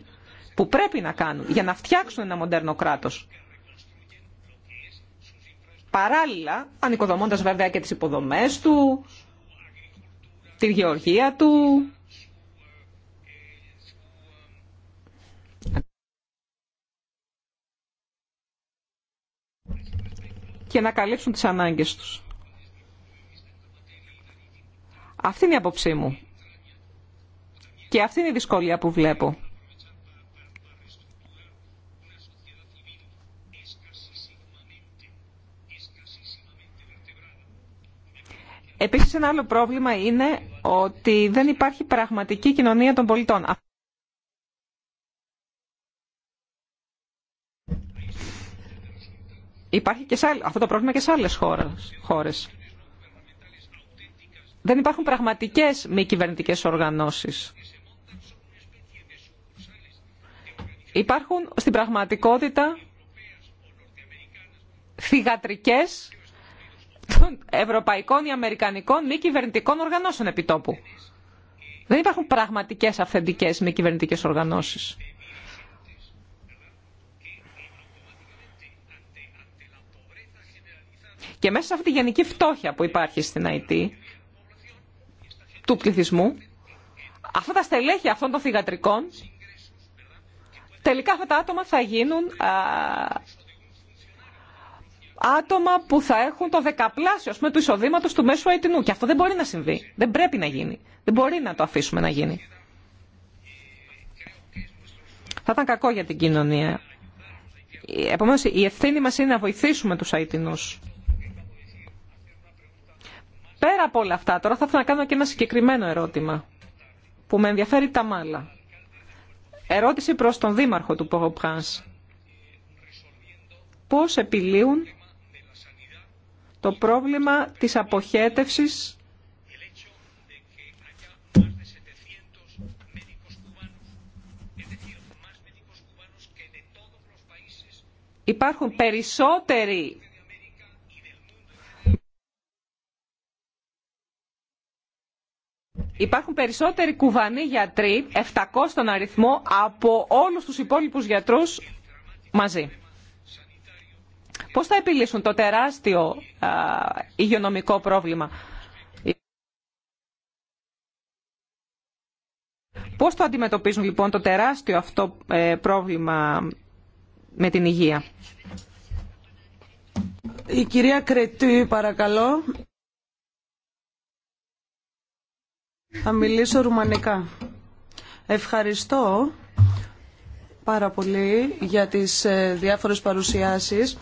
που πρέπει να κάνουν για να φτιάξουν ένα μοντέρνο κράτος. Παράλληλα, ανοικοδομώντας βέβαια και τις υποδομές του, τη γεωργία του, και να καλύψουν τις ανάγκες τους. Αυτή είναι η απόψή μου. Και αυτή είναι η δυσκολία που βλέπω. Επίσης ένα άλλο πρόβλημα είναι ότι δεν υπάρχει πραγματική κοινωνία των πολιτών. Υπάρχει και αυτό το πρόβλημα και σε άλλες χώρες. Δεν υπάρχουν πραγματικές μη κυβερνητικέ οργανώσεις. Υπάρχουν στην πραγματικότητα θυγατρικές των ευρωπαϊκών ή αμερικανικών μη κυβερνητικών οργανώσεων επιτόπου. Δεν υπάρχουν πραγματικές αυθεντικές μη κυβερνητικέ οργανώσεις. Και μέσα σε αυτή τη γενική φτώχεια που υπάρχει στην ΑΕΤ του πληθυσμού, αυτά τα στελέχη αυτών των θηγατρικών, τελικά αυτά τα άτομα θα γίνουν άτομα που θα έχουν το δεκαπλάσιο πούμε, του εισοδήματο του μέσου αιτινού. Και αυτό δεν μπορεί να συμβεί. Δεν πρέπει να γίνει. Δεν μπορεί να το αφήσουμε να γίνει. Θα ήταν κακό για την κοινωνία. Επομένως, η ευθύνη μας είναι να βοηθήσουμε τους αιτινούς Πέρα από όλα αυτά, τώρα θα ήθελα να κάνω και ένα συγκεκριμένο ερώτημα που με ενδιαφέρει τα μάλα. Ερώτηση προς τον Δήμαρχο του Πογοπχάνς. Πώς επιλύουν το πρόβλημα της αποχέτευσης Υπάρχουν περισσότεροι Υπάρχουν περισσότεροι κουβανοί γιατροί, 700 τον αριθμό, από όλους τους υπόλοιπους γιατρούς μαζί. Πώς θα επιλύσουν το τεράστιο α, υγειονομικό πρόβλημα. Πώς το αντιμετωπίζουν λοιπόν το τεράστιο αυτό ε, πρόβλημα με την υγεία. Η κυρία Κρετή παρακαλώ. Θα μιλήσω ρουμανικά. Ευχαριστώ πάρα πολύ για τις ε, διάφορες παρουσιάσεις.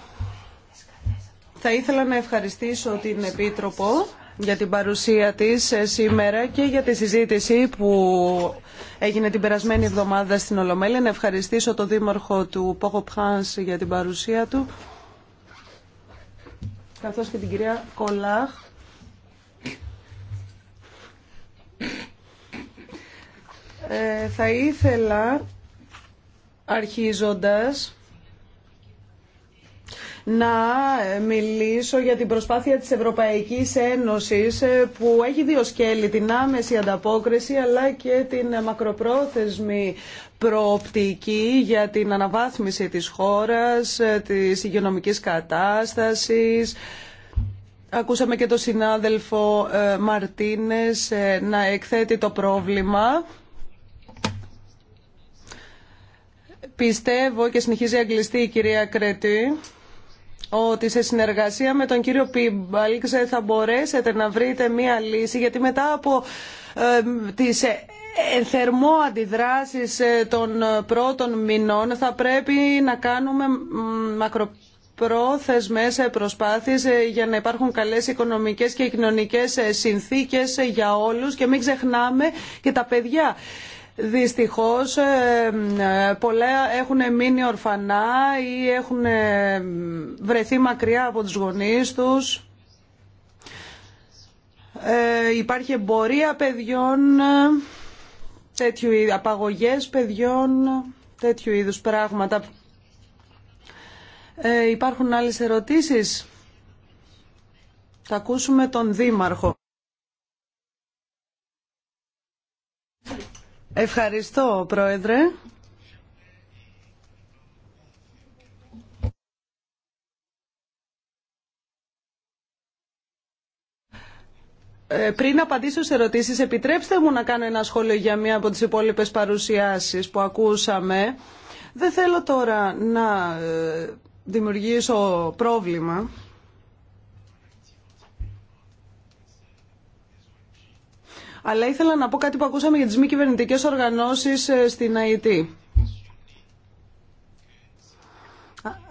Θα ήθελα να ευχαριστήσω την Επίτροπο για την παρουσία της ε, σήμερα και για τη συζήτηση που έγινε την περασμένη εβδομάδα στην Ολομέλεια. Να ευχαριστήσω τον Δήμαρχο του Πόχο Πχάνς για την παρουσία του καθώς και την κυρία Κολάχ Ε, θα ήθελα αρχίζοντας να μιλήσω για την προσπάθεια της Ευρωπαϊκής Ένωσης ε, που έχει δύο σκέλη, την άμεση ανταπόκριση αλλά και την μακροπρόθεσμη προοπτική για την αναβάθμιση της χώρας, ε, της υγειονομικής κατάστασης, Ακούσαμε και τον συνάδελφο ε, Μαρτίνες ε, να εκθέτει το πρόβλημα. Πιστεύω και συνεχίζει αγγλιστή η κυρία Κρέτη ότι σε συνεργασία με τον κύριο Πίμπαλξ θα μπορέσετε να βρείτε μία λύση γιατί μετά από ε, τις ε, θερμό αντιδράσεις των πρώτων μηνών θα πρέπει να κάνουμε μακροπρόθεσμα πρόθεσμες προσπάθειες ε, για να υπάρχουν καλές οικονομικές και κοινωνικές ε, συνθήκες ε, για όλους και μην ξεχνάμε και τα παιδιά. Δυστυχώς πολλά έχουν μείνει ορφανά ή έχουν βρεθεί μακριά από τους γονείς τους. Υπάρχει εμπορία παιδιών, τέτοιου, απαγωγές παιδιών, τέτοιου είδους πράγματα ε, υπάρχουν άλλες ερωτήσεις. Θα ακούσουμε τον Δήμαρχο. Ευχαριστώ, Πρόεδρε. Ε, πριν απαντήσω σε ερωτήσεις, επιτρέψτε μου να κάνω ένα σχόλιο για μία από τις υπόλοιπες παρουσιάσεις που ακούσαμε. Δεν θέλω τώρα να ε, δημιουργήσω πρόβλημα. Αλλά ήθελα να πω κάτι που ακούσαμε για τις μη κυβερνητικέ οργανώσεις ε, στην ΑΕΤ.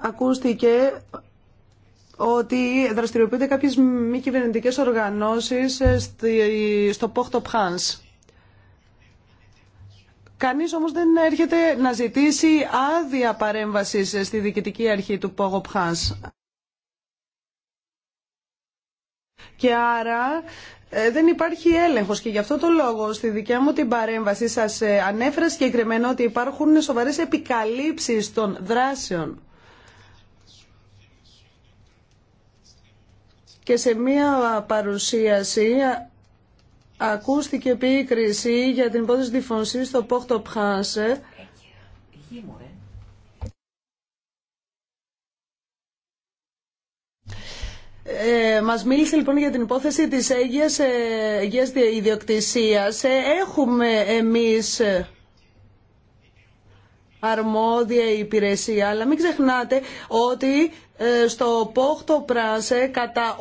Ακούστηκε ότι δραστηριοποιείται κάποιες μη κυβερνητικέ οργανώσεις ε, στο Πόχτο Πχάνς. Κανείς όμως δεν έρχεται να ζητήσει άδεια παρέμβασης στη διοικητική αρχή του ΠΟΓΟΠΧΑΣ Και άρα ε, δεν υπάρχει έλεγχος και γι' αυτό το λόγο στη δικιά μου την παρέμβαση σας ε, ανέφερα συγκεκριμένα ότι υπάρχουν σοβαρές επικαλύψεις των δράσεων. Και σε μία παρουσίαση Ακούστηκε επίκριση για την υπόθεση διφωνσή στο Πόχτο Πχάσε. Ε, μας μίλησε λοιπόν για την υπόθεση της Αγία ε, Ιδιοκτησίας. Ε, έχουμε εμείς ε, αρμόδια υπηρεσία, αλλά μην ξεχνάτε ότι ε, στο πόχτο πράσε κατά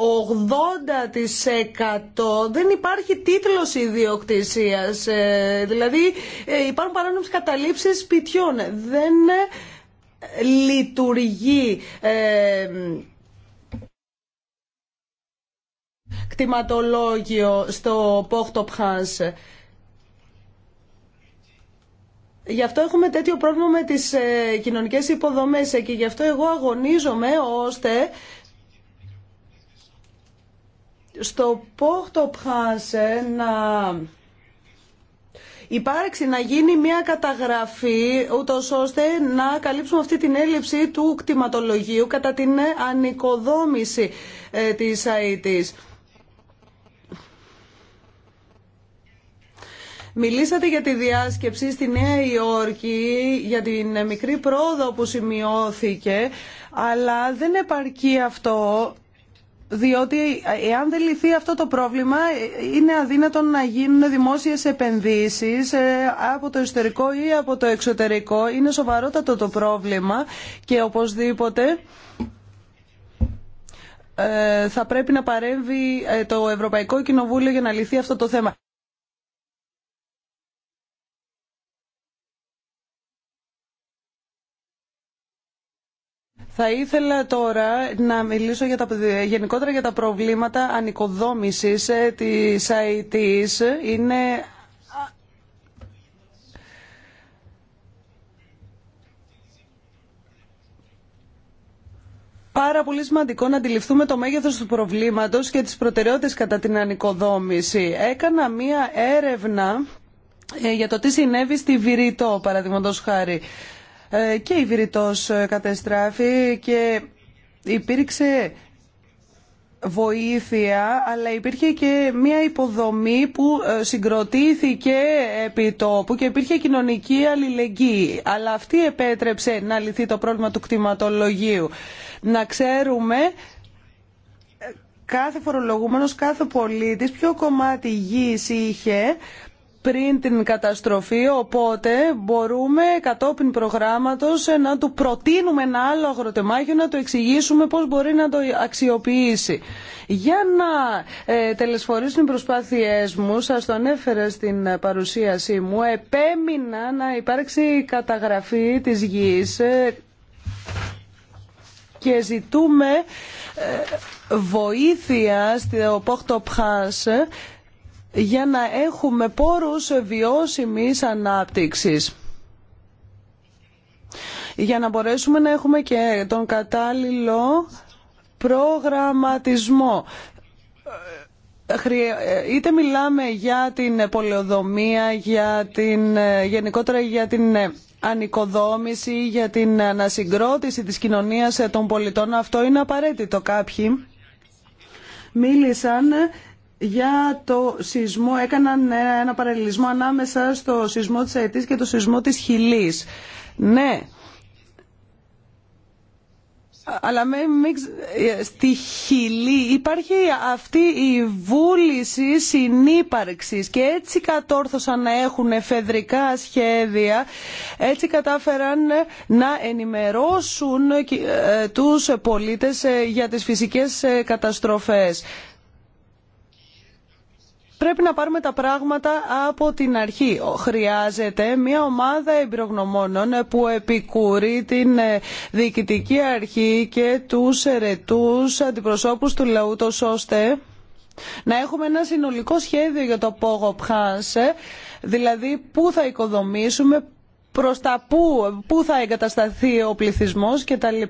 80% δεν υπάρχει τίτλος ιδιοκτησίας. Ε, δηλαδή ε, υπάρχουν παράνομες καταλήψεις σπιτιών. Δεν λειτουργεί κτηματολόγιο στο πόχτο πράσε. Γι' αυτό έχουμε τέτοιο πρόβλημα με τις ε, κοινωνικές υποδομές και γι' αυτό εγώ αγωνίζομαι ώστε στο πόχτο Πχάσε να υπάρξει να γίνει μια καταγραφή ούτως ώστε να καλύψουμε αυτή την έλλειψη του κτηματολογίου κατά την ανοικοδόμηση ε, της ΑΕΤΗΣ. Μιλήσατε για τη διάσκεψη στη Νέα Υόρκη, για την μικρή πρόοδο που σημειώθηκε, αλλά δεν επαρκεί αυτό διότι εάν δεν λυθεί αυτό το πρόβλημα είναι αδύνατο να γίνουν δημόσιες επενδύσεις ε, από το εσωτερικό ή από το εξωτερικό. Είναι σοβαρότατο το πρόβλημα και οπωσδήποτε ε, θα πρέπει να παρέμβει ε, το Ευρωπαϊκό Κοινοβούλιο για να λυθεί αυτό το θέμα. Θα ήθελα τώρα να μιλήσω για τα, γενικότερα για τα προβλήματα ανοικοδόμησης ε, της ΑΕΤΙΣ. Είναι πάρα πολύ σημαντικό να αντιληφθούμε το μέγεθος του προβλήματος και τις προτεραιότητες κατά την ανοικοδόμηση. Έκανα μία έρευνα ε, για το τι συνέβη στη Βηρητό, παραδείγματος χάρη. Ε, και η Βηρητός ε, κατεστράφη και υπήρξε βοήθεια, αλλά υπήρχε και μια υποδομή που ε, συγκροτήθηκε επί τόπου και υπήρχε κοινωνική αλληλεγγύη. Αλλά αυτή επέτρεψε να λυθεί το πρόβλημα του κτηματολογίου. Να ξέρουμε κάθε φορολογούμενος, κάθε πολίτης, ποιο κομμάτι γης είχε πριν την καταστροφή, οπότε μπορούμε κατόπιν προγράμματος να του προτείνουμε ένα άλλο αγροτεμάχιο, να του εξηγήσουμε πώς μπορεί να το αξιοποιήσει. Για να ε, τελεσφορήσουν οι προσπάθειές μου, σας το ανέφερα στην παρουσίασή μου, επέμεινα να υπάρξει καταγραφή της γης ε, και ζητούμε ε, βοήθεια στο Πόχτο Πχάς, για να έχουμε πόρους βιώσιμης ανάπτυξης για να μπορέσουμε να έχουμε και τον κατάλληλο προγραμματισμό. Είτε μιλάμε για την πολεοδομία, για την, γενικότερα για την ανοικοδόμηση, για την ανασυγκρότηση της κοινωνίας των πολιτών. Αυτό είναι απαραίτητο κάποιοι. Μίλησαν για το σεισμό έκαναν ένα παραλληλισμό ανάμεσα στο σεισμό της Αιτής και το σεισμό της Χιλής. Ναι, αλλά με, στη Χιλή υπάρχει αυτή η βούληση συνύπαρξης και έτσι κατόρθωσαν να έχουν εφεδρικά σχέδια, έτσι κατάφεραν να ενημερώσουν ε, τους πολίτες ε, για τις φυσικές ε, καταστροφές. Πρέπει να πάρουμε τα πράγματα από την αρχή. Χρειάζεται μια ομάδα εμπειρογνωμόνων που επικουρεί την ε, διοικητική αρχή και τους ερετούς αντιπροσώπους του λαού, τόσο ώστε να έχουμε ένα συνολικό σχέδιο για το Πόγο ε, δηλαδή πού θα οικοδομήσουμε, προς τα πού, πού θα εγκατασταθεί ο πληθυσμός κτλ.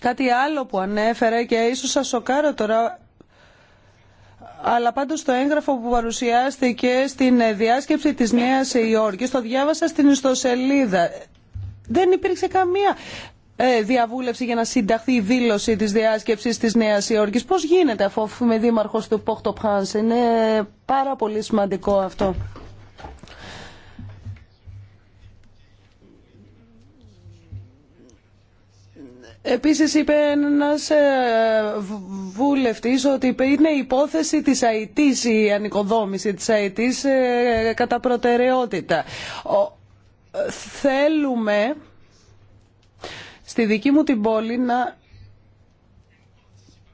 Κάτι άλλο που ανέφερε και ίσως σας σοκάρω τώρα αλλά πάντως το έγγραφο που παρουσιάστηκε στην ε, διάσκεψη της Νέας Υόρκη το διάβασα στην ιστοσελίδα. Δεν υπήρξε καμία ε, διαβούλευση για να συνταχθεί η δήλωση της διάσκεψης της Νέας Υόρκη. Πώς γίνεται αφού είμαι δήμαρχος του Πόχτο Είναι πάρα πολύ σημαντικό αυτό. Επίσης είπε ένας ε, ότι είναι υπόθεση της ΑΕΤ η ανοικοδόμηση της ΑΕΤ ε, κατά προτεραιότητα. Ε, θέλουμε στη δική μου την πόλη να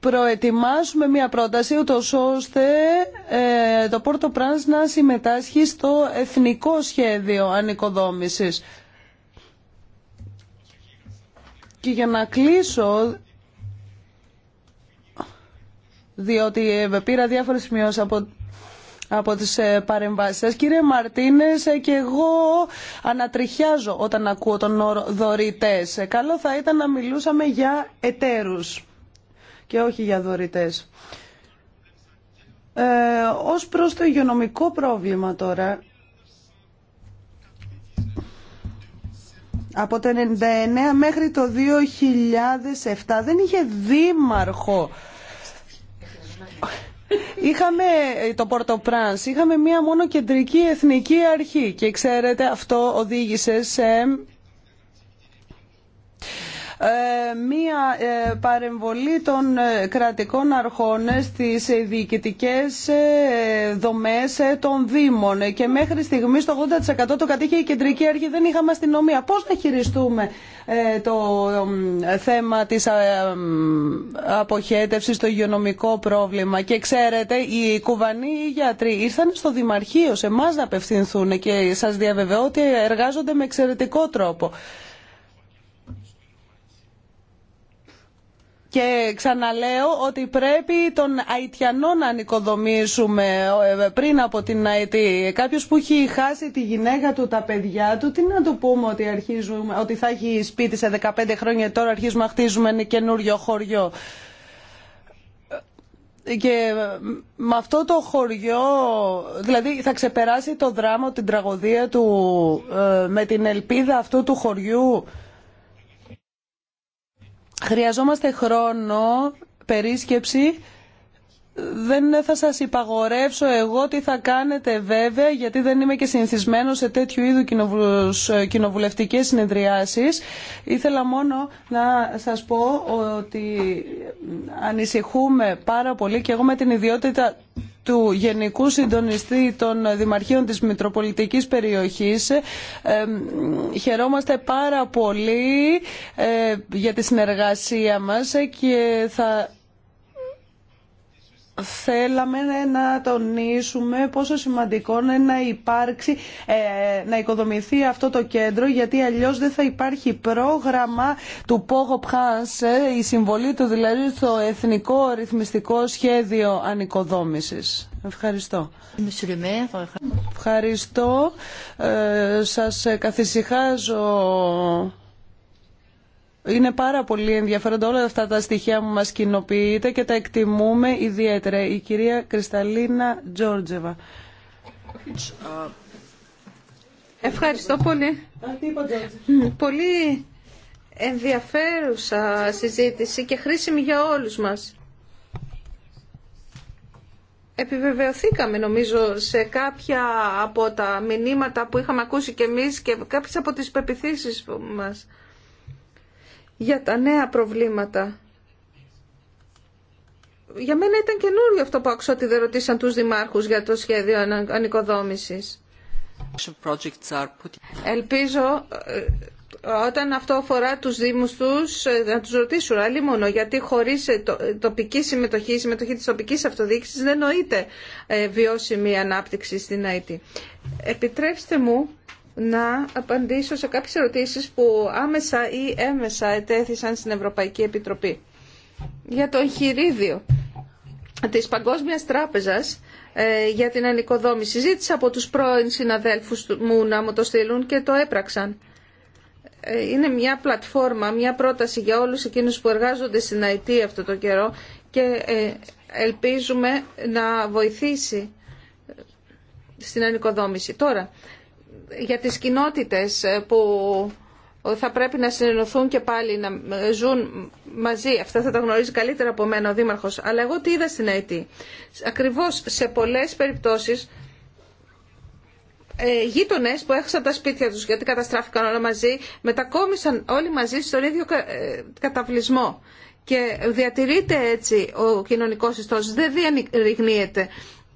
προετοιμάσουμε μια πρόταση ούτω ώστε ε, το Πόρτο Πράνς να συμμετάσχει στο εθνικό σχέδιο ανοικοδόμησης. Και για να κλείσω διότι ε, πήρα διάφορε σημειώσει από από τις ε, παρεμβάσεις Κύριε Μαρτίνες, ε, και εγώ ανατριχιάζω όταν ακούω τον όρο δωρητές. Καλό θα ήταν να μιλούσαμε για εταίρους και όχι για δωρητές. Ε, ως προς το υγειονομικό πρόβλημα τώρα, από το 1999 μέχρι το 2007 δεν είχε δήμαρχο Είχαμε ε, το Πορτοπράνς, είχαμε μία μόνο κεντρική εθνική αρχή και ξέρετε αυτό οδήγησε σε ε, μία ε, παρεμβολή των ε, κρατικών αρχών στις διοικητικές δομές των Δήμων και μέχρι στιγμής το 80% το κατήχε η Κεντρική Αρχή, δεν είχαμε αστυνομία. Πώς να χειριστούμε το θέμα της αποχέτευσης, το υγειονομικό πρόβλημα και ξέρετε οι κουβανοί οι γιατροί ήρθαν στο Δημαρχείο σε εμά να απευθυνθούν και σας διαβεβαιώ ότι εργάζονται με εξαιρετικό τρόπο. Και ξαναλέω ότι πρέπει τον Αιτιανό να ανοικοδομήσουμε ε, πριν από την Αιτή. Κάποιο που έχει χάσει τη γυναίκα του, τα παιδιά του, τι να του πούμε ότι, αρχίζουμε, ότι θα έχει σπίτι σε 15 χρόνια τώρα αρχίζουμε να χτίζουμε ένα καινούριο χωριό και με αυτό το χωριό, δηλαδή θα ξεπεράσει το δράμα, την τραγωδία του ε, με την ελπίδα αυτού του χωριού Χρειαζόμαστε χρόνο, περίσκεψη δεν θα σας υπαγορεύσω εγώ τι θα κάνετε βέβαια γιατί δεν είμαι και συνηθισμένο σε τέτοιου είδου κοινοβουλευτικές συνεδριάσεις. Ήθελα μόνο να σας πω ότι ανησυχούμε πάρα πολύ και εγώ με την ιδιότητα του Γενικού Συντονιστή των Δημαρχείων της Μητροπολιτικής Περιοχής. Ε, χαιρόμαστε πάρα πολύ ε, για τη συνεργασία μας και θα Θέλαμε να τονίσουμε πόσο σημαντικό είναι να υπάρξει, ε, να οικοδομηθεί αυτό το κέντρο, γιατί αλλιώς δεν θα υπάρχει πρόγραμμα του Πόγο Πχάνσε, η συμβολή του δηλαδή στο Εθνικό Ρυθμιστικό Σχέδιο Ανοικοδόμησης. Ευχαριστώ. Euh, Ευχαριστώ. Ε, σας καθησυχάζω είναι πάρα πολύ ενδιαφέροντα όλα αυτά τα στοιχεία που μας κοινοποιείτε και τα εκτιμούμε ιδιαίτερα. Η κυρία Κρυσταλίνα Τζόρτζεβα. Ευχαριστώ πολύ. Πολύ ενδιαφέρουσα συζήτηση και χρήσιμη για όλους μας. Επιβεβαιωθήκαμε νομίζω σε κάποια από τα μηνύματα που είχαμε ακούσει και εμείς και κάποιες από τις πεπιθήσεις μας για τα νέα προβλήματα. Για μένα ήταν καινούριο αυτό που άκουσα ότι δεν ρωτήσαν τους δημάρχους για το σχέδιο ανοικοδόμησης. Ελπίζω ε, όταν αυτό αφορά τους Δήμους τους ε, να τους ρωτήσουν άλλη μόνο γιατί χωρίς ε, τοπική συμμετοχή συμμετοχή της τοπικής αυτοδιοίκησης δεν νοείται βιώσιμη ανάπτυξη στην ΑΕΤ. Επιτρέψτε μου να απαντήσω σε κάποιες ερωτήσεις που άμεσα ή έμεσα ετέθησαν στην Ευρωπαϊκή Επιτροπή. Για το εγχειρίδιο της Παγκόσμιας Τράπεζας ε, για την ανοικοδόμηση. Ζήτησα από τους πρώην συναδέλφους μου να μου το στείλουν και το έπραξαν. Ε, είναι μια πλατφόρμα, μια πρόταση για όλους εκείνους που εργάζονται στην ΑΕΤ αυτό το καιρό και ε, ελπίζουμε να βοηθήσει στην ανοικοδόμηση. Τώρα, για τις κοινότητες ε, που θα πρέπει να συνενωθούν και πάλι να ε, ζουν μαζί. Αυτά θα τα γνωρίζει καλύτερα από μένα ο Δήμαρχος. Αλλά εγώ τι είδα στην ΑΕΤ. Ακριβώς σε πολλές περιπτώσεις ε, γείτονε που έχασαν τα σπίτια τους γιατί καταστράφηκαν όλα μαζί μετακόμισαν όλοι μαζί στον ίδιο ε, καταβλισμό. Και διατηρείται έτσι ο κοινωνικός ιστός, δεν διανυγνύεται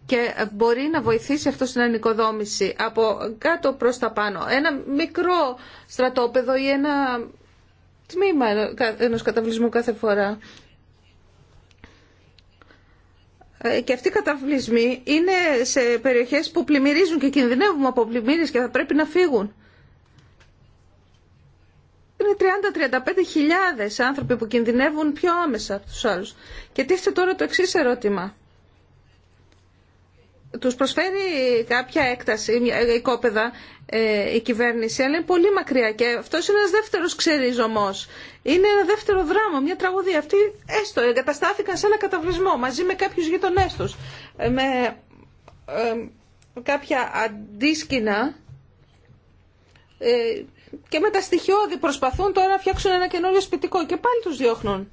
και μπορεί να βοηθήσει αυτό στην ανοικοδόμηση από κάτω προς τα πάνω. Ένα μικρό στρατόπεδο ή ένα τμήμα ενός καταβλισμού κάθε φορά. Ε, και αυτοί οι καταβλισμοί είναι σε περιοχές που πλημμυρίζουν και κινδυνεύουν από πλημμύρες και θα πρέπει να φύγουν. Είναι 30-35 χιλιάδες άνθρωποι που κινδυνεύουν πιο άμεσα από τους άλλους. Και τίθεται τώρα το εξής ερώτημα τους προσφέρει κάποια έκταση, οικόπεδα ε, η κυβέρνηση, αλλά είναι πολύ μακριά και αυτός είναι ένας δεύτερος ξεριζωμός. Είναι ένα δεύτερο δράμα, μια τραγωδία. Αυτοί έστω εγκαταστάθηκαν σε ένα καταβλισμό μαζί με κάποιους γειτονέ τους, ε, με ε, κάποια αντίσκηνα ε, και με τα στοιχειώδη προσπαθούν τώρα να φτιάξουν ένα καινούριο σπιτικό και πάλι τους διώχνουν.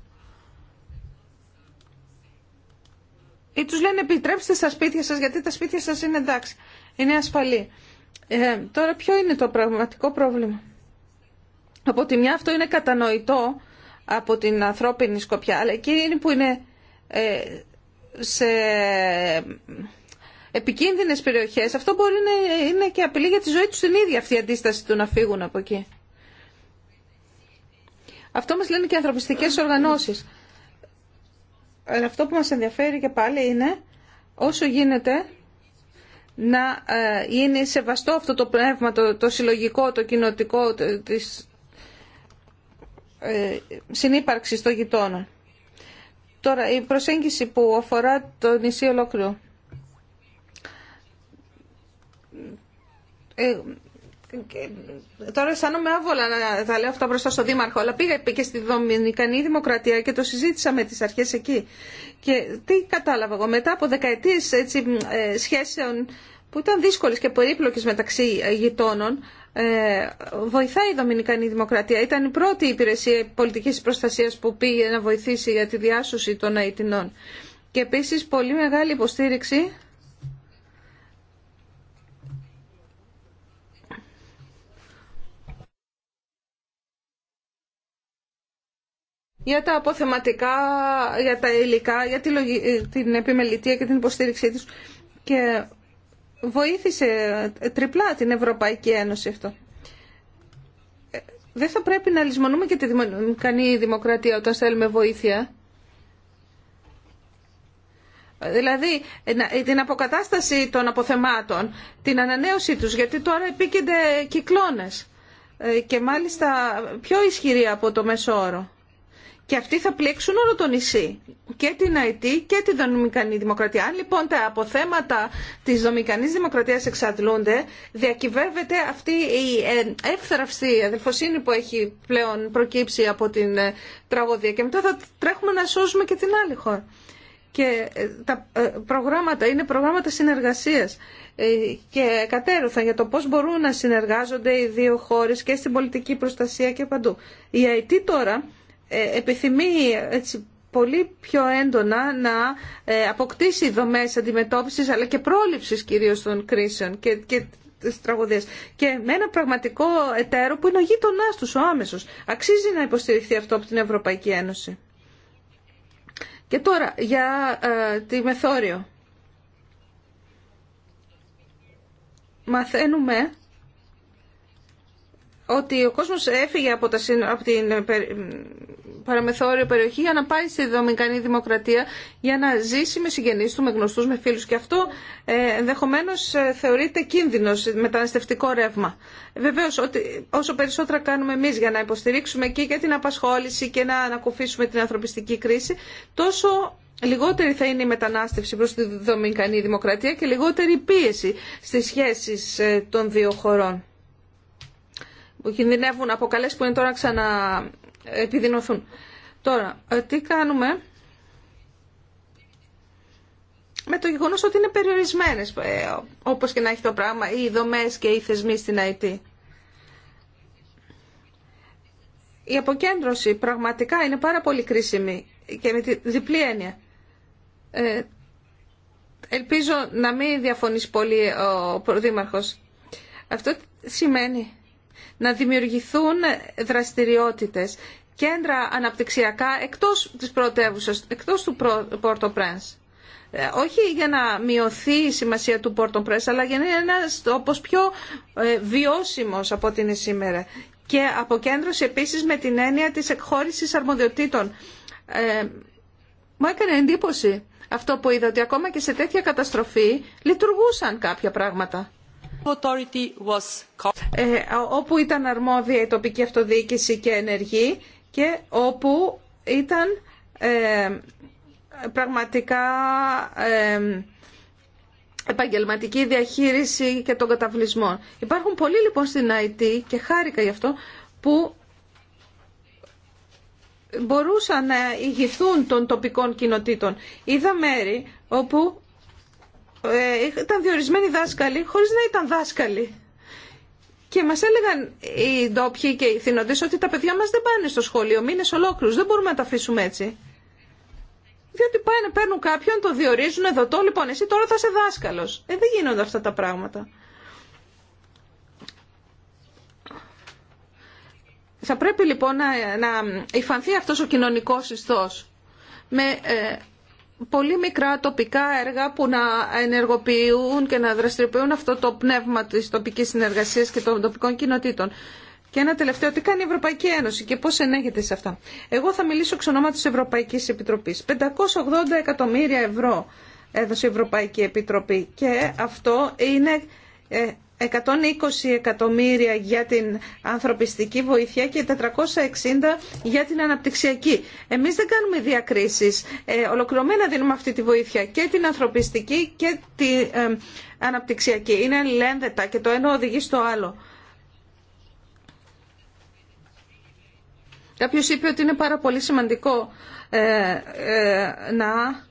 ή τους λένε επιτρέψτε στα σπίτια σας γιατί τα σπίτια σας είναι εντάξει, είναι ασφαλή. Ε, τώρα ποιο είναι το πραγματικό πρόβλημα. Από τη μια αυτό είναι κατανοητό από την ανθρώπινη σκοπιά, αλλά εκεί είναι που είναι ε, σε επικίνδυνες περιοχές, αυτό μπορεί να είναι και απειλή για τη ζωή τους την ίδια αυτή η αντίσταση του να φύγουν από εκεί. Αυτό μας λένε και οι ανθρωπιστικές οργανώσεις. Αλλά ε, αυτό που μας ενδιαφέρει και πάλι είναι όσο γίνεται να ε, είναι σεβαστό αυτό το πνεύμα, το, συλλογικό, το κοινοτικό το, της ε, συνύπαρξης των γειτόνων. Τώρα, η προσέγγιση που αφορά το νησί ολόκληρο. Ε, Τώρα αισθάνομαι άβολα να τα λέω αυτά μπροστά στον Δήμαρχο, αλλά πήγα και στη Δομινικανή Δημοκρατία και το συζήτησα με τις αρχές εκεί. Και τι κατάλαβα εγώ, μετά από δεκαετίες ε, σχέσεων που ήταν δύσκολες και περίπλοκες μεταξύ γειτόνων, ε, βοηθάει η Δομινικανή Δημοκρατία. Ήταν η πρώτη υπηρεσία πολιτικής προστασίας που πήγε να βοηθήσει για τη διάσωση των Αιτινών. Και επίσης πολύ μεγάλη υποστήριξη για τα αποθεματικά, για τα υλικά, για την επιμελητία και την υποστήριξή τους. Και βοήθησε τριπλά την Ευρωπαϊκή Ένωση αυτό. Ε, δεν θα πρέπει να λησμονούμε και τη ικανή δημοκρατία όταν θέλουμε βοήθεια. Δηλαδή την αποκατάσταση των αποθεμάτων, την ανανέωσή τους, γιατί τώρα επίκενται κυκλώνες ε, και μάλιστα πιο ισχυρή από το μεσόρο. Και αυτοί θα πλήξουν όλο το νησί, και την ΑΕΤ και τη Δομικανή Δημοκρατία. Αν λοιπόν τα αποθέματα τη Δομικανή Δημοκρατία εξαντλούνται, διακυβεύεται αυτή η ε, εύθραυστη αδελφοσύνη που έχει πλέον προκύψει από την ε, τραγωδία και μετά θα τρέχουμε να σώσουμε και την άλλη χώρα. Και ε, τα προγράμματα είναι προγράμματα συνεργασίας και κατέρωθαν για το πώς μπορούν να συνεργάζονται οι δύο χώρες και στην πολιτική προστασία και παντού. Η ΑΕΤ τώρα ε, επιθυμεί έτσι, πολύ πιο έντονα να ε, αποκτήσει δομές αντιμετώπισης αλλά και πρόληψης κυρίως των κρίσεων και, και τις Και με ένα πραγματικό εταίρο που είναι ο γείτονά του ο άμεσος. Αξίζει να υποστηριχθεί αυτό από την Ευρωπαϊκή Ένωση. Και τώρα για ε, τη Μεθόριο. Μαθαίνουμε ότι ο κόσμος έφυγε από, τα, από την παραμεθόριο περιοχή για να πάει στη δομικανή δημοκρατία για να ζήσει με συγγενείς του, με γνωστούς, με φίλους και αυτό ε, ενδεχομένω ε, θεωρείται κίνδυνος μεταναστευτικό ρεύμα. Βεβαίως όσο περισσότερα κάνουμε εμείς για να υποστηρίξουμε και για την απασχόληση και να ανακουφίσουμε την ανθρωπιστική κρίση τόσο λιγότερη θα είναι η μετανάστευση προς τη δομικανή δημοκρατία και λιγότερη η πίεση στις σχέσεις ε, των δύο χωρών που κινδυνεύουν από καλές που είναι τώρα ξανά επιδεινωθούν. Τώρα, ε, τι κάνουμε με το γεγονός ότι είναι περιορισμένες, ε, όπως και να έχει το πράγμα, οι δομές και οι θεσμοί στην ΑΕΤ. Η αποκέντρωση πραγματικά είναι πάρα πολύ κρίσιμη και με τη διπλή έννοια. Ε, ελπίζω να μην διαφωνήσει πολύ ο Προδήμαρχος. Αυτό σημαίνει να δημιουργηθούν δραστηριότητες, κέντρα αναπτυξιακά εκτός της πρωτεύουσας, εκτός του Port-au-Prince. οχι ε, για να μειωθεί η σημασία του Port-au-Prince, αλλα για να είναι ένας πιο ε, βιώσιμος από ό,τι είναι σήμερα. Και αποκέντρωση επίσης με την έννοια της εκχώρησης αρμοδιοτήτων. Ε, μου έκανε εντύπωση αυτό που είδα ότι ακόμα και σε τέτοια καταστροφή λειτουργούσαν κάποια πράγματα. Ε, όπου ήταν αρμόδια η τοπική αυτοδιοίκηση και ενεργή και όπου ήταν ε, πραγματικά ε, επαγγελματική διαχείριση και των καταβλισμών. Υπάρχουν πολλοί λοιπόν στην ΑΕΤ και χάρηκα γι' αυτό που μπορούσαν να ηγηθούν των τοπικών κοινοτήτων. Είδα μέρη όπου ε, ήταν διορισμένοι δάσκαλοι χωρίς να ήταν δάσκαλοι. Και μας έλεγαν οι ντόπιοι και οι θυνοντές ότι τα παιδιά μας δεν πάνε στο σχολείο μήνες ολόκληρους, δεν μπορούμε να τα αφήσουμε έτσι. Διότι πάνε, παίρνουν κάποιον, το διορίζουν εδώ λοιπόν, εσύ τώρα θα είσαι δάσκαλος. Ε, δεν γίνονται αυτά τα πράγματα. Θα πρέπει λοιπόν να, να υφανθεί αυτός ο κοινωνικός ιστός με ε, πολύ μικρά τοπικά έργα που να ενεργοποιούν και να δραστηριοποιούν αυτό το πνεύμα της τοπικής συνεργασίας και των τοπικών κοινοτήτων. Και ένα τελευταίο, τι κάνει η Ευρωπαϊκή Ένωση και πώς ενέχεται σε αυτά. Εγώ θα μιλήσω εξ ονόματος της Ευρωπαϊκής Επιτροπής. 580 εκατομμύρια ευρώ έδωσε η Ευρωπαϊκή Επιτροπή και αυτό είναι ε, 120 εκατομμύρια για την ανθρωπιστική βοήθεια και 460 για την αναπτυξιακή. Εμείς δεν κάνουμε διακρίσεις. Ε, ολοκληρωμένα δίνουμε αυτή τη βοήθεια και την ανθρωπιστική και την ε, αναπτυξιακή. Είναι λένδετα και το ένα οδηγεί στο άλλο. Κάποιο είπε ότι είναι πάρα πολύ σημαντικό ε, ε να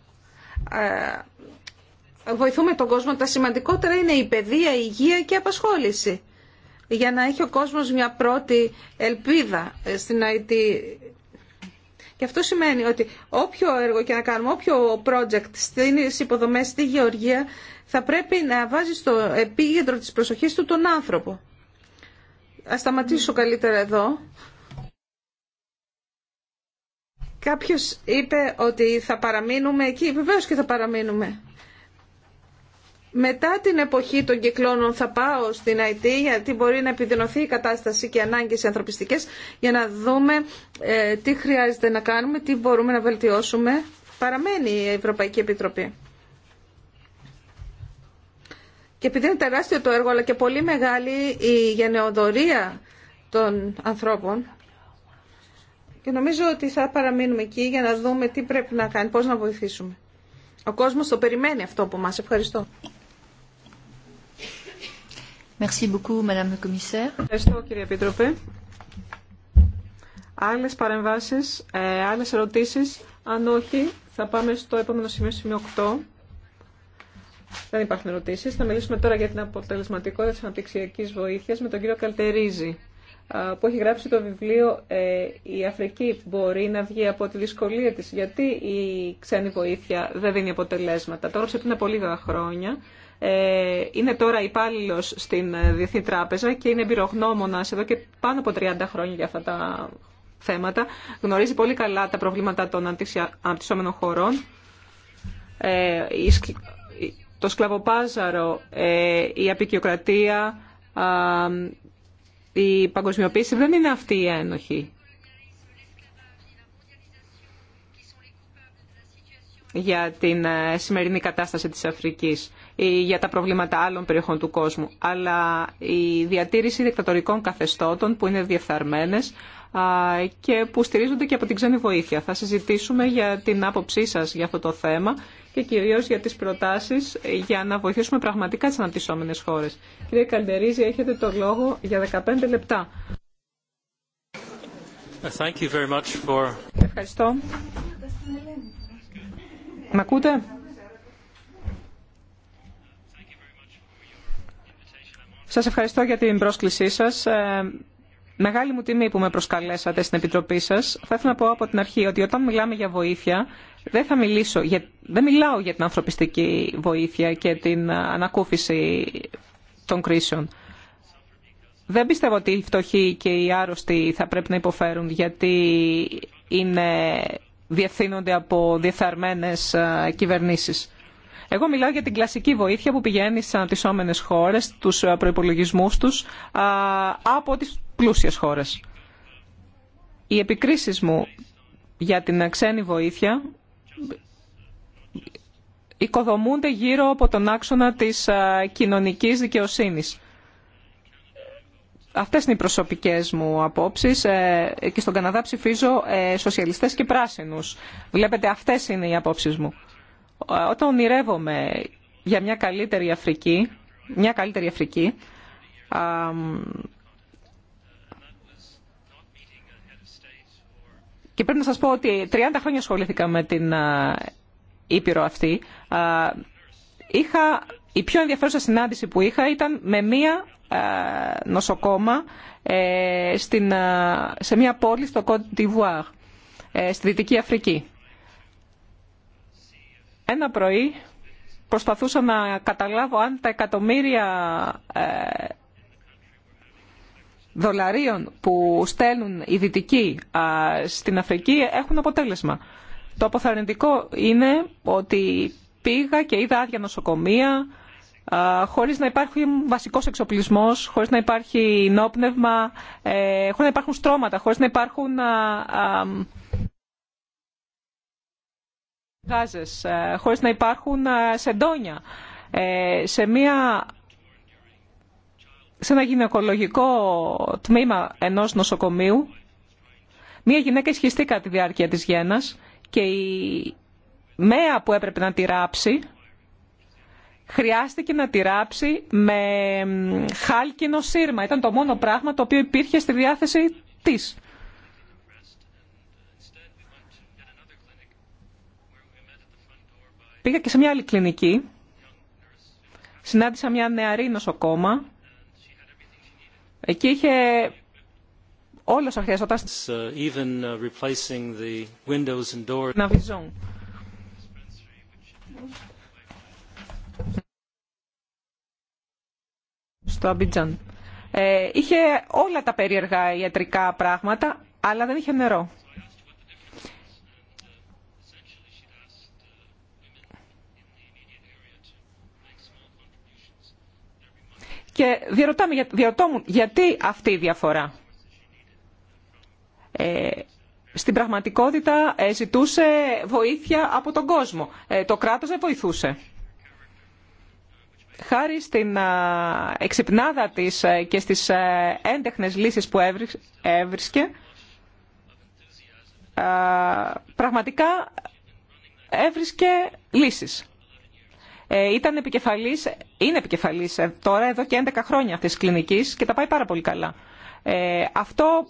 βοηθούμε τον κόσμο, τα σημαντικότερα είναι η παιδεία, η υγεία και η απασχόληση. Για να έχει ο κόσμος μια πρώτη ελπίδα ε, στην IT. Και αυτό σημαίνει ότι όποιο έργο και να κάνουμε, όποιο project στην υποδομές στη γεωργία, θα πρέπει να βάζει στο επίγεντρο της προσοχής του τον άνθρωπο. Ας σταματήσω καλύτερα εδώ. Κάποιος είπε ότι θα παραμείνουμε εκεί. Βεβαίως και θα παραμείνουμε. Μετά την εποχή των κυκλώνων θα πάω στην ΑΕΤ γιατί μπορεί να επιδεινωθεί η κατάσταση και οι ανάγκες οι ανθρωπιστικές για να δούμε ε, τι χρειάζεται να κάνουμε, τι μπορούμε να βελτιώσουμε. Παραμένει η Ευρωπαϊκή Επιτροπή. Και επειδή είναι τεράστιο το έργο αλλά και πολύ μεγάλη η γενεοδορία των ανθρώπων και νομίζω ότι θα παραμείνουμε εκεί για να δούμε τι πρέπει να κάνει, πώς να βοηθήσουμε. Ο κόσμος το περιμένει αυτό από μας. Ευχαριστώ. Merci beaucoup, Madame Commissaire. Ευχαριστώ, κύριε Επίτροπε. Άλλε παρεμβάσει, ε, άλλες ερωτήσεις. Αν όχι, θα πάμε στο επόμενο σημείο, σημείο 8. Δεν υπάρχουν ερωτήσει. Θα μιλήσουμε τώρα για την αποτελεσματικότητα τη αναπτυξιακή βοήθεια με τον κύριο Καλτερίζη, που έχει γράψει το βιβλίο ε, Η Αφρική μπορεί να βγει από τη δυσκολία τη. Γιατί η ξένη βοήθεια δεν δίνει αποτελέσματα. Τώρα σε πριν από λίγα χρόνια ε, είναι τώρα υπάλληλο στην ε, Διεθνή Τράπεζα και είναι εμπειρογνώμονα εδώ και πάνω από 30 χρόνια για αυτά τα θέματα. Γνωρίζει πολύ καλά τα προβλήματα των αναπτυσσόμενων χωρών. Ε, το σκλαβοπάζαρο, η απεικιοκρατία, η παγκοσμιοποίηση δεν είναι αυτή η ένοχη. για την σημερινή κατάσταση της Αφρικής για τα προβλήματα άλλων περιοχών του κόσμου, αλλά η διατήρηση δικτατορικών καθεστώτων που είναι διεφθαρμένες και που στηρίζονται και από την ξένη βοήθεια. Θα συζητήσουμε για την άποψή σας για αυτό το θέμα και κυρίως για τις προτάσεις για να βοηθήσουμε πραγματικά τις αναπτυσσόμενες χώρες. Κύριε Καλντερίζη, έχετε το λόγο για 15 λεπτά. Ευχαριστώ. ακούτε? Σας ευχαριστώ για την πρόσκλησή σας. Ε, μεγάλη μου τιμή που με προσκαλέσατε στην Επιτροπή σας. Θα ήθελα να πω από την αρχή ότι όταν μιλάμε για βοήθεια, δεν θα μιλήσω, δεν μιλάω για την ανθρωπιστική βοήθεια και την ε, ανακούφιση των κρίσεων. Δεν πιστεύω ότι οι φτωχοί και οι άρρωστοι θα πρέπει να υποφέρουν γιατί είναι, διευθύνονται από διεθαρμένες ε, κυβερνήσεις. Εγώ μιλάω για την κλασική βοήθεια που πηγαίνει στι αναπτυσσόμενες χώρες, τους ε, προϋπολογισμούς τους, ε, από τις πλούσιες χώρες. Οι επικρίσεις μου για την ξένη βοήθεια οικοδομούνται γύρω από τον άξονα της ε, κοινωνικής δικαιοσύνης. Αυτές είναι οι προσωπικές μου απόψεις και στον Καναδά ψηφίζω σοσιαλιστές και πράσινους. Βλέπετε αυτές είναι οι απόψεις μου. Όταν ονειρεύομαι για μια καλύτερη Αφρική, μια καλύτερη Αφρική, και πρέπει να σας πω ότι 30 χρόνια ασχολήθηκα με την Ήπειρο αυτή, είχα, η πιο ενδιαφέρουσα συνάντηση που είχα ήταν με μία νοσοκόμα ε, στην, σε μία πόλη στο Côte d'Ivoire, ε, στη Δυτική Αφρική. Ένα πρωί προσπαθούσα να καταλάβω αν τα εκατομμύρια ε, δολαρίων που στέλνουν οι δυτικοί στην Αφρική έχουν αποτέλεσμα. Το αποθαρρυντικό είναι ότι πήγα και είδα άδεια νοσοκομεία, χωρίς να υπάρχει βασικός εξοπλισμός, χωρίς να υπάρχει νόπνευμα, ε, χωρίς να υπάρχουν στρώματα, χωρίς να υπάρχουν γάζες, ε, χωρίς να υπάρχουν ε, σεντόνια, ε, σε, μια, σε ένα γυναικολογικό τμήμα ενός νοσοκομείου, μια γυναίκα ισχυστεί κατά τη διάρκεια της γένας και η μέα που έπρεπε να τη ράψει, χρειάστηκε να τη ράψει με χάλκινο σύρμα. Ήταν το μόνο πράγμα το οποίο υπήρχε στη διάθεση της. Πήγα και σε μια άλλη κλινική. Συνάντησα μια νεαρή νοσοκόμα. Εκεί είχε όλο ο χρειαζόταν. Uh, uh, να Στο Αμπιτζάν. Ε, είχε όλα τα περίεργα ιατρικά πράγματα, αλλά δεν είχε νερό. Και διαρωτώ γιατί αυτή η διαφορά. Ε, στην πραγματικότητα ε, ζητούσε βοήθεια από τον κόσμο. Ε, το κράτος δεν βοηθούσε. Χάρη στην εξυπνάδα της και στις έντεχνες λύσεις που έβρισκε, πραγματικά έβρισκε λύσεις. Ε, ήταν επικεφαλής, είναι επικεφαλής ε, τώρα εδώ και 11 χρόνια αυτής της κλινικής και τα πάει πάρα πολύ καλά. Ε, αυτό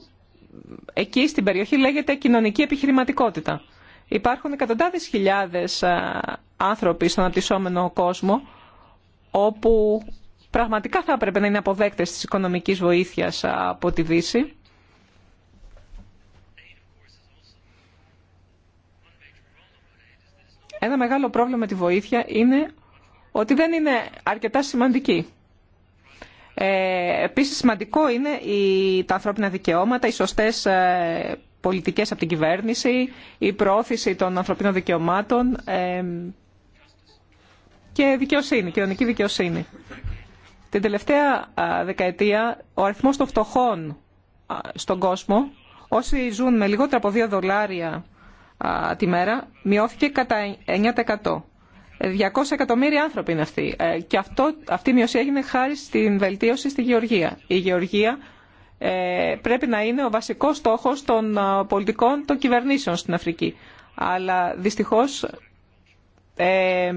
εκεί στην περιοχή λέγεται κοινωνική επιχειρηματικότητα. Υπάρχουν εκατοντάδες χιλιάδες ε, άνθρωποι στον αναπτυσσόμενο κόσμο όπου πραγματικά θα έπρεπε να είναι αποδέκτες της οικονομικής βοήθειας από τη Δύση. Ένα μεγάλο πρόβλημα με τη βοήθεια είναι ότι δεν είναι αρκετά σημαντική. Ε, επίσης σημαντικό είναι η, τα ανθρώπινα δικαιώματα, οι σωστές ε, πολιτικές από την κυβέρνηση, η προώθηση των ανθρωπίνων δικαιωμάτων ε, και δικαιοσύνη, κοινωνική δικαιοσύνη. Την τελευταία δεκαετία ο αριθμός των φτωχών στον κόσμο, όσοι ζουν με λιγότερα από 2 δολάρια τη μέρα, μειώθηκε κατά 9%. 200 εκατομμύρια άνθρωποι είναι αυτοί. Ε, και αυτό, αυτή η μειωσία έγινε χάρη στην βελτίωση στη γεωργία. Η γεωργία ε, πρέπει να είναι ο βασικός στόχος των ε, πολιτικών των κυβερνήσεων στην Αφρική. Αλλά δυστυχώς ε,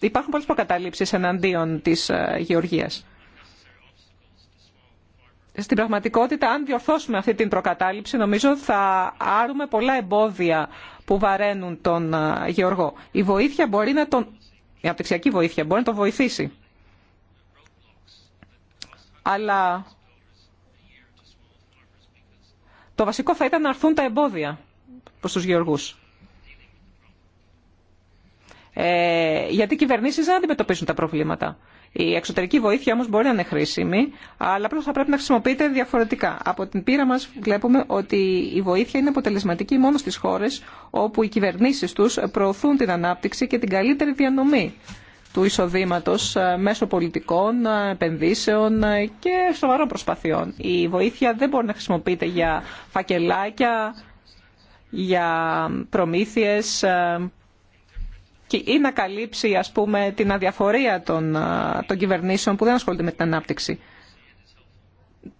υπάρχουν πολλές προκαταλήψεις εναντίον της γεωργίας στην πραγματικότητα, αν διορθώσουμε αυτή την προκατάληψη, νομίζω θα άρουμε πολλά εμπόδια που βαραίνουν τον ε, Γεωργό. Η βοήθεια μπορεί να τον... Η απτυξιακή βοήθεια μπορεί να τον βοηθήσει. Αλλά το βασικό θα ήταν να έρθουν τα εμπόδια προς τους γεωργούς. Ε, γιατί οι κυβερνήσεις δεν αντιμετωπίζουν τα προβλήματα. Η εξωτερική βοήθεια όμω μπορεί να είναι χρήσιμη, αλλά απλώ θα πρέπει να χρησιμοποιείται διαφορετικά. Από την πείρα μα βλέπουμε ότι η βοήθεια είναι αποτελεσματική μόνο στις χώρες όπου οι κυβερνήσεις τους προωθούν την ανάπτυξη και την καλύτερη διανομή του εισοδήματο ε, μέσω πολιτικών, ε, επενδύσεων ε, και σοβαρών προσπαθειών. Η βοήθεια δεν μπορεί να χρησιμοποιείται για φακελάκια, για προμήθειες, ή να καλύψει ας πούμε, την αδιαφορία των, των κυβερνήσεων που δεν ασχολούνται με την ανάπτυξη.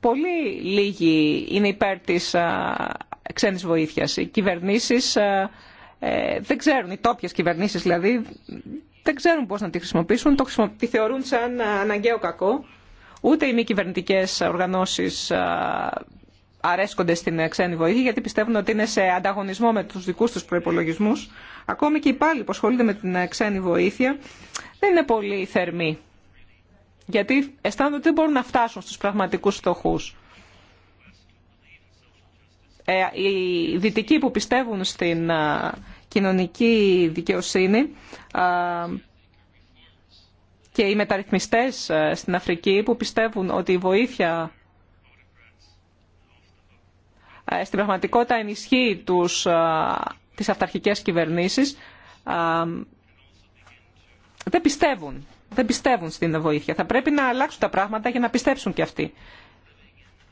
Πολύ λίγοι είναι υπέρ της ξένη ξένης βοήθειας. Οι κυβερνήσεις ε, δεν ξέρουν, οι τόπιες κυβερνήσεις δηλαδή, δεν ξέρουν πώς να τη χρησιμοποιήσουν, το χρησιμο... τη θεωρούν σαν αναγκαίο κακό. Ούτε οι μη κυβερνητικέ οργανώσεις αρέσκονται στην ξένη βοήθεια γιατί πιστεύουν ότι είναι σε ανταγωνισμό με τους δικούς τους προϋπολογισμούς. Ακόμη και οι υπάλληλοι που ασχολούνται με την ε, ξένη βοήθεια δεν είναι πολύ θερμοί. Γιατί αισθάνονται ότι δεν μπορούν να φτάσουν στους πραγματικούς στοχούς. Ε, οι δυτικοί που πιστεύουν στην ε, κοινωνική δικαιοσύνη και οι μεταρρυθμιστές στην Αφρική που πιστεύουν ότι η βοήθεια ε, στην πραγματικότητα ενισχύει τους, ε, τις αυταρχικές κυβερνήσεις, ε, δεν πιστεύουν. Δεν πιστεύουν στην βοήθεια. Θα πρέπει να αλλάξουν τα πράγματα για να πιστέψουν και αυτοί.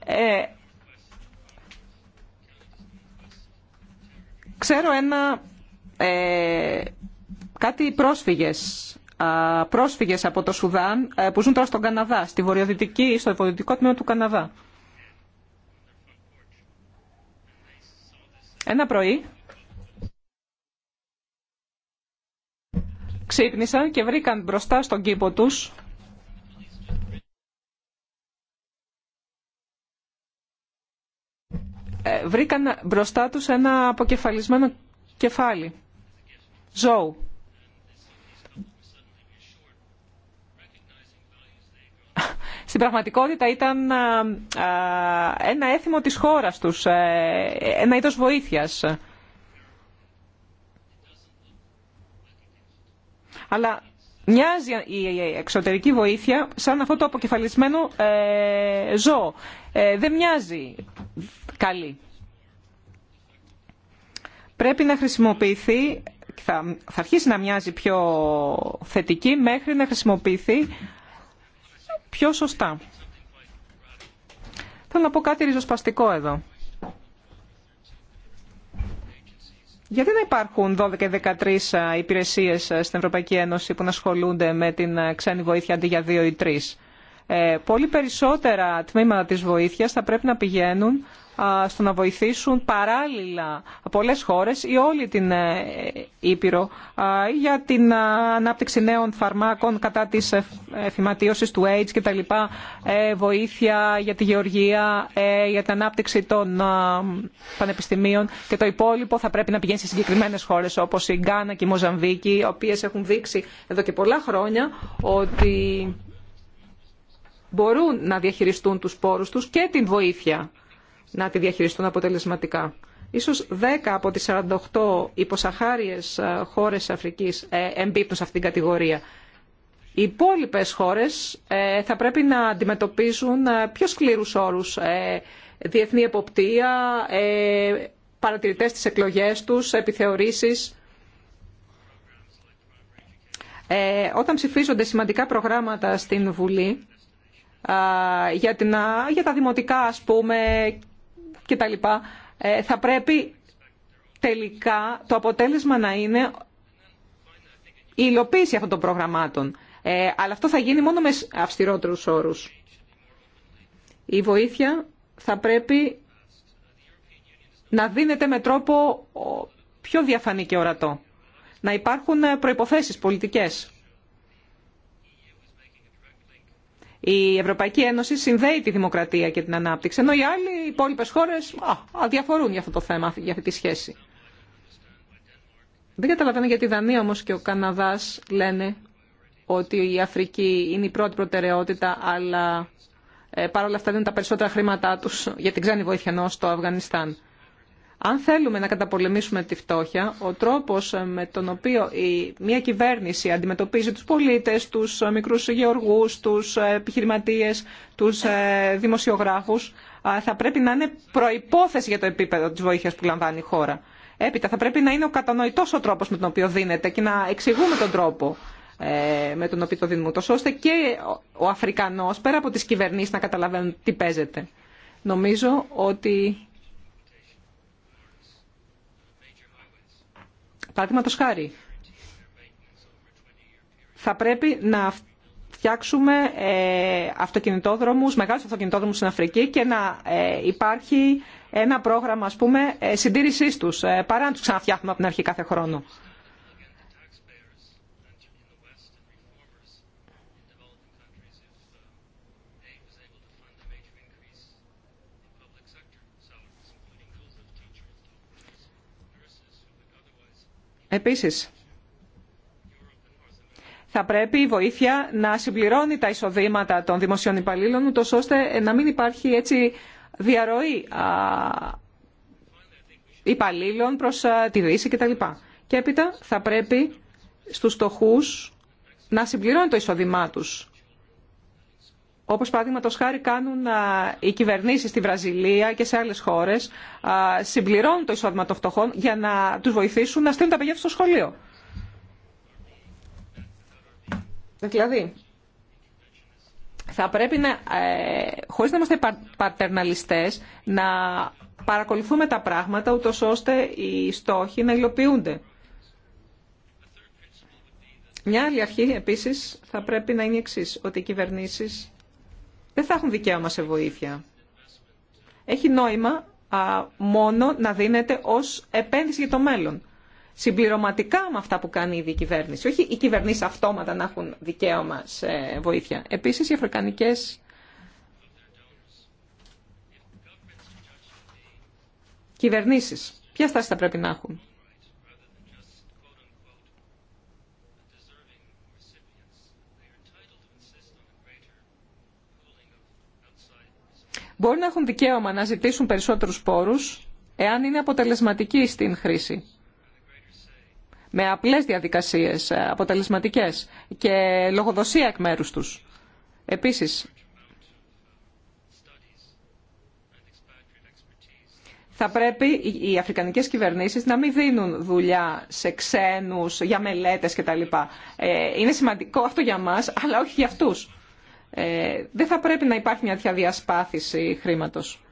Ε, ξέρω ένα ε, κάτι πρόσφυγες πρόσφυγες από το Σουδάν που ζουν τώρα στον Καναδά, στη βορειοδυτική, στο βορειοδυτικό τμήμα του Καναδά. Ένα πρωί ξύπνησαν και βρήκαν μπροστά στον κήπο τους ε, βρήκαν μπροστά τους ένα αποκεφαλισμένο κεφάλι ζώου. στην πραγματικότητα ήταν ένα έθιμο της χώρας τους, ε, ένα είδος βοήθειας. Αλλά μοιάζει η εξωτερική βοήθεια σαν αυτό το αποκεφαλισμένο ε, ζώο. Ε, δεν μοιάζει καλή. Πρέπει να χρησιμοποιηθεί, θα αρχίσει να μοιάζει πιο θετική μέχρι να χρησιμοποιηθεί πιο σωστά. Θέλω να πω κάτι ριζοσπαστικό εδώ. Γιατί να υπάρχουν 12 και 13 υπηρεσίε στην Ευρωπαϊκή Ένωση που να ασχολούνται με την ξένη βοήθεια αντί για 2 ή 3. Ε, πολύ περισσότερα τμήματα της βοήθειας θα πρέπει να πηγαίνουν στο να βοηθήσουν παράλληλα πολλές χώρες ή όλη την ε, Ήπειρο για την ανάπτυξη νέων φαρμάκων κατά της εφηματίωσης του AIDS και τα λοιπά, ε, Βοήθεια για τη γεωργία, ε, για την ανάπτυξη των πανεπιστημίων και το υπόλοιπο θα πρέπει να πηγαίνει σε συγκεκριμένες χώρες όπως η Γκάνα και η Μοζαμβίκη, οι οποίες έχουν δείξει εδώ και πολλά χρόνια ότι μπορούν να διαχειριστούν τους πόρους τους και την βοήθεια να τη διαχειριστούν αποτελεσματικά. Ίσως 10 από τις 48 υποσαχάριες ε, χώρες της Αφρικής ε, εμπίπτουν σε αυτήν την κατηγορία. Οι υπόλοιπε χώρες ε, θα πρέπει να αντιμετωπίζουν πιο σκληρούς όρους, διεθνή εποπτεία, παρατηρητές στις εκλογές τους, επιθεωρήσεις. Όταν ψηφίζονται σημαντικά προγράμματα στην Βουλή για τα δημοτικά ας πούμε κτλ. Ε, θα πρέπει τελικά το αποτέλεσμα να είναι η υλοποίηση αυτών των προγραμμάτων. Ε, αλλά αυτό θα γίνει μόνο με αυστηρότερους όρους. Η βοήθεια θα πρέπει να δίνεται με τρόπο πιο διαφανή και ορατό. Να υπάρχουν προϋποθέσεις πολιτικές. Η Ευρωπαϊκή Ένωση συνδέει τη δημοκρατία και την ανάπτυξη, ενώ οι άλλοι οι υπόλοιπε χώρε αδιαφορούν για αυτό το θέμα, για αυτή τη σχέση. Δεν καταλαβαίνω γιατί η Δανία όμω και ο Καναδά λένε ότι η Αφρική είναι η πρώτη προτεραιότητα, αλλά ε, παρόλα αυτά δίνουν τα περισσότερα χρήματά του για την ξένη βοήθεια ενώ στο Αφγανιστάν. Αν θέλουμε να καταπολεμήσουμε τη φτώχεια, ο τρόπος ε, με τον οποίο η, μια κυβέρνηση αντιμετωπίζει τους πολίτες, τους ε, μικρούς γεωργούς, τους ε, επιχειρηματίες, τους δημοσιογράφους, θα πρέπει να είναι προϋπόθεση για το επίπεδο της βοήθειας που λαμβάνει η χώρα. Έπειτα θα πρέπει να είναι ο κατανοητός ο τρόπος με τον οποίο δίνεται και να εξηγούμε τον τρόπο με τον οποίο το δίνουμε, τόσο ώστε και ο Αφρικανός, πέρα από τις κυβερνήσεις, να καταλαβαίνουν τι παίζεται. Νομίζω ότι Παραδείγματο χάρη, θα πρέπει να φτιάξουμε ε, αυτοκινητόδρομους, μεγάλους αυτοκινητόδρομους στην Αφρική και να ε, υπάρχει ένα πρόγραμμα ας πούμε, ε, συντήρησής τους, ε, παρά να τους ξαναφτιάχνουμε από την αρχή κάθε χρόνο. Επίσης, θα πρέπει η βοήθεια να συμπληρώνει τα εισοδήματα των δημοσίων υπαλλήλων, ούτως ώστε να μην υπάρχει έτσι διαρροή υπαλλήλων προς τη Δύση κτλ. Και έπειτα θα πρέπει στους στοχούς να συμπληρώνει το εισόδημά τους όπως παραδείγματο χάρη κάνουν οι κυβερνήσει στη Βραζιλία και σε άλλες χώρες, συμπληρώνουν το εισόδημα των φτωχών για να τους βοηθήσουν να στείλουν τα παιδιά στο σχολείο. Δηλαδή, θα πρέπει να, ε, χωρίς να είμαστε πατερναλιστές, να παρακολουθούμε τα πράγματα ούτως ώστε οι στόχοι να υλοποιούνται. Μια άλλη αρχή επίσης θα πρέπει να είναι εξής, ότι οι κυβερνήσεις δεν θα έχουν δικαίωμα σε βοήθεια. Έχει νόημα α, μόνο να δίνεται ως επένδυση για το μέλλον. Συμπληρωματικά με αυτά που κάνει η κυβέρνηση. Όχι οι κυβερνήσει αυτόματα να έχουν δικαίωμα σε βοήθεια. Επίσης οι αφρικανικές κυβερνήσεις. Ποια στάση θα πρέπει να έχουν. μπορεί να έχουν δικαίωμα να ζητήσουν περισσότερους πόρους εάν είναι αποτελεσματικοί στην χρήση. Με απλές διαδικασίες, ε, αποτελεσματικές και λογοδοσία εκ μέρους τους. Επίσης, θα πρέπει οι αφρικανικές κυβερνήσεις να μην δίνουν δουλειά σε ξένους, για μελέτες κτλ. Ε, είναι σημαντικό αυτό για μας, αλλά όχι για αυτούς. Ε, δεν θα πρέπει να υπάρχει μια τέτοια διασπάθηση χρήματος.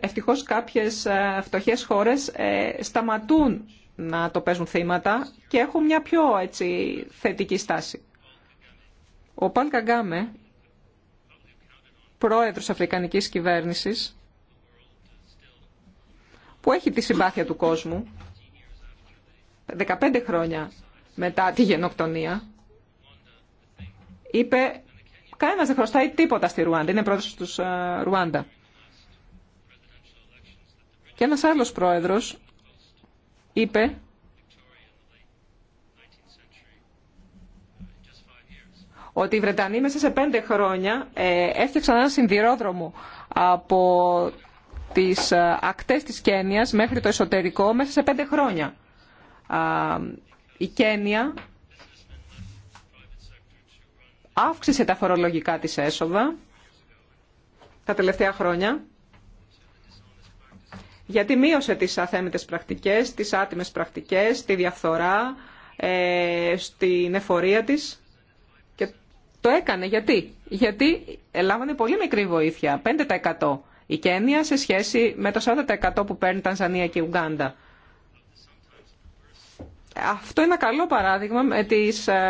Ευτυχώς κάποιες ε, φτωχές χώρες ε, σταματούν να το παίζουν θύματα και έχουν μια πιο έτσι, θετική στάση. Ο Παλ Καγκάμε, πρόεδρος Αφρικανικής Κυβέρνησης, που έχει τη συμπάθεια του κόσμου, 15 χρόνια μετά τη γενοκτονία, είπε κανένα δεν χρωστάει τίποτα στη Ρουάντα, είναι πρόεδρος του ε, Ρουάντα». Και ένας άλλος πρόεδρος είπε ότι οι Βρετανοί μέσα σε πέντε χρόνια ε, έφτιαξαν ένα συνδυρόδρομο από τις ε, ακτές της Κένιας μέχρι το εσωτερικό μέσα σε πέντε χρόνια η Κένια αύξησε τα φορολογικά της έσοδα τα τελευταία χρόνια γιατί μείωσε τις αθέμητες πρακτικές, τις άτιμες πρακτικές, τη διαφθορά, ε, στην εφορία της. Και το έκανε γιατί. Γιατί λάβανε πολύ μικρή βοήθεια, 5% η Κένια σε σχέση με το 40% που παίρνει Τανζανία και η Ουγγάντα αυτό είναι ένα καλό παράδειγμα με τις, ε,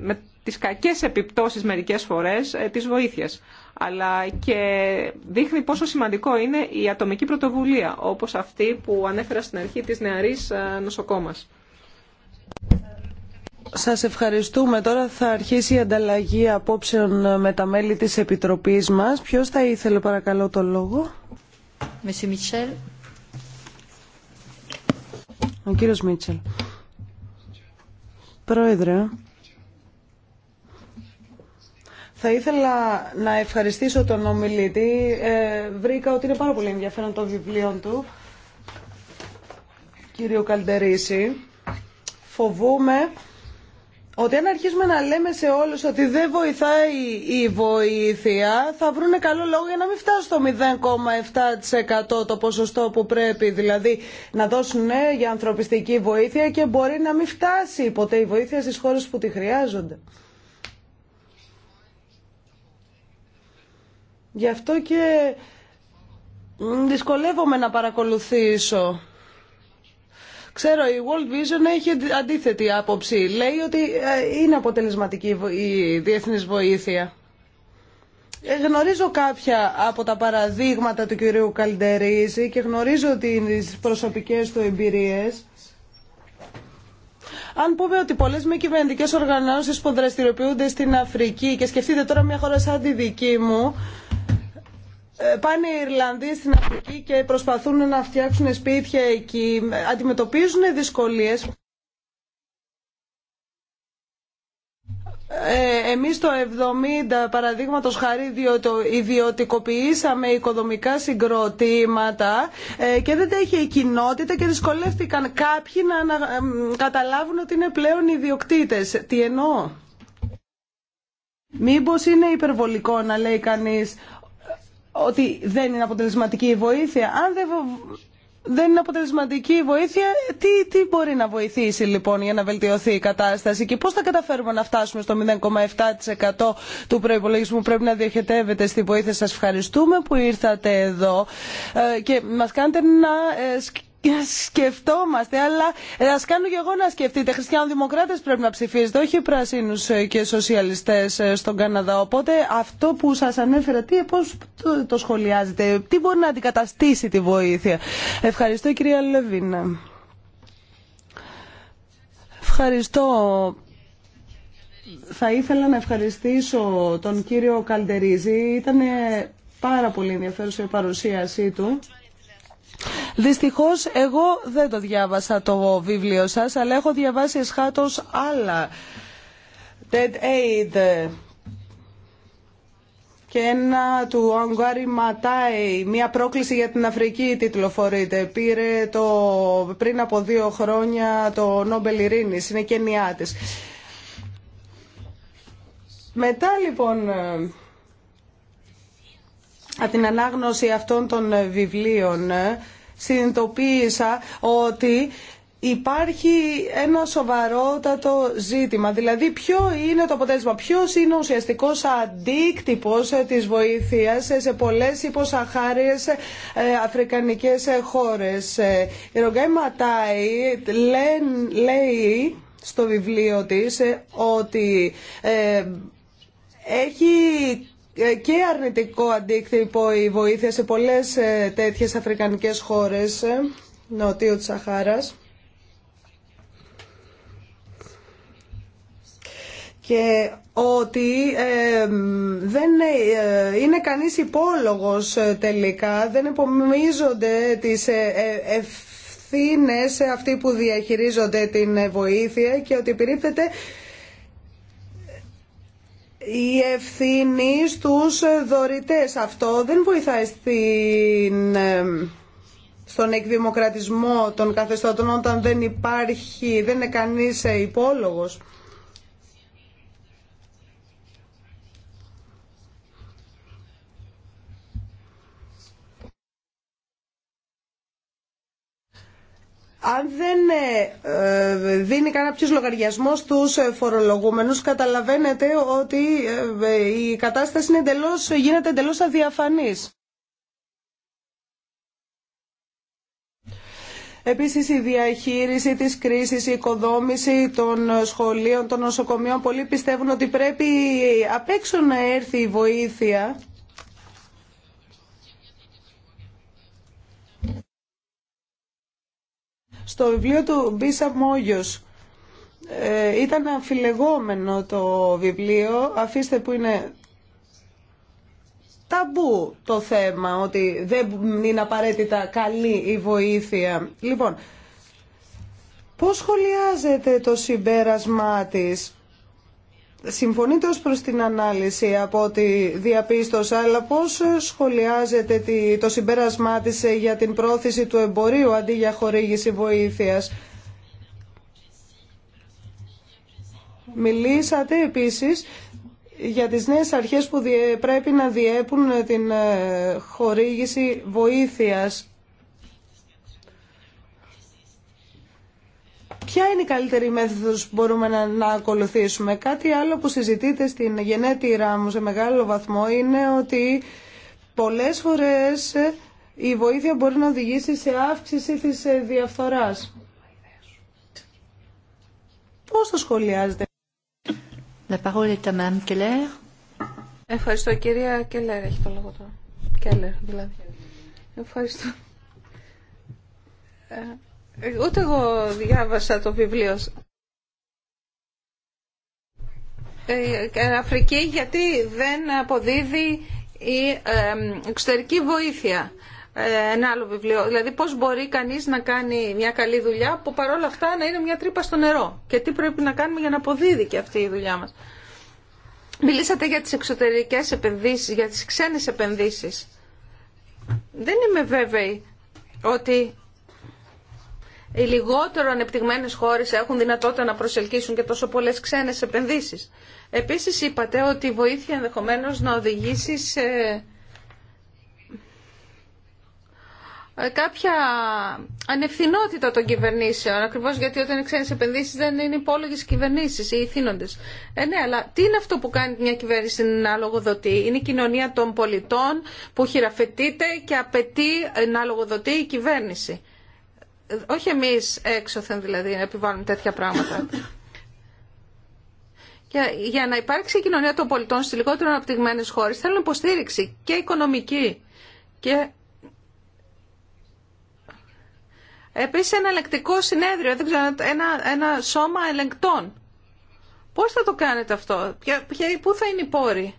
με τις κακές επιπτώσεις μερικές φορές ε, της βοήθειας. Αλλά και δείχνει πόσο σημαντικό είναι η ατομική πρωτοβουλία, όπως αυτή που ανέφερα στην αρχή της νεαρής ε, νοσοκόμας. Σας ευχαριστούμε. Τώρα θα αρχίσει η ανταλλαγή απόψεων με τα μέλη της Επιτροπής μας. Ποιος θα ήθελε παρακαλώ το λόγο. Ο κύριος Μίτσελ. Πρόεδρε, θα ήθελα να ευχαριστήσω τον ομιλητή. Ε, βρήκα ότι είναι πάρα πολύ ενδιαφέρον το βιβλίο του, κύριο Καλντερίση. Φοβούμαι ότι αν αρχίσουμε να λέμε σε όλους ότι δεν βοηθάει η βοήθεια, θα βρούνε καλό λόγο για να μην φτάσει στο 0,7% το ποσοστό που πρέπει. Δηλαδή να δώσουν ναι, για ανθρωπιστική βοήθεια και μπορεί να μην φτάσει ποτέ η βοήθεια στις χώρες που τη χρειάζονται. Γι' αυτό και δυσκολεύομαι να παρακολουθήσω Ξέρω, η World Vision έχει αντίθετη άποψη. Λέει ότι ε, είναι αποτελεσματική η διεθνής βοήθεια. Ε, γνωρίζω κάποια από τα παραδείγματα του κυρίου Καλντερίζη και γνωρίζω τις προσωπικές του εμπειρίες. Αν πούμε ότι πολλές με κυβερνητικέ οργανώσεις που δραστηριοποιούνται στην Αφρική και σκεφτείτε τώρα μια χώρα σαν τη δική μου, ε, πάνε οι Ιρλανδοί στην Αφρική και προσπαθούν να φτιάξουν σπίτια εκεί. Αντιμετωπίζουν δυσκολίες. Ε, εμείς το 70 παραδείγματος χάρη ιδιωτικοποιήσαμε οικοδομικά συγκροτήματα ε, και δεν τα είχε η κοινότητα και δυσκολεύτηκαν κάποιοι να, καταλάβουν ότι είναι πλέον ιδιοκτήτες. Τι εννοώ. Μήπως είναι υπερβολικό να λέει κανείς ότι δεν είναι αποτελεσματική η βοήθεια. Αν δεν, δεν είναι αποτελεσματική η βοήθεια, τι, τι μπορεί να βοηθήσει λοιπόν για να βελτιωθεί η κατάσταση και πώς θα καταφέρουμε να φτάσουμε στο 0,7% του προϋπολογισμού που πρέπει να διοχετεύεται στη βοήθεια. Σας ευχαριστούμε που ήρθατε εδώ ε, και μας κάνετε να ε, σκεφτόμαστε, αλλά α κάνω και εγώ να σκεφτείτε. Χριστιανοδημοκράτε πρέπει να ψηφίζετε, όχι πράσινου ε, και σοσιαλιστέ ε, στον Καναδά. Οπότε αυτό που σα ανέφερα, τι, ε, πώ το, σχολιάζετε, τι μπορεί να αντικαταστήσει τη βοήθεια. Ευχαριστώ, κυρία Λεβίνα. Ευχαριστώ. Θα ήθελα να ευχαριστήσω τον κύριο Καλτερίζη. Ήταν πάρα πολύ ενδιαφέρουσα η παρουσίασή του. Δυστυχώ εγώ δεν το διάβασα το βίβλιο σας, αλλά έχω διαβάσει εσχάτω άλλα. Dead Aid και ένα του Αγκάρι Ματάι, μια πρόκληση για την Αφρική τιτλοφορείται. Πήρε το, πριν από δύο χρόνια το Νόμπελ Ειρήνης, είναι κενιά Μετά λοιπόν από την ανάγνωση αυτών των βιβλίων ε, συνειδητοποίησα ότι υπάρχει ένα σοβαρότατο ζήτημα. Δηλαδή ποιο είναι το αποτέλεσμα, ποιος είναι ο ουσιαστικός αντίκτυπος ε, της βοήθειας ε, σε πολλές υποσαχάριες αφρικανικές χώρες. Η Ρογκάη Ματάη λέει στο βιβλίο της ότι έχει ε, και αρνητικό αντίκτυπο η βοήθεια σε πολλές ε, τέτοιες αφρικανικές χώρες ε, νοτίου της Σαχάρας. και ότι δεν είναι κανείς υπόλογος τελικά, δεν επομίζονται τις ευθύνες αυτοί που διαχειρίζονται την βοήθεια και ότι επιρρύπτεται η ευθύνη στους δωρητές. Αυτό δεν βοηθάει στην, στον εκδημοκρατισμό των καθεστώτων όταν δεν υπάρχει, δεν είναι κανείς υπόλογος. αν δεν ε, ε, δίνει κάποιος λογαριασμό στους ε, φορολογούμενους καταλαβαίνετε ότι η κατάσταση είναι εντελώς, γίνεται εντελώ αδιαφανής. Επίσης η διαχείριση της κρίσης, η οικοδόμηση των σχολείων, των νοσοκομείων, πολλοί πιστεύουν ότι πρέπει απ' έξω να έρθει η βοήθεια στο βιβλίο του Μπίσα Μόγιος. Ε, ήταν αμφιλεγόμενο το βιβλίο, αφήστε που είναι ταμπού το θέμα, ότι δεν είναι απαραίτητα καλή η βοήθεια. Λοιπόν, πώς σχολιάζεται το συμπέρασμά της Συμφωνείτε ως προς την ανάλυση από ό,τι διαπίστωσα, αλλά πώς σχολιάζετε το συμπέρασμά για την πρόθεση του εμπορίου αντί για χορήγηση βοήθειας. Μιλήσατε επίσης για τις νέες αρχές που πρέπει να διέπουν την ε, χορήγηση βοήθειας. ποια είναι η καλύτερη μέθοδος που μπορούμε να, να ακολουθήσουμε. Κάτι άλλο που συζητείται στην γενέτειρά μου σε μεγάλο βαθμό είναι ότι πολλές φορές η βοήθεια μπορεί να οδηγήσει σε αύξηση της διαφθοράς. Πώς το σχολιάζετε. La parole est à Mme Keller. Ευχαριστώ κυρία Κέλλερ, έχει το λόγο τώρα. δηλαδή. Ευχαριστώ. Ε, Ούτε εγώ διάβασα το βιβλίο. Ε, ε Αφρική γιατί δεν αποδίδει η εξωτερική βοήθεια ε, ένα άλλο βιβλίο. Δηλαδή πώς μπορεί κανείς να κάνει μια καλή δουλειά που παρόλα αυτά να είναι μια τρύπα στο νερό. Και τι πρέπει να κάνουμε για να αποδίδει και αυτή η δουλειά μας. Μιλήσατε για τις εξωτερικές επενδύσεις, για τις ξένες επενδύσεις. Δεν είμαι βέβαιη ότι οι λιγότερο ανεπτυγμένες χώρες έχουν δυνατότητα να προσελκύσουν και τόσο πολλές ξένες επενδύσεις. Επίσης είπατε ότι η βοήθεια ενδεχομένως να οδηγήσει σε ε, κάποια ανευθυνότητα των κυβερνήσεων, ακριβώς γιατί όταν είναι ξένες επενδύσεις δεν είναι υπόλογες κυβερνήσεις ή ηθήνοντες. Ε, ναι, αλλά τι είναι αυτό που κάνει μια κυβέρνηση να λογοδοτεί. Είναι η κοινωνία των πολιτών που χειραφετείται και απαιτεί να λογοδοτεί η κυβέρνηση όχι εμείς έξωθεν δηλαδή να επιβάλλουμε τέτοια πράγματα. Για, για να υπάρξει η κοινωνία των πολιτών στις λιγότερο αναπτυγμένες χώρες θέλουν υποστήριξη και οικονομική και Επίσης ένα ελεκτικό συνέδριο, δεν ξέρω, ένα, ένα σώμα ελεγκτών. Πώς θα το κάνετε αυτό, ποια, πού θα είναι οι πόροι.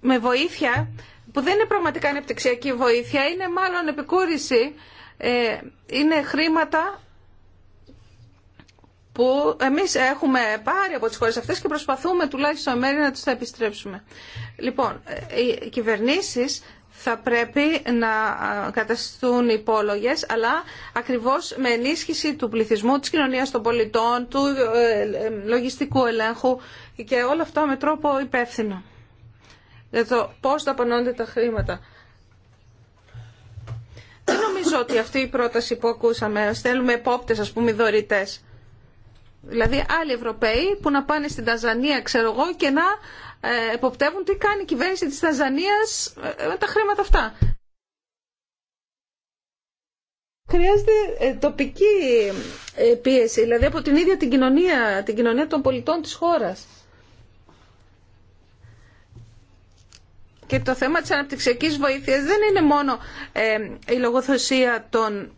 Με βοήθεια που δεν είναι πραγματικά ανεπτυξιακή βοήθεια, είναι μάλλον επικούρηση, ε, είναι χρήματα που εμείς έχουμε πάρει από τις χώρες αυτές και προσπαθούμε τουλάχιστον μέρη να τους τα επιστρέψουμε. Λοιπόν, ε, οι κυβερνήσεις θα πρέπει να ε, καταστούν υπόλογες, αλλά ακριβώς με ενίσχυση του πληθυσμού, της κοινωνίας των πολιτών, του λογιστικού ελέγχου και όλα αυτά με τρόπο υπεύθυνο για το πώς δαπανώνται τα χρήματα. Δεν νομίζω ότι αυτή η πρόταση που ακούσαμε, στέλνουμε επόπτες ας πούμε δωρητές. Δηλαδή άλλοι Ευρωπαίοι που να πάνε στην Ταζανία, ξέρω εγώ, και να ε, εποπτεύουν τι κάνει η κυβέρνηση της Ταζανίας ε, με τα χρήματα αυτά. Χρειάζεται ε, τοπική πίεση, δηλαδή από την ίδια την κοινωνία, την κοινωνία των πολιτών της χώρας. Και το θέμα της αναπτυξιακής βοήθειας δεν είναι μόνο ε, η λογοθεσία των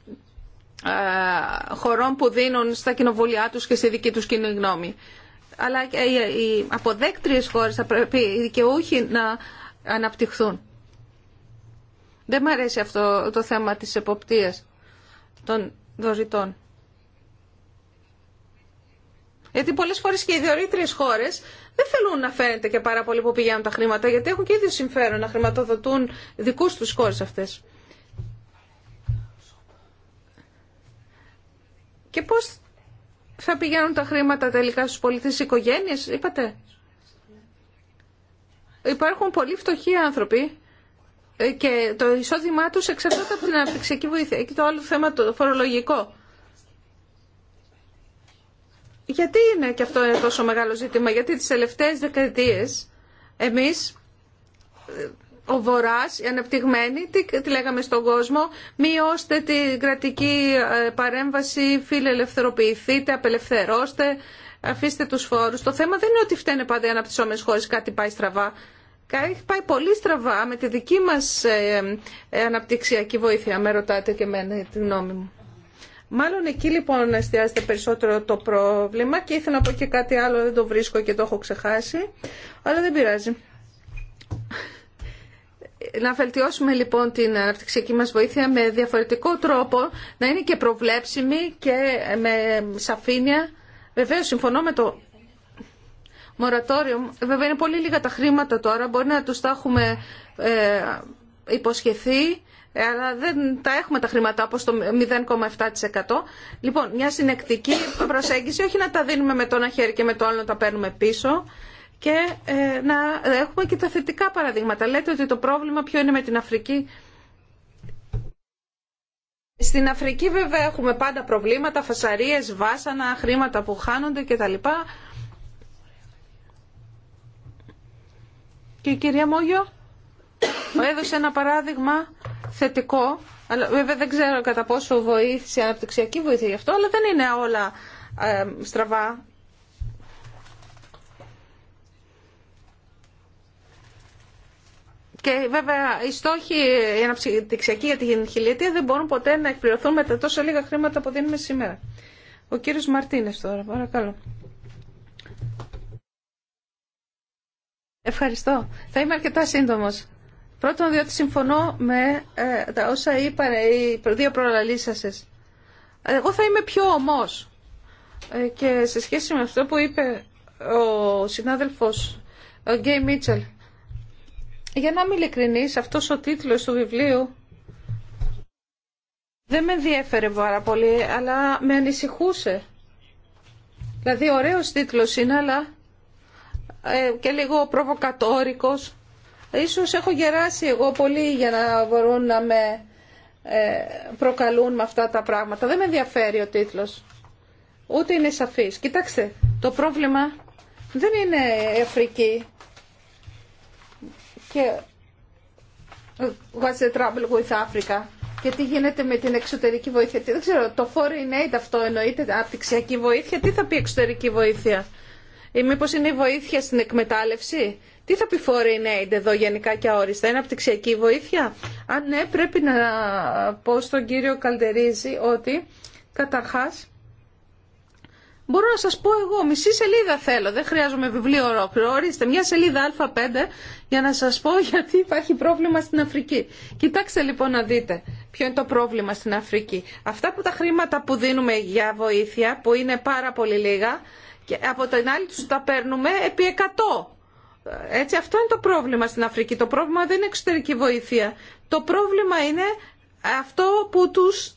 ε, χωρών που δίνουν στα κοινοβουλιά τους και στη δική τους κοινή γνώμη. Αλλά οι αποδέκτριες χώρες θα πρέπει οι δικαιούχοι να αναπτυχθούν. Δεν μου αρέσει αυτό το θέμα της εποπτείας των δωρητών. Γιατί πολλές φορές και οι διορίτριες χώρες δεν θέλουν να φαίνεται και πάρα πολύ που πηγαίνουν τα χρήματα, γιατί έχουν και ίδιο συμφέρον να χρηματοδοτούν δικούς τους χώρες αυτές. Και πώς θα πηγαίνουν τα χρήματα τελικά στους πολιτές οικογένειες, είπατε. Υπάρχουν πολύ φτωχοί άνθρωποι ε, και το εισόδημά τους εξαρτάται από την αναπτυξιακή βοήθεια. Εκεί το άλλο θέμα το φορολογικό. Γιατί είναι και αυτό είναι τόσο μεγάλο ζήτημα, γιατί τις τελευταίες δεκαετίες εμείς, ο βοράς, οι αναπτυγμένοι, τι, τι λέγαμε στον κόσμο, μειώστε την κρατική ε, παρέμβαση, φίλε ελευθεροποιηθείτε, απελευθερώστε, αφήστε τους φόρους. Το θέμα δεν είναι ότι φταίνε πάντα οι αναπτυσσόμενες χώρες, κάτι πάει στραβά. Έχει πάει πολύ στραβά με τη δική μας ε, ε, αναπτυξιακή βοήθεια, με ρωτάτε και εμένα τη γνώμη μου. Μάλλον εκεί λοιπόν εστιάζεται περισσότερο το πρόβλημα και ήθελα να πω και κάτι άλλο, δεν το βρίσκω και το έχω ξεχάσει, αλλά δεν πειράζει. Να βελτιώσουμε λοιπόν την αναπτυξιακή μας βοήθεια με διαφορετικό τρόπο, να είναι και προβλέψιμη και με σαφήνεια. Βεβαίως συμφωνώ με το μορατόριο. Βέβαια είναι πολύ λίγα τα χρήματα τώρα, μπορεί να τους τα έχουμε ε, υποσχεθεί αλλά δεν τα έχουμε τα χρήματα όπω το 0,7%. Λοιπόν, μια συνεκτική προσέγγιση, όχι να τα δίνουμε με το ένα χέρι και με το άλλο να τα παίρνουμε πίσω και ε, να έχουμε και τα θετικά παραδείγματα. Λέτε ότι το πρόβλημα ποιο είναι με την Αφρική. Στην Αφρική βέβαια έχουμε πάντα προβλήματα, φασαρίες, βάσανα, χρήματα που χάνονται κτλ. Και η κυρία Μόγιο έδωσε ένα παράδειγμα θετικό, αλλά βέβαια δεν ξέρω κατά πόσο βοήθησε η αναπτυξιακή βοήθεια γι' αυτό, αλλά δεν είναι όλα ε, στραβά. Και βέβαια οι στόχοι η για την χιλιετία δεν μπορούν ποτέ να εκπληρωθούν με τα τόσο λίγα χρήματα που δίνουμε σήμερα. Ο κύριος Μαρτίνες τώρα, παρακαλώ. Ευχαριστώ. Θα είμαι αρκετά σύντομος. Πρώτον, διότι συμφωνώ με ε, τα όσα είπαν οι δύο προλαλήσασες. Εγώ θα είμαι πιο ομός ε, και σε σχέση με αυτό που είπε ο συνάδελφος ο Γκέι Μίτσελ. Για να είμαι ειλικρινής, αυτός ο τίτλος του βιβλίου δεν με ενδιέφερε πάρα πολύ, αλλά με ανησυχούσε. Δηλαδή, ωραίος τίτλος είναι, αλλά ε, και λίγο προβοκατόρικος Ίσως έχω γεράσει εγώ πολύ για να μπορούν να με ε, προκαλούν με αυτά τα πράγματα. Δεν με ενδιαφέρει ο τίτλος. Ούτε είναι σαφής. Κοιτάξτε, το πρόβλημα δεν είναι η Αφρική και ε, what's the trouble with Africa και τι γίνεται με την εξωτερική βοήθεια. Δεν ξέρω, το foreign aid αυτό εννοείται, απτυξιακή βοήθεια. Τι θα πει εξωτερική βοήθεια. Ή μήπως είναι η βοήθεια στην εκμετάλλευση τι θα πει foreign aid ναι, εδώ γενικά και αόριστα, είναι απτυξιακή βοήθεια. Αν ναι, πρέπει να πω στον κύριο Καλτερίζη ότι καταρχάς μπορώ να σας πω εγώ, μισή σελίδα θέλω, δεν χρειάζομαι βιβλίο ολόκληρο, ορίστε μια σελίδα α5 για να σας πω γιατί υπάρχει πρόβλημα στην Αφρική. Κοιτάξτε λοιπόν να δείτε ποιο είναι το πρόβλημα στην Αφρική. Αυτά που τα χρήματα που δίνουμε για βοήθεια, που είναι πάρα πολύ λίγα, και από την άλλη τους τα παίρνουμε επί 100 έτσι αυτό είναι το πρόβλημα στην Αφρική. Το πρόβλημα δεν είναι εξωτερική βοήθεια. Το πρόβλημα είναι αυτό που τους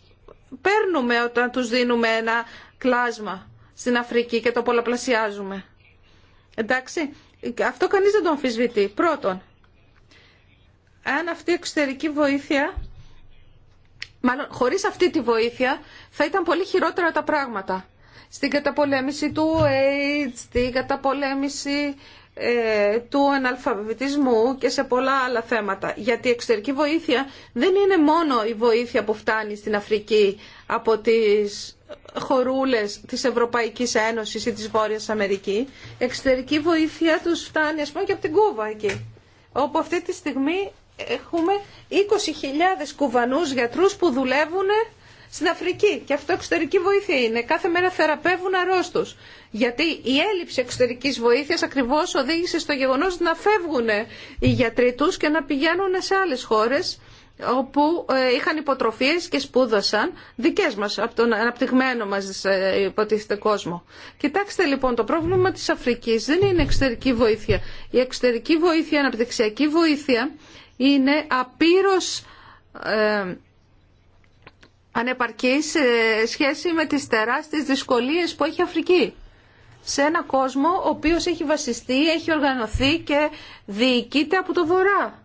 παίρνουμε όταν τους δίνουμε ένα κλάσμα στην Αφρική και το πολλαπλασιάζουμε. Εντάξει, αυτό κανείς δεν το αμφισβητεί. Πρώτον, αν αυτή η εξωτερική βοήθεια, μάλλον χωρίς αυτή τη βοήθεια, θα ήταν πολύ χειρότερα τα πράγματα. Στην καταπολέμηση του AIDS, στην καταπολέμηση ε, του αναλφαβητισμού και σε πολλά άλλα θέματα. Γιατί η εξωτερική βοήθεια δεν είναι μόνο η βοήθεια που φτάνει στην Αφρική από τις χορούλες της Ευρωπαϊκής Ένωσης ή της Βόρειας Αμερική. Η εξωτερική βοήθεια τους φτάνει ας πούμε και από την Κούβα εκεί. Όπου αυτή τη στιγμή έχουμε 20.000 κουβανούς γιατρούς που δουλεύουν στην Αφρική. Και αυτό εξωτερική βοήθεια είναι. Κάθε μέρα θεραπεύουν αρρώστους. Γιατί η έλλειψη εξωτερική βοήθειας ακριβώς οδήγησε στο γεγονός να φεύγουν οι γιατροί του και να πηγαίνουν σε άλλες χώρες όπου ε, είχαν υποτροφίες και σπούδασαν δικές μας από τον αναπτυγμένο μας ε, υποτίθεται κόσμο. Κοιτάξτε λοιπόν το πρόβλημα της Αφρικής δεν είναι εξωτερική βοήθεια. Η εξωτερική βοήθεια, η αναπτυξιακή βοήθεια είναι απείρως ε, ανεπαρκή σε σχέση με τις τεράστιες δυσκολίες που έχει η Αφρική. Σε ένα κόσμο ο οποίος έχει βασιστεί, έχει οργανωθεί και διοικείται από το Βορρά.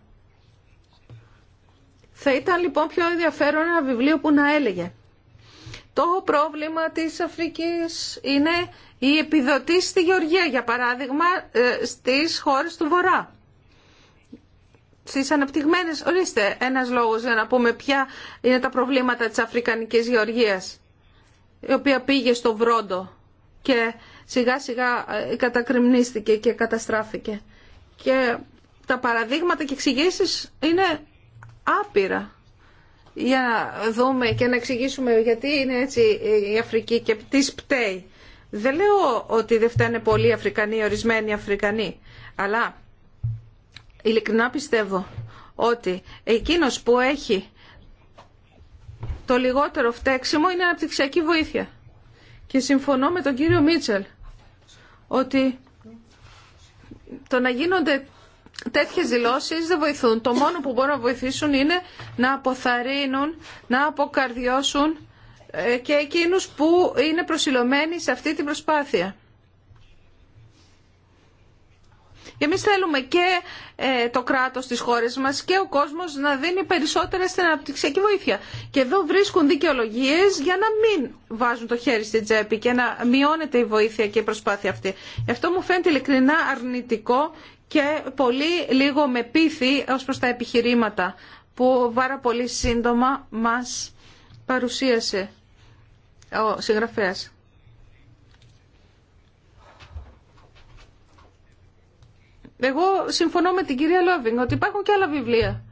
Θα ήταν λοιπόν πιο ενδιαφέρον ένα βιβλίο που να έλεγε. Το πρόβλημα της Αφρικής είναι η επιδοτή στη Γεωργία, για παράδειγμα, ε, στις χώρες του Βορρά στις αναπτυγμένες, ορίστε ένας λόγος για να πούμε ποια είναι τα προβλήματα της Αφρικανικής Γεωργίας, η οποία πήγε στο Βρόντο και σιγά σιγά ε, κατακριμνίστηκε και καταστράφηκε. Και τα παραδείγματα και εξηγήσει είναι άπειρα για να δούμε και να εξηγήσουμε γιατί είναι έτσι ε, η Αφρική και τι πταίει. Δεν λέω ότι δεν φταίνε πολλοί Αφρικανοί, ορισμένοι Αφρικανοί, αλλά ειλικρινά πιστεύω ότι εκείνος που έχει το λιγότερο φταίξιμο είναι αναπτυξιακή βοήθεια. Και συμφωνώ με τον κύριο Μίτσελ ότι το να γίνονται τέτοιες δηλώσεις δεν βοηθούν. Το μόνο που μπορούν να βοηθήσουν είναι να αποθαρρύνουν, να αποκαρδιώσουν ε, και εκείνους που είναι προσιλωμένοι σε αυτή την προσπάθεια. Εμεί θέλουμε και ε, το κράτος της χώρας μας και ο κόσμος να δίνει περισσότερα στην αναπτυξιακή βοήθεια. Και εδώ βρίσκουν δικαιολογίε για να μην βάζουν το χέρι στην τσέπη και να μειώνεται η βοήθεια και η προσπάθεια αυτή. Αυτό μου φαίνεται ειλικρινά αρνητικό και πολύ λίγο με πίθη ως προς τα επιχειρήματα που βάρα πολύ σύντομα μα παρουσίασε ο συγγραφέας. Εγώ συμφωνώ με την κυρία Λόβινγκ ότι υπάρχουν και άλλα βιβλία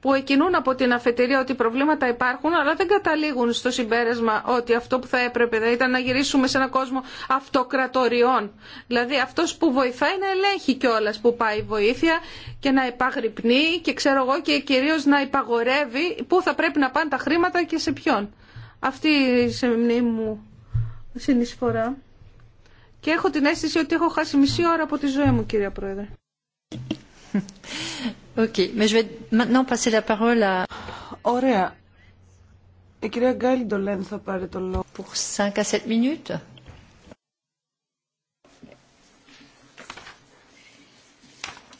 που εκινούν από την αφετηρία ότι προβλήματα υπάρχουν, αλλά δεν καταλήγουν στο συμπέρασμα ότι αυτό που θα έπρεπε ήταν να γυρίσουμε σε έναν κόσμο αυτοκρατοριών. Δηλαδή αυτός που βοηθάει να ελέγχει κιόλα που πάει βοήθεια και να υπαγρυπνεί και ξέρω εγώ και κυρίω να υπαγορεύει πού θα πρέπει να πάνε τα χρήματα και σε ποιον. Αυτή η σεμνή μου συνεισφορά. Και έχω την αίσθηση ότι έχω χάσει μισή ώρα από τη ζωή μου, κυρία Πρόεδρε. Okay. Mais je vais maintenant passer la parole à... Ωραία. Η κυρία Γκάλιντολέν θα πάρει το λόγο. Pour 5 à 7 minutes.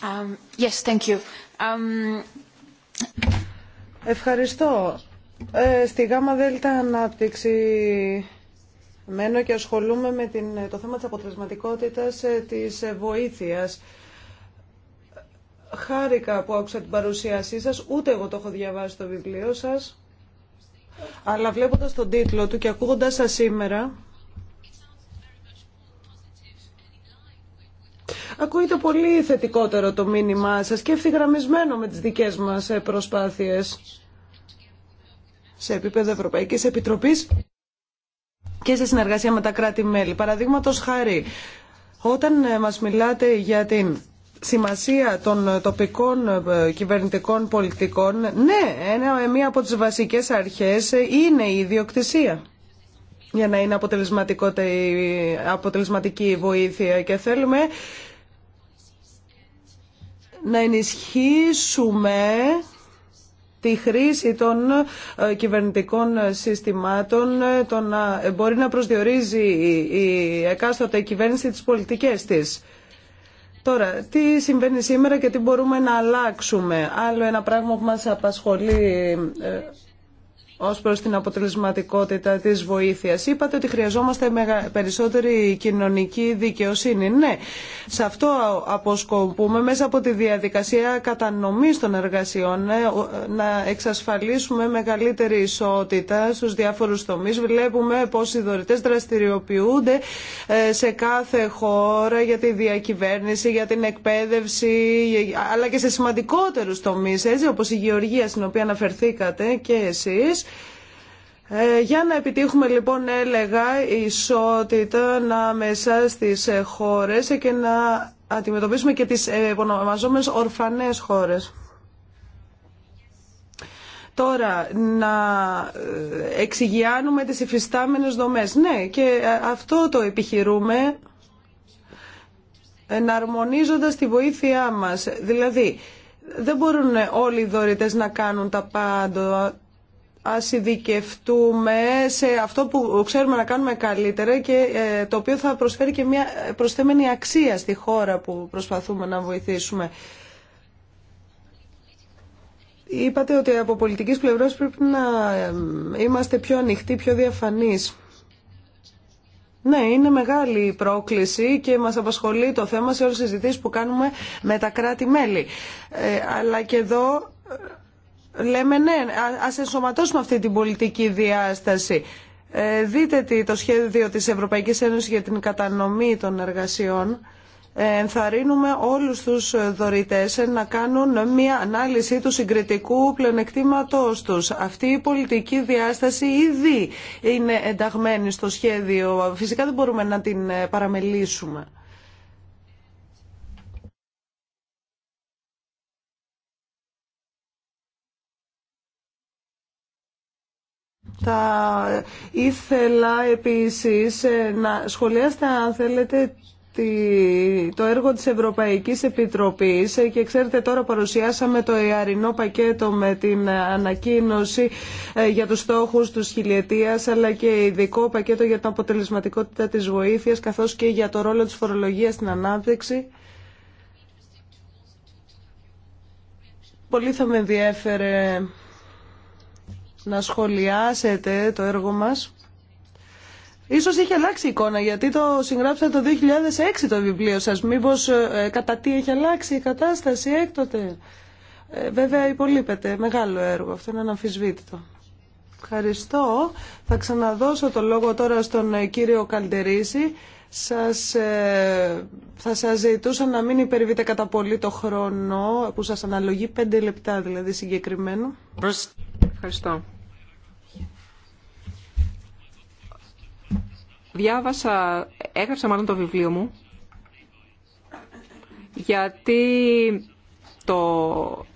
Um, yes, thank you. Um... Ευχαριστώ. Ε, στη ΓΑΜΑ ΔΕΛΤΑ Ανάπτυξη Μένω και ασχολούμαι με το θέμα της αποτελεσματικότητας ε, της ε, βοήθειας. Χάρηκα που άκουσα την παρουσίασή σας, ούτε εγώ το έχω διαβάσει το βιβλίο σας, αλλά βλέποντας τον τίτλο του και ακούγοντας σας σήμερα, Ακούγεται πολύ θετικότερο το μήνυμά σας και ευθυγραμμισμένο με τις δικές μας ε, προσπάθειες σε επίπεδο Ευρωπαϊκής Επιτροπής και σε συνεργασία με τα κράτη-μέλη. Παραδείγματο χάρη, όταν ε, μας μιλάτε για την σημασία των ε, τοπικών ε, κυβερνητικών πολιτικών, ναι, ένα, μία από τις βασικές αρχές είναι η ιδιοκτησία για να είναι αποτελεσματική η βοήθεια και θέλουμε να ενισχύσουμε τη χρήση των ε, κυβερνητικών συστημάτων ε, το ε, μπορεί να προσδιορίζει η εκάστοτε κυβέρνηση τις πολιτικές της. Τώρα, τι συμβαίνει σήμερα και τι μπορούμε να αλλάξουμε. Άλλο ένα πράγμα που μας απασχολεί ως προς την αποτελεσματικότητα της βοήθειας. Είπατε ότι χρειαζόμαστε περισσότερη κοινωνική δικαιοσύνη. Ναι, σε αυτό αποσκοπούμε μέσα από τη διαδικασία κατανομής των εργασιών ε, να εξασφαλίσουμε μεγαλύτερη ισότητα στους διάφορους τομείς. Βλέπουμε πώς οι δωρητές δραστηριοποιούνται ε, σε κάθε χώρα για τη διακυβέρνηση, για την εκπαίδευση, ε, αλλά και σε σημαντικότερους τομείς, έτσι, όπως η γεωργία στην οποία αναφερθήκατε και εσείς ε, για να επιτύχουμε λοιπόν έλεγα ισότητα ανάμεσα στις ε, χώρες και να αντιμετωπίσουμε και τις επωνομαζόμενες ορφανές χώρες. Τώρα, να ε, εξηγιάνουμε τις υφιστάμενες δομές. Ναι, και αυτό το επιχειρούμε εναρμονίζοντας τη βοήθειά μας. Δηλαδή, δεν μπορούν όλοι οι δωρητές να κάνουν τα πάντα, ας ειδικευτούμε σε αυτό που ξέρουμε να κάνουμε καλύτερα και ε, το οποίο θα προσφέρει και μια προσθέμενη αξία στη χώρα που προσπαθούμε να βοηθήσουμε. Είπατε ότι από πολιτικής πλευράς πρέπει να ε, είμαστε πιο ανοιχτοί, πιο διαφανείς. Ναι, είναι μεγάλη η πρόκληση και μας απασχολεί το θέμα σε όλες τις συζητήσεις που κάνουμε με τα κράτη-μέλη. Ε, αλλά και εδώ λέμε ναι, ας ενσωματώσουμε αυτή την πολιτική διάσταση. Ε, δείτε τι, το σχέδιο της Ευρωπαϊκής Ένωσης για την κατανομή των εργασιών. Ε, ενθαρρύνουμε όλους τους δωρητές να κάνουν μια ανάλυση του συγκριτικού πλεονεκτήματός τους. Αυτή η πολιτική διάσταση ήδη είναι ενταγμένη στο σχέδιο. Φυσικά δεν μπορούμε να την ε, παραμελήσουμε. Θα ήθελα επίσης ε, να σχολιάσετε αν θέλετε το έργο της Ευρωπαϊκής Επιτροπής ε, και ξέρετε τώρα παρουσιάσαμε το ιαρινό πακέτο με την ε, ανακοίνωση για τους στόχους του χιλιετίας αλλά και ειδικό πακέτο για την αποτελεσματικότητα της βοήθειας καθώς και για το ρόλο της φορολογίας στην ανάπτυξη. Πολύ θα με ενδιέφερε να σχολιάσετε το έργο μας. Ίσως είχε αλλάξει η εικόνα γιατί το συγγράψατε το 2006 το βιβλίο σας. Μήπως ε, κατά τι έχει αλλάξει η κατάσταση έκτοτε. Ε, βέβαια υπολείπεται. Μεγάλο έργο. Αυτό είναι αναμφισβήτητο. Ευχαριστώ. Θα ξαναδώσω το λόγο τώρα στον ε, κύριο Καλντερίση. Σας, θα σας ζητούσα να μην υπερβείτε κατά πολύ το χρόνο που σας αναλογεί πέντε λεπτά δηλαδή συγκεκριμένο. Ευχαριστώ. διάβασα, έγραψα μάλλον το βιβλίο μου, γιατί το,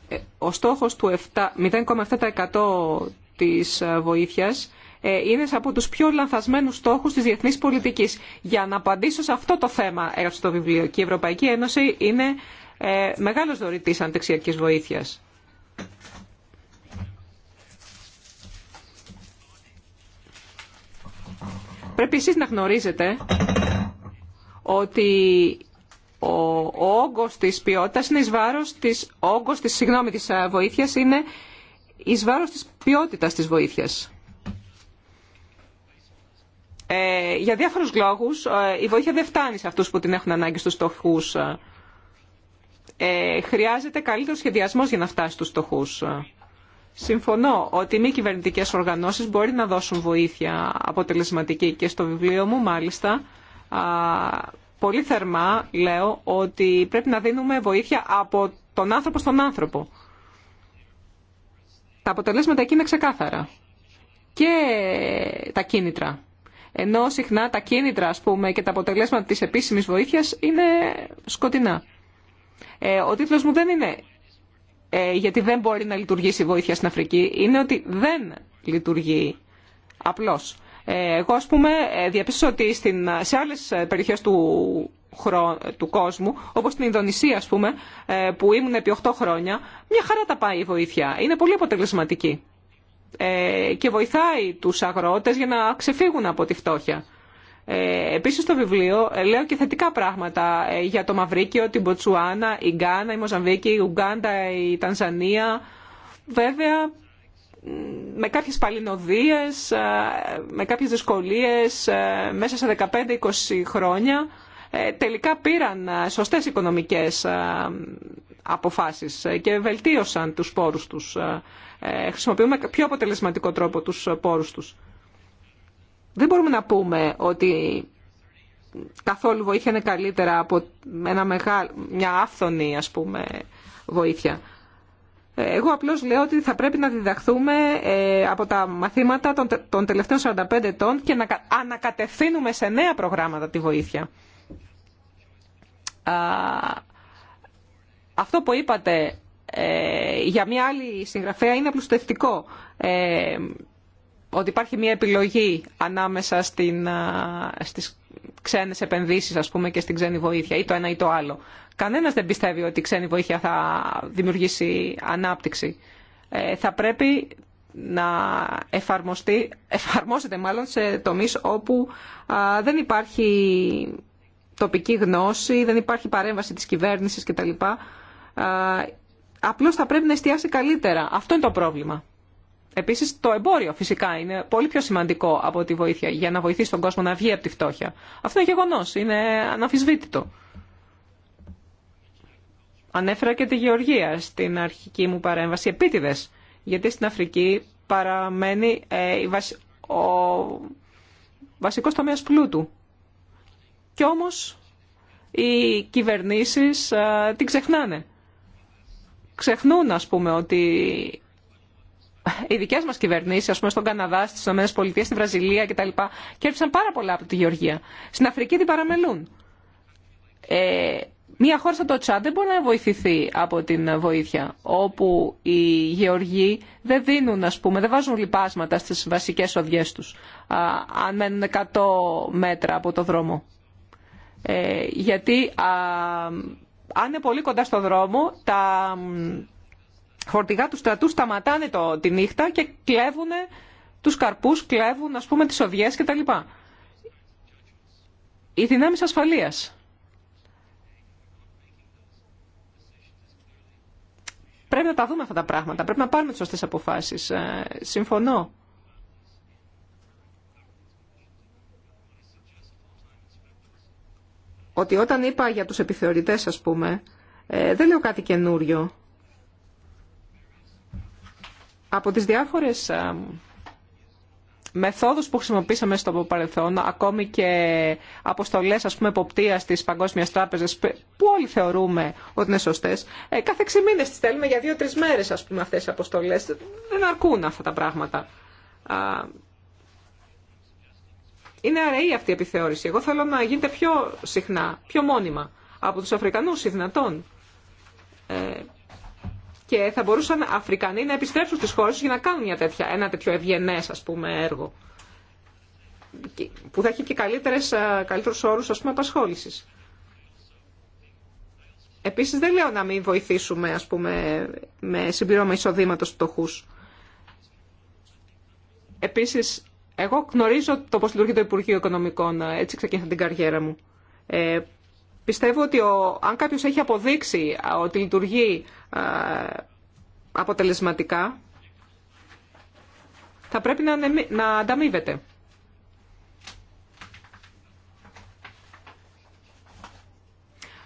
ε, ο στόχος του 0,7% της ε, βοήθειας ε, είναι από τους πιο λανθασμένους στόχους της διεθνής πολιτικής. Για να απαντήσω σε αυτό το θέμα έγραψα το βιβλίο και η Ευρωπαϊκή Ένωση είναι ε, μεγάλος δωρητής αντεξιακής βοήθειας. πρέπει εσείς να γνωρίζετε ότι ο, όγκος της ποιότητας είναι εις της, όγκος της, συγγνώμη, της βοήθειας είναι εις βάρος της ποιότητας της βοήθειας. Ε, για διάφορους λόγους ε, η βοήθεια δεν φτάνει σε αυτούς που την έχουν ανάγκη στους στοχούς. Ε, ε χρειάζεται καλύτερο σχεδιασμός για να φτάσει στους στοχούς. Συμφωνώ ότι οι μη κυβερνητικέ οργανώσεις μπορεί να δώσουν βοήθεια αποτελεσματική και στο βιβλίο μου μάλιστα πολύ θερμά λέω ότι πρέπει να δίνουμε βοήθεια από τον άνθρωπο στον άνθρωπο. Τα αποτελέσματα εκεί είναι ξεκάθαρα. Και τα κίνητρα. Ενώ συχνά τα κίνητρα ας πούμε, και τα αποτελέσματα της επίσημης βοήθειας είναι σκοτεινά. Ε, ο τίτλος μου δεν είναι ε, γιατί δεν μπορεί να λειτουργήσει η βοήθεια στην Αφρική είναι ότι δεν λειτουργεί απλώς. Ε, εγώ, ας πούμε, ε, διαπίστωσα ότι στην, σε άλλες περιοχές του, του κόσμου, όπως στην Ινδονησία, ας πούμε, που ήμουν επί 8 χρόνια, μια χαρά τα πάει η βοήθεια. Είναι πολύ αποτελεσματική και βοηθάει τους αγρότες για να ξεφύγουν από τη φτώχεια. Ε, επίσης στο βιβλίο ε, λέω και θετικά πράγματα ε, για το Μαυρίκιο, την Ποτσουάνα, η Γκάνα, η Μοζαμβίκη, η Ουγκάντα, η Τανζανία. Βέβαια με κάποιες παλινοδίες, με κάποιες δυσκολίες μέσα σε 15-20 χρόνια τελικά πήραν σωστές οικονομικές αποφάσεις και βελτίωσαν τους πόρους τους. Χρησιμοποιούμε πιο αποτελεσματικό τρόπο τους πόρους τους. Δεν μπορούμε να πούμε ότι καθόλου βοήθεια είναι καλύτερα από ένα μια άφθονη ας πούμε βοήθεια. Εγώ απλώς λέω ότι θα πρέπει να διδαχθούμε ε, από τα μαθήματα των τελευταίων 45 ετών και να ανακατευθύνουμε σε νέα προγράμματα τη βοήθεια. Αυτό που είπατε ε, για μια άλλη συγγραφέα είναι απλουστευτικό. Ε, ότι υπάρχει μια επιλογή ανάμεσα στην, στις ξένες επενδύσεις ας πούμε και στην ξένη βοήθεια ή το ένα ή το άλλο. Κανένας δεν πιστεύει ότι η ξένη βοήθεια θα δημιουργήσει ανάπτυξη. Ε, θα πρέπει να εφαρμοστεί, εφαρμόζεται μάλλον σε τομείς όπου δεν υπάρχει τοπική γνώση, δεν υπάρχει παρέμβαση της κυβέρνησης κτλ. απλώς θα πρέπει να εστιάσει καλύτερα. Αυτό είναι το πρόβλημα. Επίση, το εμπόριο φυσικά είναι πολύ πιο σημαντικό από τη βοήθεια για να βοηθήσει τον κόσμο να βγει από τη φτώχεια. Αυτό είναι γεγονό, είναι αναφυσβήτητο. Ανέφερα και τη γεωργία στην αρχική μου παρέμβαση επίτηδε, γιατί στην Αφρική παραμένει ε, ο βασικός τομέα πλούτου. Κι όμως οι κυβερνήσεις ε, την ξεχνάνε. Ξεχνούν, α πούμε, ότι οι δικέ μα κυβερνήσει, α πούμε στον Καναδά, στι ΗΠΑ, στη Βραζιλία κτλ. κέρδισαν πάρα πολλά από τη Γεωργία. Στην Αφρική την παραμελούν. Ε, Μία χώρα σαν το Τσάντ δεν μπορεί να βοηθηθεί από την βοήθεια, όπου οι γεωργοί δεν δίνουν, ας πούμε, δεν βάζουν λιπάσματα στι βασικέ οδιέ του. αν μένουν 100 μέτρα από το δρόμο. Ε, γιατί α, αν είναι πολύ κοντά στο δρόμο, τα, φορτηγά του στρατού σταματάνε το, τη νύχτα και κλέβουν τους καρπούς, κλέβουν ας πούμε τις τα λοιπά Οι δυνάμεις ασφαλείας. Πρέπει να τα δούμε αυτά τα πράγματα, πρέπει να πάρουμε τις σωστές αποφάσεις. Ε, συμφωνώ. Ότι όταν είπα για τους επιθεωρητές, ας πούμε, ε, δεν λέω κάτι καινούριο. Από τις διάφορες ε, μεθόδους που χρησιμοποίησαμε στο παρελθόν, ακόμη και αποστολές ας πούμε εποπτείας της Παγκόσμιας Τράπεζας που όλοι θεωρούμε ότι είναι σωστές, ε, κάθε 6 μήνες τις θέλουμε για 2-3 μέρες ας πούμε αυτές οι αποστολές. Δεν αρκούν αυτά τα πράγματα. Είναι αραιή αυτή η επιθεώρηση. Εγώ θέλω να γίνεται πιο συχνά, πιο μόνιμα από τους Αφρικανούς, οι δυνατόν. Ε, και θα μπορούσαν Αφρικανοί να επιστρέψουν στις χώρες τους για να κάνουν μια τέτοια, ένα τέτοιο ευγενές ας πούμε, έργο που θα έχει και καλύτερες, καλύτερους όρους ας πούμε, απασχόλησης. Επίσης δεν λέω να μην βοηθήσουμε ας πούμε, με συμπληρώμα εισοδήματο φτωχού. Επίσης, εγώ γνωρίζω το πώς λειτουργεί το Υπουργείο Οικονομικών, έτσι ξεκίνησα την καριέρα μου. Ε, Πιστεύω ότι ο, αν κάποιος έχει αποδείξει ότι λειτουργεί αποτελεσματικά, θα πρέπει να, να ανταμείβεται.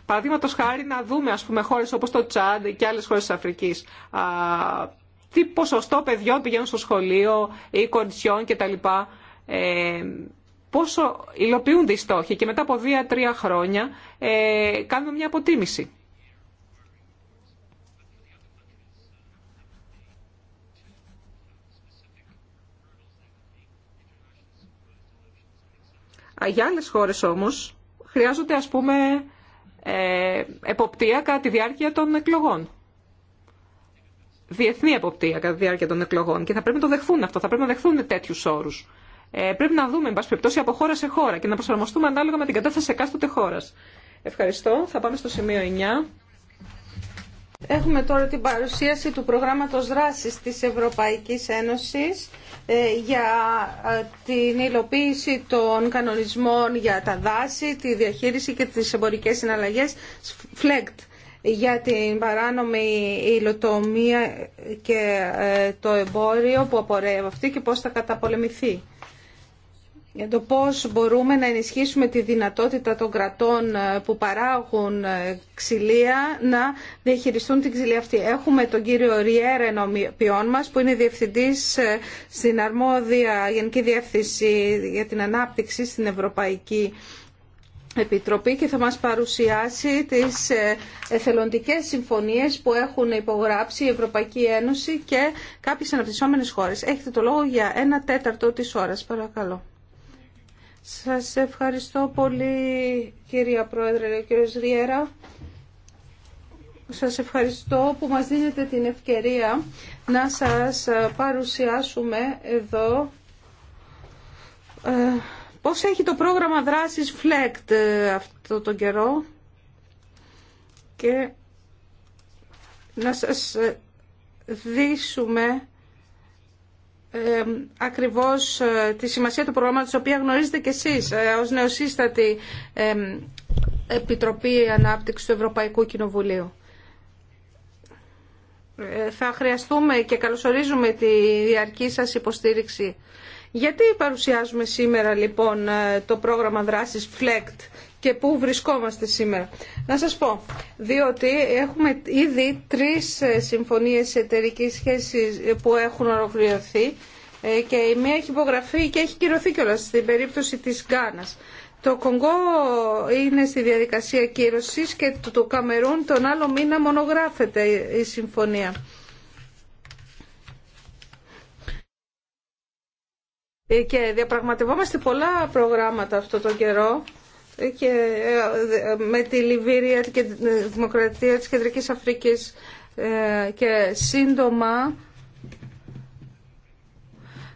Παραδείγματο χάρη να δούμε, ας πούμε, χώρες όπως το Τσάντ και άλλες χώρες της Αφρικής, τι ποσοστό παιδιών πηγαίνουν στο σχολείο ή κοριτσιών κτλ. Ε, πόσο υλοποιούνται οι στόχοι και μετά από δύο-τρία χρόνια ε, κάνουμε μια αποτίμηση. Για άλλες χώρες όμως χρειάζονται ας πούμε ε, εποπτεία κατά τη διάρκεια των εκλογών. Διεθνή εποπτεία κατά τη διάρκεια των εκλογών και θα πρέπει να το δεχθούν αυτό, θα πρέπει να δεχθούν τέτοιους όρους. Ε, πρέπει να δούμε, εν από χώρα σε χώρα και να προσαρμοστούμε ανάλογα με την κατάσταση εκάστοτε χώρα. Ευχαριστώ. Θα πάμε στο σημείο 9. Έχουμε τώρα την παρουσίαση του προγράμματος δράσης της Ευρωπαϊκής Ένωσης ε, για ε, την υλοποίηση των κανονισμών για τα δάση, τη διαχείριση και τις εμπορικές συναλλαγές FLEGT για την παράνομη υλοτομία και ε, το εμπόριο που απορρέει αυτή και πώς θα καταπολεμηθεί για το πώς μπορούμε να ενισχύσουμε τη δυνατότητα των κρατών ε, που παράγουν ε, ξυλία να διαχειριστούν την ξυλία αυτή. Έχουμε τον κύριο Ριέρα ενώπιόν μας που είναι διευθυντής ε, στην αρμόδια Γενική Διεύθυνση για την Ανάπτυξη στην Ευρωπαϊκή Επιτροπή και θα μας παρουσιάσει τις εθελοντικές συμφωνίες που έχουν υπογράψει η Ευρωπαϊκή Ένωση και κάποιες αναπτυσσόμενες χώρες. Έχετε το λόγο για ένα τέταρτο της ώρας, παρακαλώ. Σας ευχαριστώ πολύ κυρία Πρόεδρε, κύριε Σριέρα. Σας ευχαριστώ που μας δίνετε την ευκαιρία να σας παρουσιάσουμε εδώ ε, πώς έχει το πρόγραμμα δράσης FLECT ε, αυτό τον καιρό και να σας ε, δείσουμε ε, ακριβώς ε, τη σημασία του προγράμματος, το οποία γνωρίζετε και εσείς ε, ως νεοσύστατη ε, Επιτροπή Ανάπτυξης του Ευρωπαϊκού Κοινοβουλίου. Ε, θα χρειαστούμε και καλωσορίζουμε τη διαρκή σας υποστήριξη. Γιατί παρουσιάζουμε σήμερα λοιπόν το πρόγραμμα δράσης FLECT και πού βρισκόμαστε σήμερα. Να σας πω, διότι έχουμε ήδη τρεις ε, συμφωνίες εταιρική σχέσης ε, που έχουν ολοκληρωθεί ε, και η μία έχει υπογραφεί και έχει κυρωθεί κιόλας στην περίπτωση της Γκάνας. Το Κονγκό είναι στη διαδικασία κύρωσης και το Καμερούν τον άλλο μήνα μονογράφεται η συμφωνία. Και διαπραγματευόμαστε πολλά προγράμματα αυτό τον καιρό και με τη Λιβύρια και τη Δημοκρατία της Κεντρικής Αφρικής και σύντομα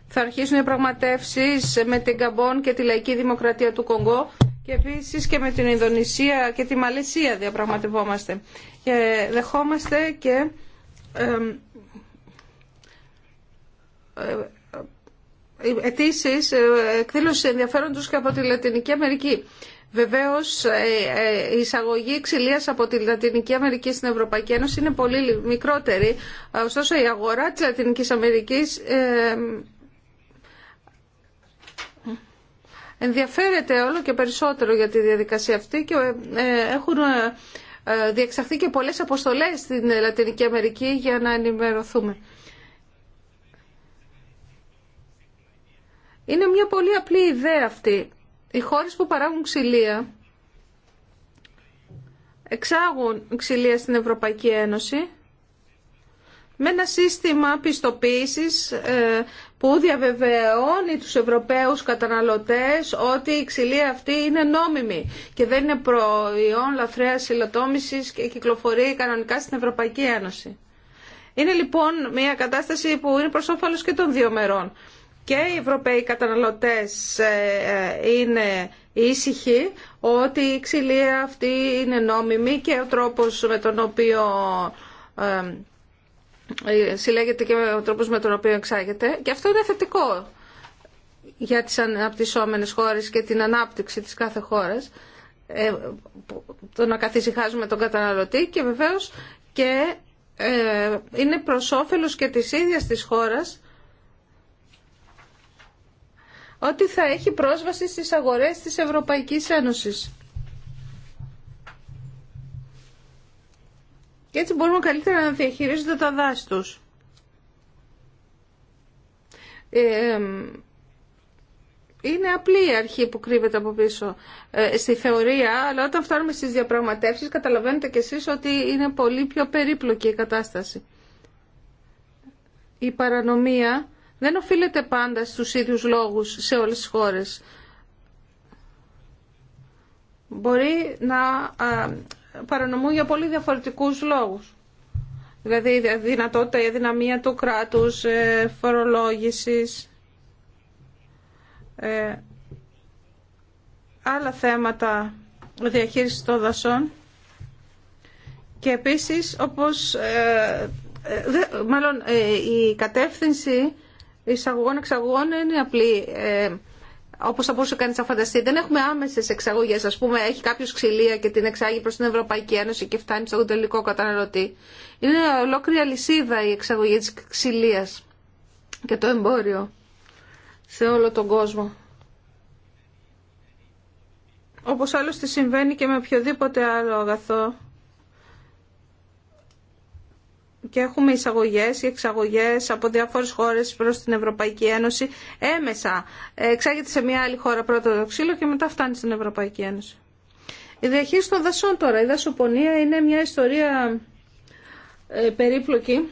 θα αρχίσουν οι πραγματεύσεις με την Καμπόν και τη Λαϊκή Δημοκρατία του Κονγκό και επίσης και με την Ινδονησία και τη Μαλαισία διαπραγματευόμαστε. Και δεχόμαστε και αιτήσει εκδήλωση ενδιαφέροντος και από τη Λατινική Αμερική. Βεβαίως, ε, ε, η εισαγωγή ξυλία από τη Λατινική Αμερική στην Ευρωπαϊκή Ένωση είναι πολύ μικρότερη. Ε, ωστόσο, η αγορά της Λατινικής Αμερικής ενδιαφέρεται όλο και περισσότερο για τη διαδικασία αυτή και έχουν διεξαχθεί και πολλές αποστολές στην Λατινική Αμερική για να ενημερωθούμε. Είναι μια πολύ απλή ιδέα αυτή οι χώρες που παράγουν ξυλία εξάγουν ξυλία στην Ευρωπαϊκή Ένωση με ένα σύστημα πιστοποίησης ε, που διαβεβαιώνει τους Ευρωπαίους καταναλωτές ότι η ξυλία αυτή είναι νόμιμη και δεν είναι προϊόν λαθρέας υλοτόμησης και κυκλοφορεί κανονικά στην Ευρωπαϊκή Ένωση. Είναι λοιπόν μια κατάσταση που είναι προς και των δύο μερών και οι Ευρωπαίοι καταναλωτές ε, ε, είναι ήσυχοι ότι η ξυλία αυτή είναι νόμιμη και ο τρόπος με τον οποίο ε, συλλέγεται και ο τρόπος με τον οποίο εξάγεται και αυτό είναι θετικό για τις αναπτυσσόμενες χώρες και την ανάπτυξη της κάθε χώρας το να καθησυχάζουμε τον καταναλωτή και βεβαίως και είναι προς όφελος και της ίδιας της χώρας ότι θα έχει πρόσβαση στις αγορές της Ευρωπαϊκής Ένωσης. Και έτσι μπορούμε καλύτερα να διαχειρίζονται τα δάση τους. Ε, είναι απλή η αρχή που κρύβεται από πίσω ε, στη θεωρία, αλλά όταν φτάνουμε στις διαπραγματεύσεις καταλαβαίνετε κι εσείς ότι είναι πολύ πιο περίπλοκη η κατάσταση. Η παρανομία δεν οφείλεται πάντα στους ίδιους λόγους σε όλες τις χώρες. Μπορεί να παρανομούν για πολύ διαφορετικούς λόγους. Δηλαδή η δυνατότητα, η αδυναμία του κράτους, ε, φορολόγησης, ε, άλλα θέματα διαχείρισης των δασών και επίσης όπως ε, μάλλον η κατεύθυνση εισαγωγών-εξαγωγών είναι απλή. Ε, Όπω θα μπορούσε κανεί να φανταστεί, δεν έχουμε άμεσε εξαγωγέ. Α πούμε, έχει κάποιο ξυλία και την εξάγει προ την Ευρωπαϊκή Ένωση και φτάνει στον τελικό καταναλωτή. Είναι ολόκληρη αλυσίδα η εξαγωγή τη ξυλία και το εμπόριο σε όλο τον κόσμο. Όπως άλλωστε συμβαίνει και με οποιοδήποτε άλλο αγαθό και έχουμε εισαγωγές και εξαγωγές από διάφορες χώρες προς την Ευρωπαϊκή Ένωση έμεσα. Εξάγεται σε μια άλλη χώρα πρώτα το ξύλο και μετά φτάνει στην Ευρωπαϊκή Ένωση. Η διαχείριση των δασών τώρα. Η δασοπονία είναι μια ιστορία ε, περίπλοκη.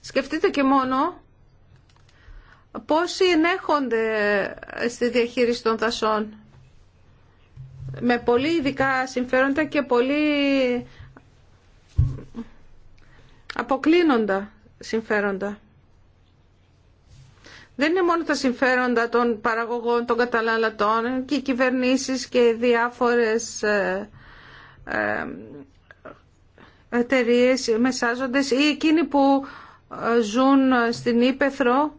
Σκεφτείτε και μόνο πόσοι ενέχονται στη διαχείριση των δασών με πολύ ειδικά συμφέροντα και πολύ αποκλίνοντα συμφέροντα. Δεν είναι μόνο τα συμφέροντα των παραγωγών, των καταναλωτών και οι κυβερνήσεις και οι διάφορες ε, ε, εταιρείε μεσάζοντες ή εκείνοι που ε, ζουν στην Ήπεθρο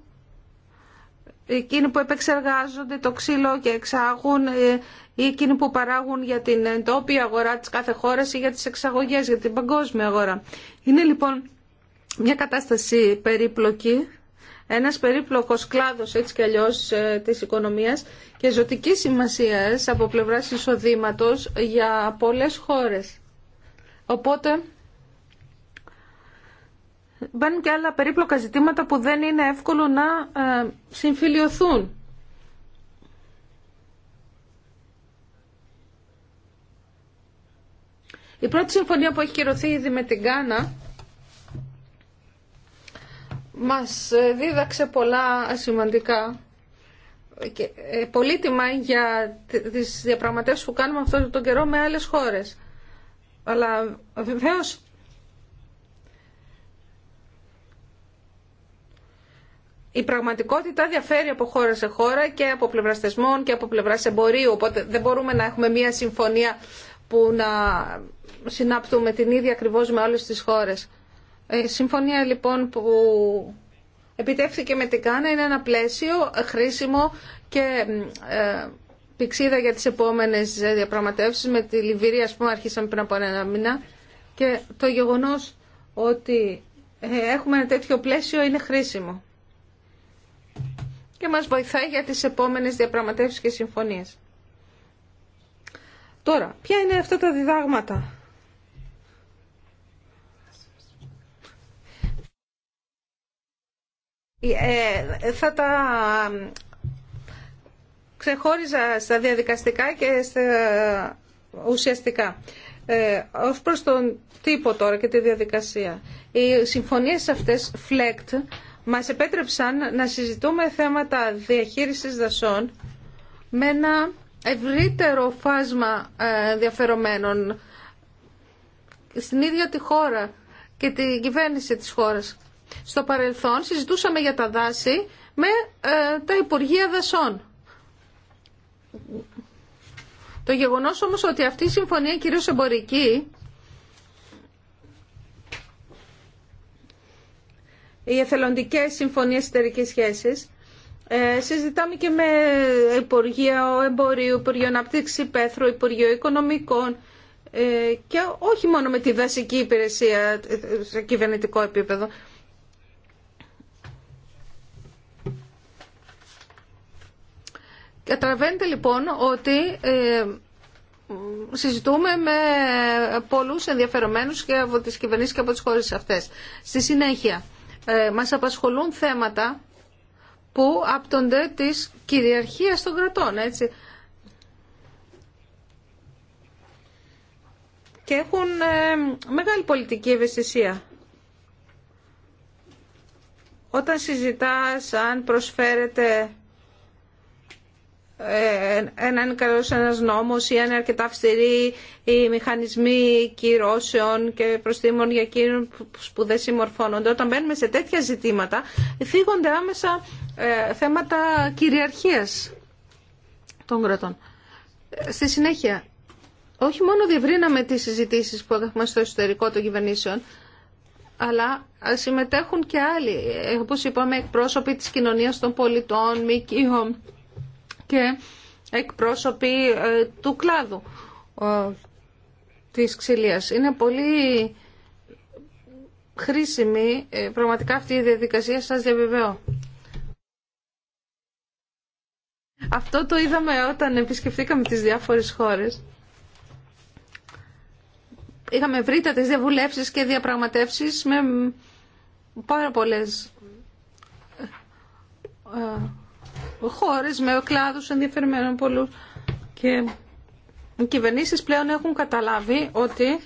εκείνοι που επεξεργάζονται το ξύλο και εξάγουν ε, ή εκείνοι που παράγουν για την εντόπια αγορά της κάθε χώρας ή για τις εξαγωγές, για την παγκόσμια αγορά. Είναι λοιπόν μια κατάσταση περίπλοκη, ένας περίπλοκος κλάδος έτσι κι αλλιώς ε, της οικονομίας και ζωτική σημασίας από πλευράς εισοδήματος για πολλές χώρες. Οπότε μπαίνουν και άλλα περίπλοκα ζητήματα που δεν είναι εύκολο να ε, συμφιλειωθούν. Η πρώτη συμφωνία που έχει κυρωθεί ήδη με την Κάνα μας δίδαξε πολλά σημαντικά και ε, πολύτιμα για τις διαπραγματεύσεις που κάνουμε αυτόν τον καιρό με άλλες χώρες. Αλλά βεβαίως η πραγματικότητα διαφέρει από χώρα σε χώρα και από πλευρά θεσμών και από πλευρά εμπορίου. Οπότε δεν μπορούμε να έχουμε μία συμφωνία που να συνάπτουμε την ίδια ακριβώ με όλε τι χώρε. Η ε, συμφωνία λοιπόν που επιτεύχθηκε με την Κάνα είναι ένα πλαίσιο χρήσιμο και ε, πηξίδα για τις επόμενες διαπραγματεύσεις με τη Λιβυρία ας πούμε αρχίσαμε πριν από ένα μήνα και το γεγονός ότι ε, έχουμε ένα τέτοιο πλαίσιο είναι χρήσιμο και μας βοηθάει για τις επόμενες διαπραγματεύσεις και συμφωνίες. Τώρα, ποια είναι αυτά τα διδάγματα. Ε, ε, θα τα ξεχώριζα στα διαδικαστικά και στα ουσιαστικά. Ε, ως προς τον τύπο τώρα και τη διαδικασία. Οι συμφωνίες αυτές FLECT μας επέτρεψαν να συζητούμε θέματα διαχείρισης δασών με ένα ευρύτερο φάσμα ε, ενδιαφερομένων στην ίδια τη χώρα και την κυβέρνηση της χώρας. Στο παρελθόν συζητούσαμε για τα δάση με ε, τα Υπουργεία Δασών. Το γεγονός όμως ότι αυτή η συμφωνία κυρίως εμπορική οι εθελοντικές συμφωνίες εταιρικέ σχέσης. Ε, συζητάμε και με Υπουργείο Εμπορίου, Υπουργείο Αναπτύξη Πέθρου, Υπουργείο Οικονομικών ε, και όχι μόνο με τη δασική υπηρεσία σε κυβερνητικό επίπεδο. Καταλαβαίνετε λοιπόν ότι ε, συζητούμε με πολλούς ενδιαφερομένους και από τις κυβερνήσεις και από τις χώρες αυτές. Στη συνέχεια, ε, μας απασχολούν θέματα που άπτονται της κυριαρχίας των κρατών, έτσι. Και έχουν ε, μεγάλη πολιτική ευαισθησία. Όταν συζητάς αν προσφέρεται έναν καλό ένα νόμο ή αν είναι αρκετά αυστηροί οι μηχανισμοί κυρώσεων και προστήμων για εκείνου που δεν συμμορφώνονται. Όταν μπαίνουμε σε τέτοια ζητήματα, θίγονται άμεσα ε, θέματα κυριαρχίας των κρατών. Ε, στη συνέχεια, όχι μόνο διευρύναμε τις συζητήσει που έχουμε στο εσωτερικό των κυβερνήσεων, αλλά συμμετέχουν και άλλοι, ε, όπως είπαμε, εκπρόσωποι της κοινωνίας των πολιτών, ΜΚΙΟΜ, και εκπρόσωποι ε, του κλάδου ε, της ξυλίας. Είναι πολύ χρήσιμη ε, πραγματικά αυτή η διαδικασία, σας διαβεβαιώ. Αυτό το είδαμε όταν επισκεφτήκαμε τις διάφορες χώρες. Είχαμε τις διαβουλεύσεις και διαπραγματεύσεις με πάρα πολλές χώρες με κλάδους ενδιαφερμένων πολλού. Και οι κυβερνήσεις πλέον έχουν καταλάβει ότι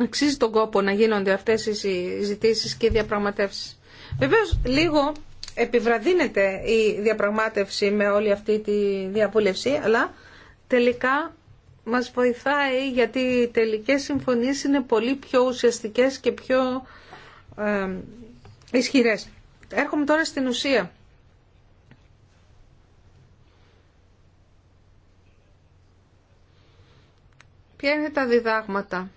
αξίζει τον κόπο να γίνονται αυτές οι ζητήσεις και οι διαπραγματεύσεις. Βεβαίως λίγο επιβραδύνεται η διαπραγμάτευση με όλη αυτή τη διαβούλευση, αλλά τελικά μας βοηθάει γιατί οι τελικές συμφωνίες είναι πολύ πιο ουσιαστικές και πιο ε, ισχυρές. Έρχομαι τώρα στην ουσία. Ποια είναι τα διδάγματα.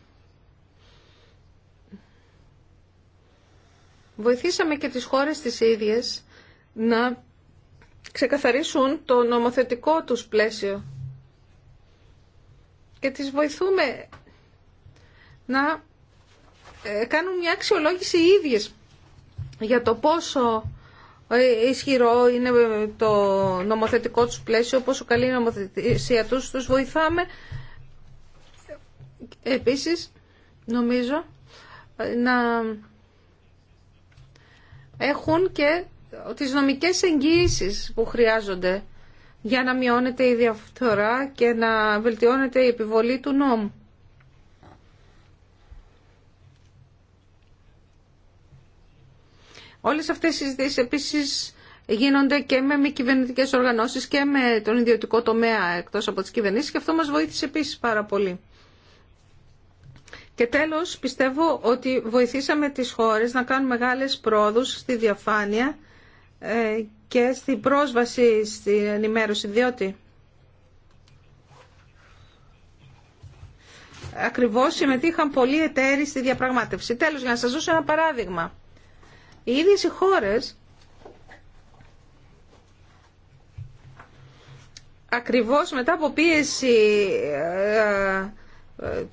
Βοηθήσαμε και τις χώρες τις ίδιες να ξεκαθαρίσουν το νομοθετικό τους πλαίσιο και τις βοηθούμε να ε, κάνουν μια αξιολόγηση οι ίδιες για το πόσο ε, ισχυρό είναι το νομοθετικό τους πλαίσιο, πόσο καλή είναι η νομοθεσία τους, τους βοηθάμε Επίσης, νομίζω ε, να έχουν και τις νομικές εγγύησεις που χρειάζονται για να μειώνεται η διαφθορά και να βελτιώνεται η επιβολή του νόμου. Όλες αυτές οι συζητήσεις επίσης γίνονται και με μη κυβερνητικέ οργανώσεις και με τον ιδιωτικό τομέα εκτός από τις κυβερνήσεις και αυτό μας βοήθησε επίσης πάρα πολύ. Και τέλος πιστεύω ότι βοηθήσαμε τις χώρες να κάνουν μεγάλες πρόοδους στη διαφάνεια ε, και στην πρόσβαση στην ενημέρωση, διότι ακριβώς συμμετείχαν πολλοί εταίροι στη διαπραγμάτευση. Τέλος, για να σας δώσω ένα παράδειγμα. Οι ίδιες οι χώρες ακριβώς μετά από πίεση ε, ε,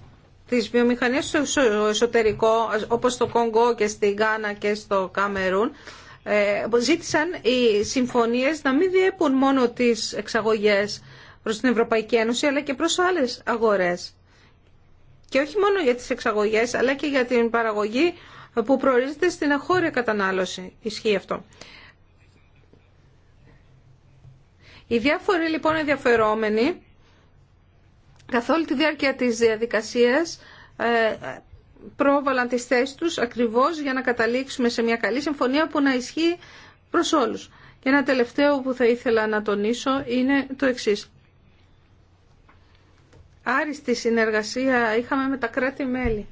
τις βιομηχανίες στο εσωτερικό, όπως στο Κονγκό και στη Γκάνα και στο Καμερούν, ε, ζήτησαν οι συμφωνίες να μην διέπουν μόνο τις εξαγωγές προς την Ευρωπαϊκή Ένωση, αλλά και προς άλλες αγορές. Και όχι μόνο για τις εξαγωγές, αλλά και για την παραγωγή που προορίζεται στην αχώρια κατανάλωση. Ισχύει αυτό. Οι διάφοροι λοιπόν ενδιαφερόμενοι Καθ' όλη τη διάρκεια της διαδικασίας ε, πρόβαλαν τις θέσεις τους ακριβώς για να καταλήξουμε σε μια καλή συμφωνία που να ισχύει προς όλους. Και ένα τελευταίο που θα ήθελα να τονίσω είναι το εξής. Άριστη συνεργασία είχαμε με τα κράτη-μέλη,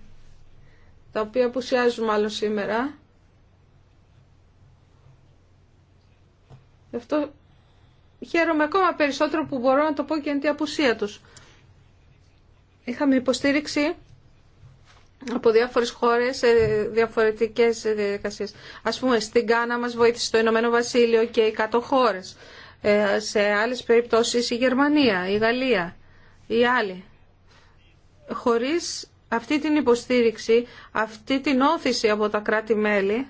τα οποία απουσιάζουν μάλλον σήμερα. Γι' αυτό χαίρομαι ακόμα περισσότερο που μπορώ να το πω και εν τη απουσία τους είχαμε υποστήριξη από διάφορες χώρες σε διαφορετικές διαδικασίες. Ας πούμε, στην Κάνα μας βοήθησε το Ηνωμένο Βασίλειο και οι 100 χώρες. Ε, σε άλλες περιπτώσεις η Γερμανία, η Γαλλία, οι άλλοι. Χωρίς αυτή την υποστήριξη, αυτή την όθηση από τα κράτη-μέλη,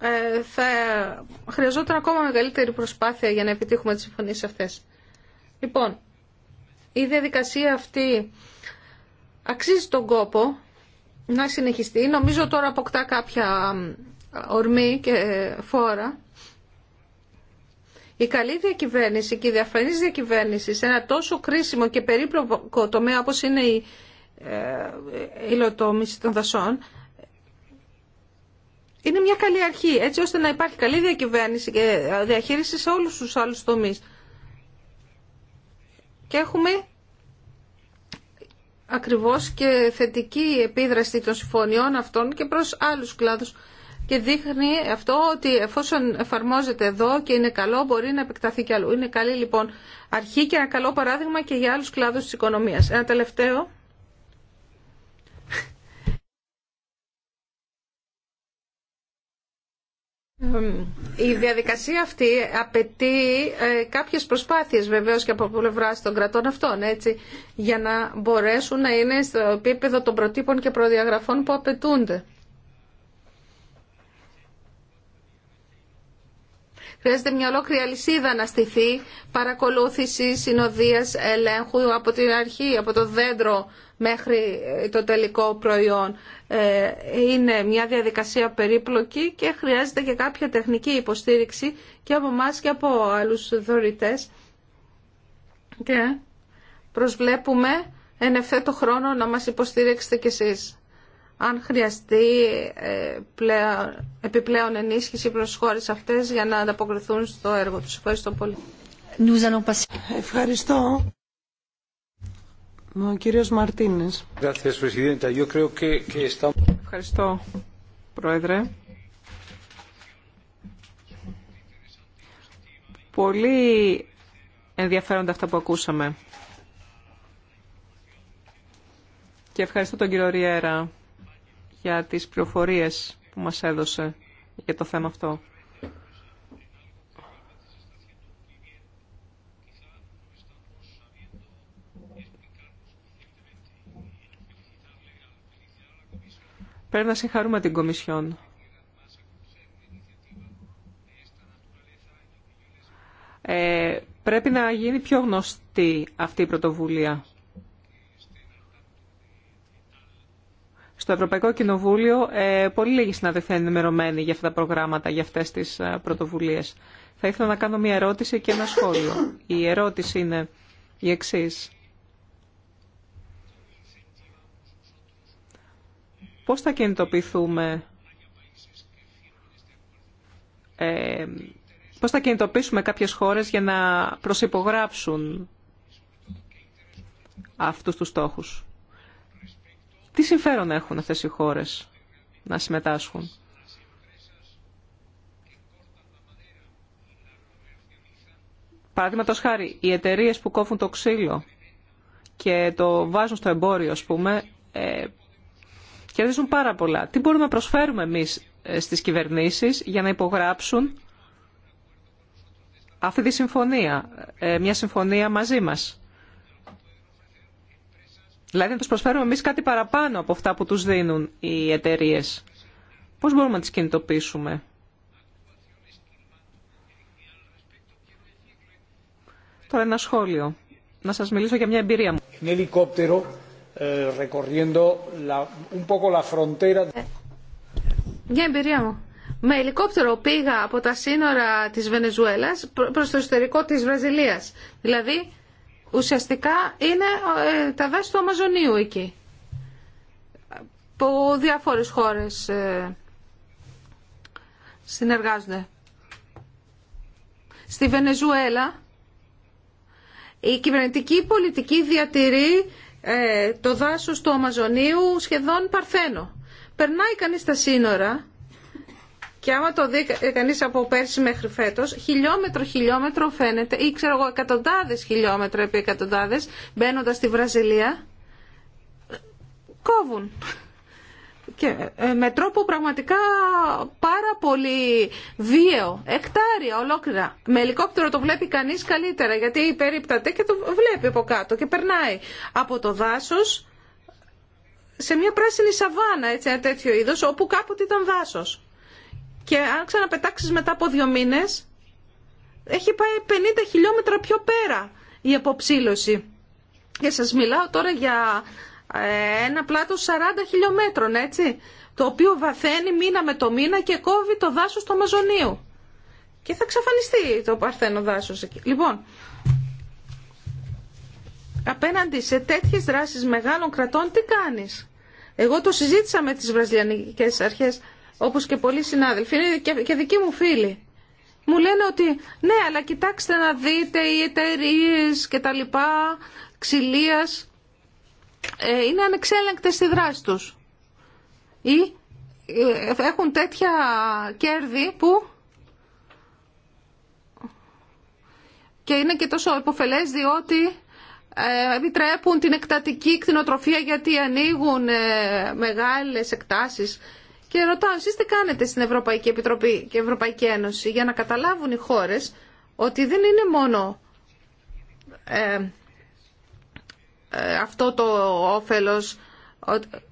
Ε, θα χρειαζόταν ακόμα μεγαλύτερη προσπάθεια για να επιτύχουμε τις συμφωνίες αυτές. Λοιπόν, η διαδικασία αυτή αξίζει τον κόπο να συνεχιστεί. Νομίζω τώρα αποκτά κάποια ορμή και φόρα. Η καλή διακυβέρνηση και η διαφανής διακυβέρνηση σε ένα τόσο κρίσιμο και περίπλοκο τομέα όπως είναι η ε, υλοτόμηση των δασών είναι μια καλή αρχή, έτσι ώστε να υπάρχει καλή διακυβέρνηση και ε, διαχείριση σε όλους τους άλλους τομείς. Και έχουμε ακριβώς και θετική επίδραση των συμφωνιών αυτών και προς άλλους κλάδους. Και δείχνει αυτό ότι εφόσον εφαρμόζεται εδώ και είναι καλό, μπορεί να επεκταθεί και αλλού. Είναι καλή λοιπόν αρχή και ένα καλό παράδειγμα και για άλλους κλάδους της οικονομίας. Ένα τελευταίο Η διαδικασία αυτή απαιτεί ε, κάποιες προσπάθειες βεβαίως και από πλευρά των κρατών αυτών έτσι, για να μπορέσουν να είναι στο επίπεδο των προτύπων και προδιαγραφών που απαιτούνται. Χρειάζεται μια ολόκληρη αλυσίδα να στηθεί παρακολούθηση, συνοδείας, ελέγχου από την αρχή, από το δέντρο μέχρι ε, το τελικό προϊόν. Ε, είναι μια διαδικασία περίπλοκη και χρειάζεται και κάποια τεχνική υποστήριξη και από εμά και από άλλους δωρητές. Και προσβλέπουμε εν ευθέτω χρόνο να μας υποστηρίξετε κι εσείς αν χρειαστεί ε, επιπλέον ενίσχυση προς τις χώρες αυτές για να ανταποκριθούν στο έργο τους. Ευχαριστώ πολύ. Ευχαριστώ. Ο κύριος Μαρτίνες. Ευχαριστώ, Πρόεδρε. Πολύ ενδιαφέροντα αυτά που ακούσαμε. Και ευχαριστώ τον κύριο Ριέρα για τις πληροφορίε που μας έδωσε για το θέμα αυτό. Πρέπει να συγχαρούμε την Κομισιόν. Ε, πρέπει να γίνει πιο γνωστή αυτή η πρωτοβουλία. στο Ευρωπαϊκό Κοινοβούλιο ε, πολύ λίγοι συναδελφοί είναι ενημερωμένοι για αυτά τα προγράμματα, για αυτές τις ε, πρωτοβουλίες. Θα ήθελα να κάνω μια ερώτηση και ένα σχόλιο. Η ερώτηση είναι η εξής. Πώς θα κινητοποιηθούμε, ε, πώς θα κινητοποιήσουμε κάποιες χώρες για να προσυπογράψουν αυτούς τους στόχους. Τι συμφέρον έχουν αυτές οι χώρες να συμμετάσχουν. Παραδείγματο χάρη, οι εταιρείε που κόφουν το ξύλο και το βάζουν στο εμπόριο, α πούμε, ε, κερδίζουν πάρα πολλά. Τι μπορούμε να προσφέρουμε εμεί ε, στι κυβερνήσεις για να υπογράψουν αυτή τη συμφωνία, ε, μια συμφωνία μαζί μας. Δηλαδή να του προσφέρουμε εμεί κάτι παραπάνω από αυτά που του δίνουν οι εταιρείε. Πώ μπορούμε να τι κινητοποιήσουμε. Τώρα ένα σχόλιο. Να σα μιλήσω για μια εμπειρία μου. Μια εμπειρία μου. Με ελικόπτερο πήγα από τα σύνορα της Βενεζουέλας προς το εσωτερικό της Βραζιλίας. Δηλαδή Ουσιαστικά είναι ε, τα δάση του Αμαζονίου εκεί, που διάφορες χώρες ε, συνεργάζονται. Στη Βενεζουέλα η κυβερνητική πολιτική διατηρεί ε, το δάσος του Αμαζονίου σχεδόν παρθένο. Περνάει κανείς τα σύνορα και άμα το δει κανεί από πέρσι μέχρι φέτο, χιλιόμετρο χιλιόμετρο φαίνεται, ή ξέρω εγώ, εκατοντάδε χιλιόμετρα επί εκατοντάδε, μπαίνοντα στη Βραζιλία, κόβουν. Και ε, με τρόπο πραγματικά πάρα πολύ βίαιο, εκτάρια ολόκληρα. Με ελικόπτερο το βλέπει κανείς καλύτερα γιατί περίπταται και το βλέπει από κάτω και περνάει από το δάσος σε μια πράσινη σαβάνα, έτσι, ένα τέτοιο είδος, όπου κάποτε ήταν δάσος και αν ξαναπετάξεις μετά από δύο μήνες έχει πάει 50 χιλιόμετρα πιο πέρα η αποψήλωση. Και σας μιλάω τώρα για ε, ένα πλάτος 40 χιλιόμετρων, έτσι, το οποίο βαθαίνει μήνα με το μήνα και κόβει το δάσος του Αμαζονίου. Και θα εξαφανιστεί το παρθένο δάσος εκεί. Λοιπόν, απέναντι σε τέτοιες δράσεις μεγάλων κρατών τι κάνεις. Εγώ το συζήτησα με τις βραζιλιανικές αρχές όπως και πολλοί συνάδελφοι, είναι και δικοί μου φίλοι. Μου λένε ότι ναι, αλλά κοιτάξτε να δείτε οι εταιρείε και τα λοιπά, ξυλίας, ε, είναι ανεξέλεγκτες στη δράση τους. Ή ε, έχουν τέτοια κέρδη που και είναι και τόσο υποφελές διότι ε, επιτρέπουν την εκτατική κτηνοτροφία γιατί ανοίγουν μεγάλες εκτάσεις και ρωτάω, εσεί τι κάνετε στην Ευρωπαϊκή Επιτροπή και Ευρωπαϊκή Ένωση για να καταλάβουν οι χώρε ότι δεν είναι μόνο ε, ε αυτό το όφελος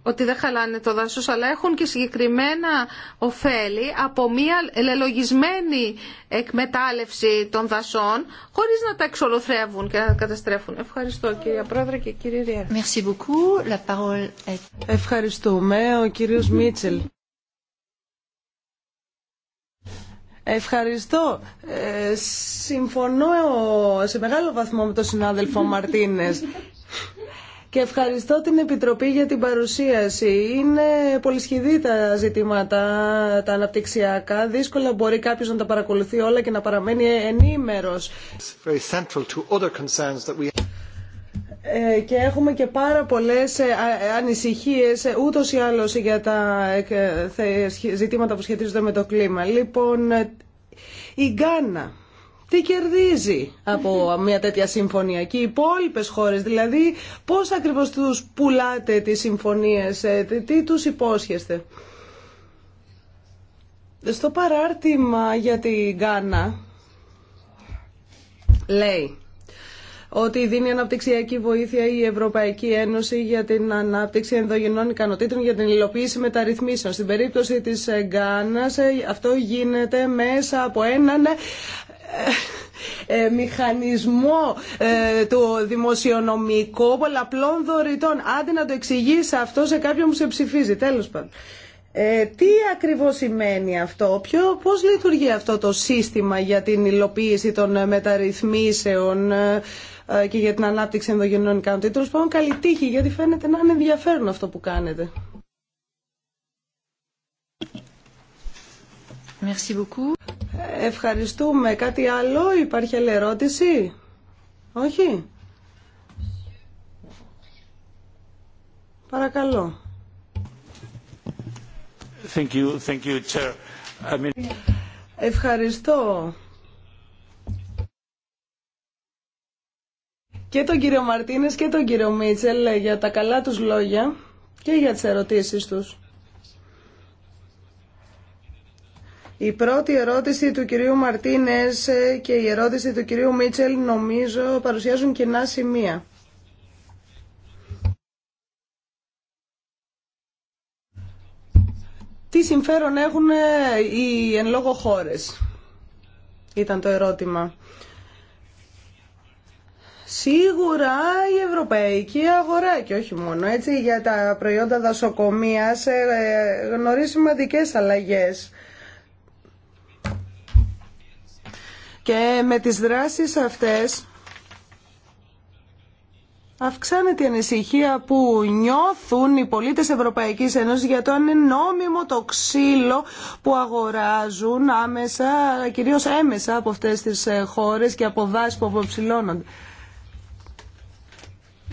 ότι δεν χαλάνε το δασο, αλλά έχουν και συγκεκριμένα ωφέλη από μια λελογισμένη εκμετάλλευση των δασών χωρίς να τα εξολοθρεύουν και να τα καταστρέφουν. Ευχαριστώ κυρία Πρόεδρε και κύριε Ρία. Ευχαριστούμε ο κύριο Μίτσελ. Ευχαριστώ. Ε, συμφωνώ σε μεγάλο βαθμό με τον συνάδελφο Μαρτίνες. Και ευχαριστώ την Επιτροπή για την παρουσίαση. Είναι πολυσχηδή τα ζητήματα, τα αναπτυξιακά. Δύσκολα μπορεί κάποιος να τα παρακολουθεί όλα και να παραμένει ενήμερος. Ε, και έχουμε και πάρα πολλές ε, ε, ανησυχίες ούτως ή άλλως για τα ζητήματα που σχετίζονται με το κλίμα. Λοιπόν, η Γκάνα τι κερδίζει από μια τέτοια συμφωνία και οι υπόλοιπε χώρες, δηλαδή πώς ακριβώς τους πουλάτε τις συμφωνίες, τι τους υπόσχεστε. Στο παράρτημα για την Γκάνα λέει ότι δίνει αναπτυξιακή βοήθεια η Ευρωπαϊκή Ένωση για την ανάπτυξη ενδογενών ικανοτήτων για την υλοποίηση μεταρρυθμίσεων. Στην περίπτωση της Γκάνας ε, αυτό γίνεται μέσα από έναν ε, ε, μηχανισμό του δημοσιονομικού πολλαπλών δωρητών. Άντε να το εξηγήσει αυτό σε κάποιον που σε ψηφίζει. Τέλος πάντων. Ε, τι ακριβώς σημαίνει αυτό, ποιο, πώς λειτουργεί αυτό το σύστημα για την υλοποίηση των μεταρρυθμίσεων, ε, και για την ανάπτυξη ενδογενών Τέλο πάνω καλή τύχη, γιατί φαίνεται να είναι ενδιαφέρον αυτό που κάνετε. Ε, ευχαριστούμε. Κάτι άλλο, υπάρχει άλλη ερώτηση. Όχι. Παρακαλώ. Thank you, thank you, I mean... Ευχαριστώ. και τον κύριο Μαρτίνε και τον κύριο Μίτσελ ε, για τα καλά τους λόγια και για τις ερωτήσεις τους. Η πρώτη ερώτηση του κυρίου Μαρτίνες ε, και η ερώτηση του κυρίου Μίτσελ νομίζω παρουσιάζουν κοινά σημεία. Τι συμφέρον έχουν ε, οι εν λόγω χώρες, ήταν το ερώτημα. Σίγουρα η ευρωπαϊκή αγορά και όχι μόνο έτσι για τα προϊόντα δασοκομείας ε, ε, γνωρίζει σημαντικές αλλαγές. Και με τις δράσεις αυτές αυξάνεται η ανησυχία που νιώθουν οι πολίτες Ευρωπαϊκής Ένωσης για το αν είναι νόμιμο το ξύλο που αγοράζουν άμεσα, κυρίως έμεσα από αυτές τις ε, χώρες και από δάση που αποψηλώνονται.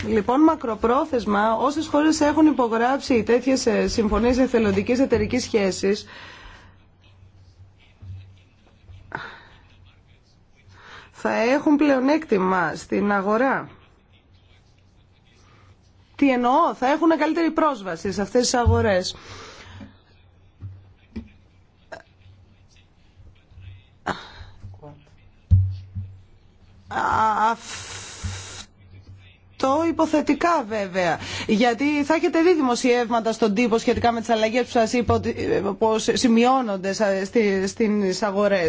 Λοιπόν, μακροπρόθεσμα, όσε χώρε έχουν υπογράψει τέτοιες ε, συμφωνίε εθελοντική εταιρική σχέση. θα έχουν πλεονέκτημα στην αγορά. Τι εννοώ, θα έχουν καλύτερη πρόσβαση σε αυτές τις αγορές υποθετικά βέβαια. Γιατί θα έχετε δει δημοσιεύματα στον τύπο σχετικά με τι αλλαγέ που σα είπα πώ σημειώνονται στι αγορέ.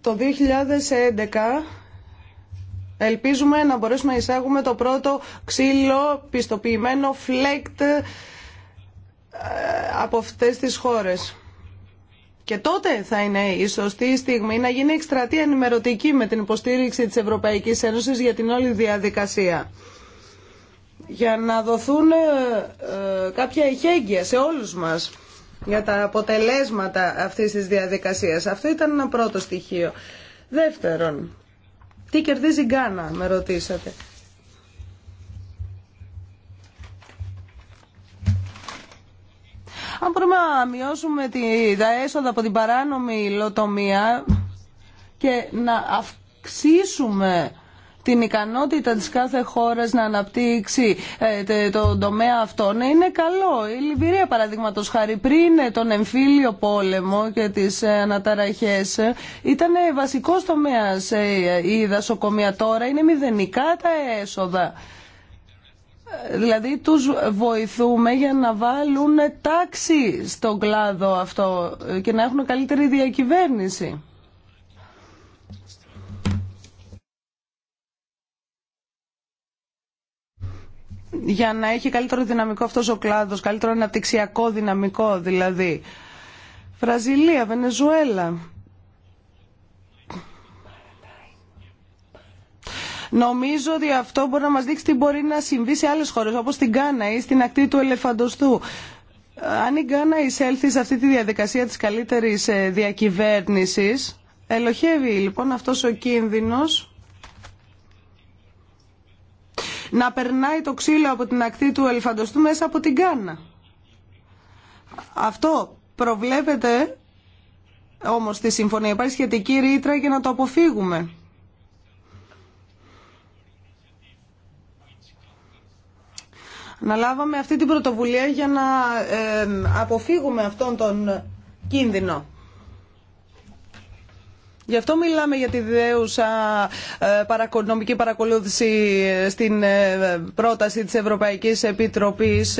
Το 2011 ελπίζουμε να μπορέσουμε να εισάγουμε το πρώτο ξύλο πιστοποιημένο φλέκτ ε, από αυτές τις χώρες. Και τότε θα είναι η σωστή στιγμή να γίνει εκστρατεία ενημερωτική με την υποστήριξη της Ευρωπαϊκής Ένωσης για την όλη διαδικασία. Για να δοθούν ε, ε, κάποια ειχέγγυα σε όλους μας για τα αποτελέσματα αυτής της διαδικασίας. Αυτό ήταν ένα πρώτο στοιχείο. Δεύτερον, τι κερδίζει η Γκάνα, με ρωτήσατε. Αν μπορούμε να μειώσουμε τα έσοδα από την παράνομη λοτομία και να αυξήσουμε την ικανότητα της κάθε χώρας να αναπτύξει ε, το τομέα αυτό ναι, είναι καλό. Η Λιβυρία παραδείγματο χάρη πριν τον εμφύλιο πόλεμο και τις ε, αναταραχές ε, ήταν βασικός τομέας η δασοκομεία τώρα, είναι μηδενικά τα έσοδα. Δηλαδή τους βοηθούμε για να βάλουν τάξη στον κλάδο αυτό και να έχουν καλύτερη διακυβέρνηση. Για να έχει καλύτερο δυναμικό αυτός ο κλάδος, καλύτερο αναπτυξιακό δυναμικό δηλαδή. Βραζιλία, Βενεζουέλα, Νομίζω ότι αυτό μπορεί να μας δείξει τι μπορεί να συμβεί σε άλλες χώρες όπως στην Κάνα ή στην ακτή του Ελεφαντοστού. Αν η Γκάνα εισέλθει σε αυτή τη διαδικασία της καλύτερης ε, διακυβέρνησης, ελοχεύει λοιπόν αυτός ο κίνδυνος να περνάει το ξύλο από την ακτή του Ελεφαντοστού μέσα από την Γκάνα. Αυτό προβλέπεται όμως στη συμφωνία. Υπάρχει σχετική ρήτρα για να το αποφύγουμε. να λάβαμε αυτή την πρωτοβουλία για να ε, αποφύγουμε αυτόν τον κίνδυνο. Γι' αυτό μιλάμε για τη δέουσα ε, νομική παρακολούθηση ε, στην πρόταση της Ευρωπαϊκής Επιτροπής.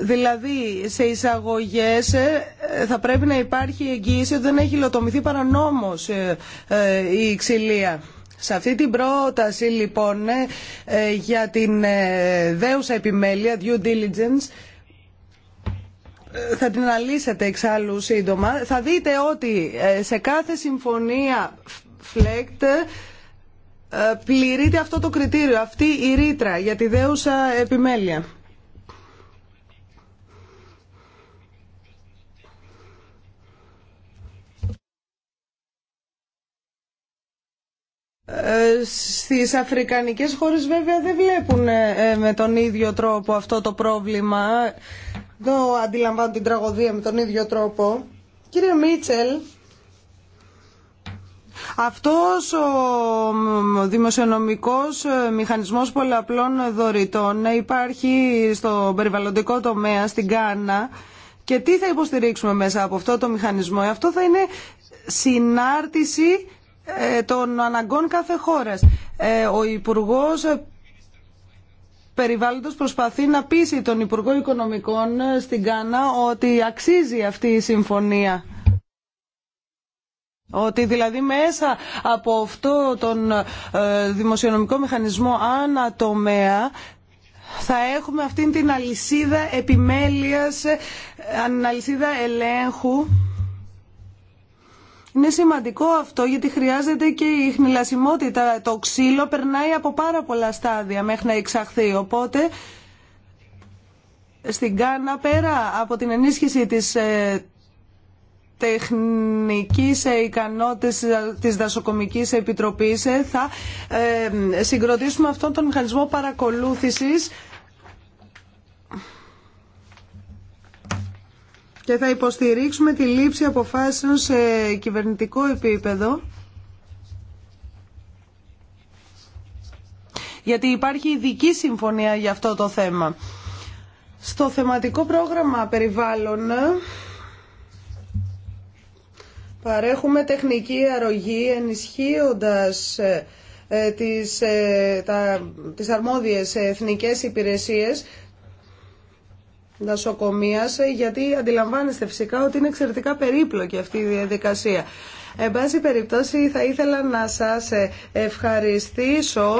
Δηλαδή, σε εισαγωγές θα πρέπει να υπάρχει εγγύηση ότι δεν έχει υλοτομηθεί παρανόμως η ξυλία. Σε αυτή την πρόταση λοιπόν ε, ε, για την ε, δέουσα επιμέλεια, due diligence, θα την αναλύσετε εξάλλου σύντομα. Θα δείτε ότι σε κάθε συμφωνία FLECT πληρείται αυτό το κριτήριο, αυτή η ρήτρα για τη δέουσα επιμέλεια. στις αφρικανικές χώρες βέβαια δεν βλέπουν ε, ε, με τον ίδιο τρόπο αυτό το πρόβλημα. Δεν αντιλαμβάνουν την τραγωδία με τον ίδιο τρόπο. Κύριε Μίτσελ, αυτός ο δημοσιονομικός ε, μηχανισμός πολλαπλών δωρητών υπάρχει στο περιβαλλοντικό τομέα, στην Κάνα και τι θα υποστηρίξουμε μέσα από αυτό το μηχανισμό. Αυτό θα είναι συνάρτηση ε, των αναγκών κάθε χώρας. Ε, ο Υπουργός Περιβάλλοντος προσπαθεί να πείσει τον Υπουργό Οικονομικών ε, στην Κάνα ότι αξίζει αυτή η συμφωνία. Ότι δηλαδή μέσα από αυτό τον δημοσιονομικό μηχανισμό ανατομέα θα έχουμε αυτήν την αλυσίδα επιμέλειας, αλυσίδα ελέγχου είναι σημαντικό αυτό γιατί χρειάζεται και η χνηλασιμότητα. Το ξύλο περνάει από πάρα πολλά στάδια μέχρι να εξαχθεί. Οπότε στην Κάνα πέρα από την ενίσχυση της ε, τεχνικής ε, ικανότητας της Δασοκομικής Επιτροπής ε, θα συγκροτήσουμε αυτόν τον μηχανισμό παρακολούθησης και θα υποστηρίξουμε τη λήψη αποφάσεων σε κυβερνητικό επίπεδο. Γιατί υπάρχει ειδική συμφωνία για αυτό το θέμα. Στο θεματικό πρόγραμμα περιβάλλον παρέχουμε τεχνική αρρωγή ενισχύοντας ε, ε, τις, ε, τα, τις αρμόδιες εθνικές υπηρεσίες ε, γιατί αντιλαμβάνεστε φυσικά ότι είναι εξαιρετικά περίπλοκη αυτή η διαδικασία. Εν πάση περιπτώσει θα ήθελα να σας ε, ευχαριστήσω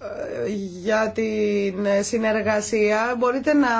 ε, για την συνεργασία. Μπορείτε να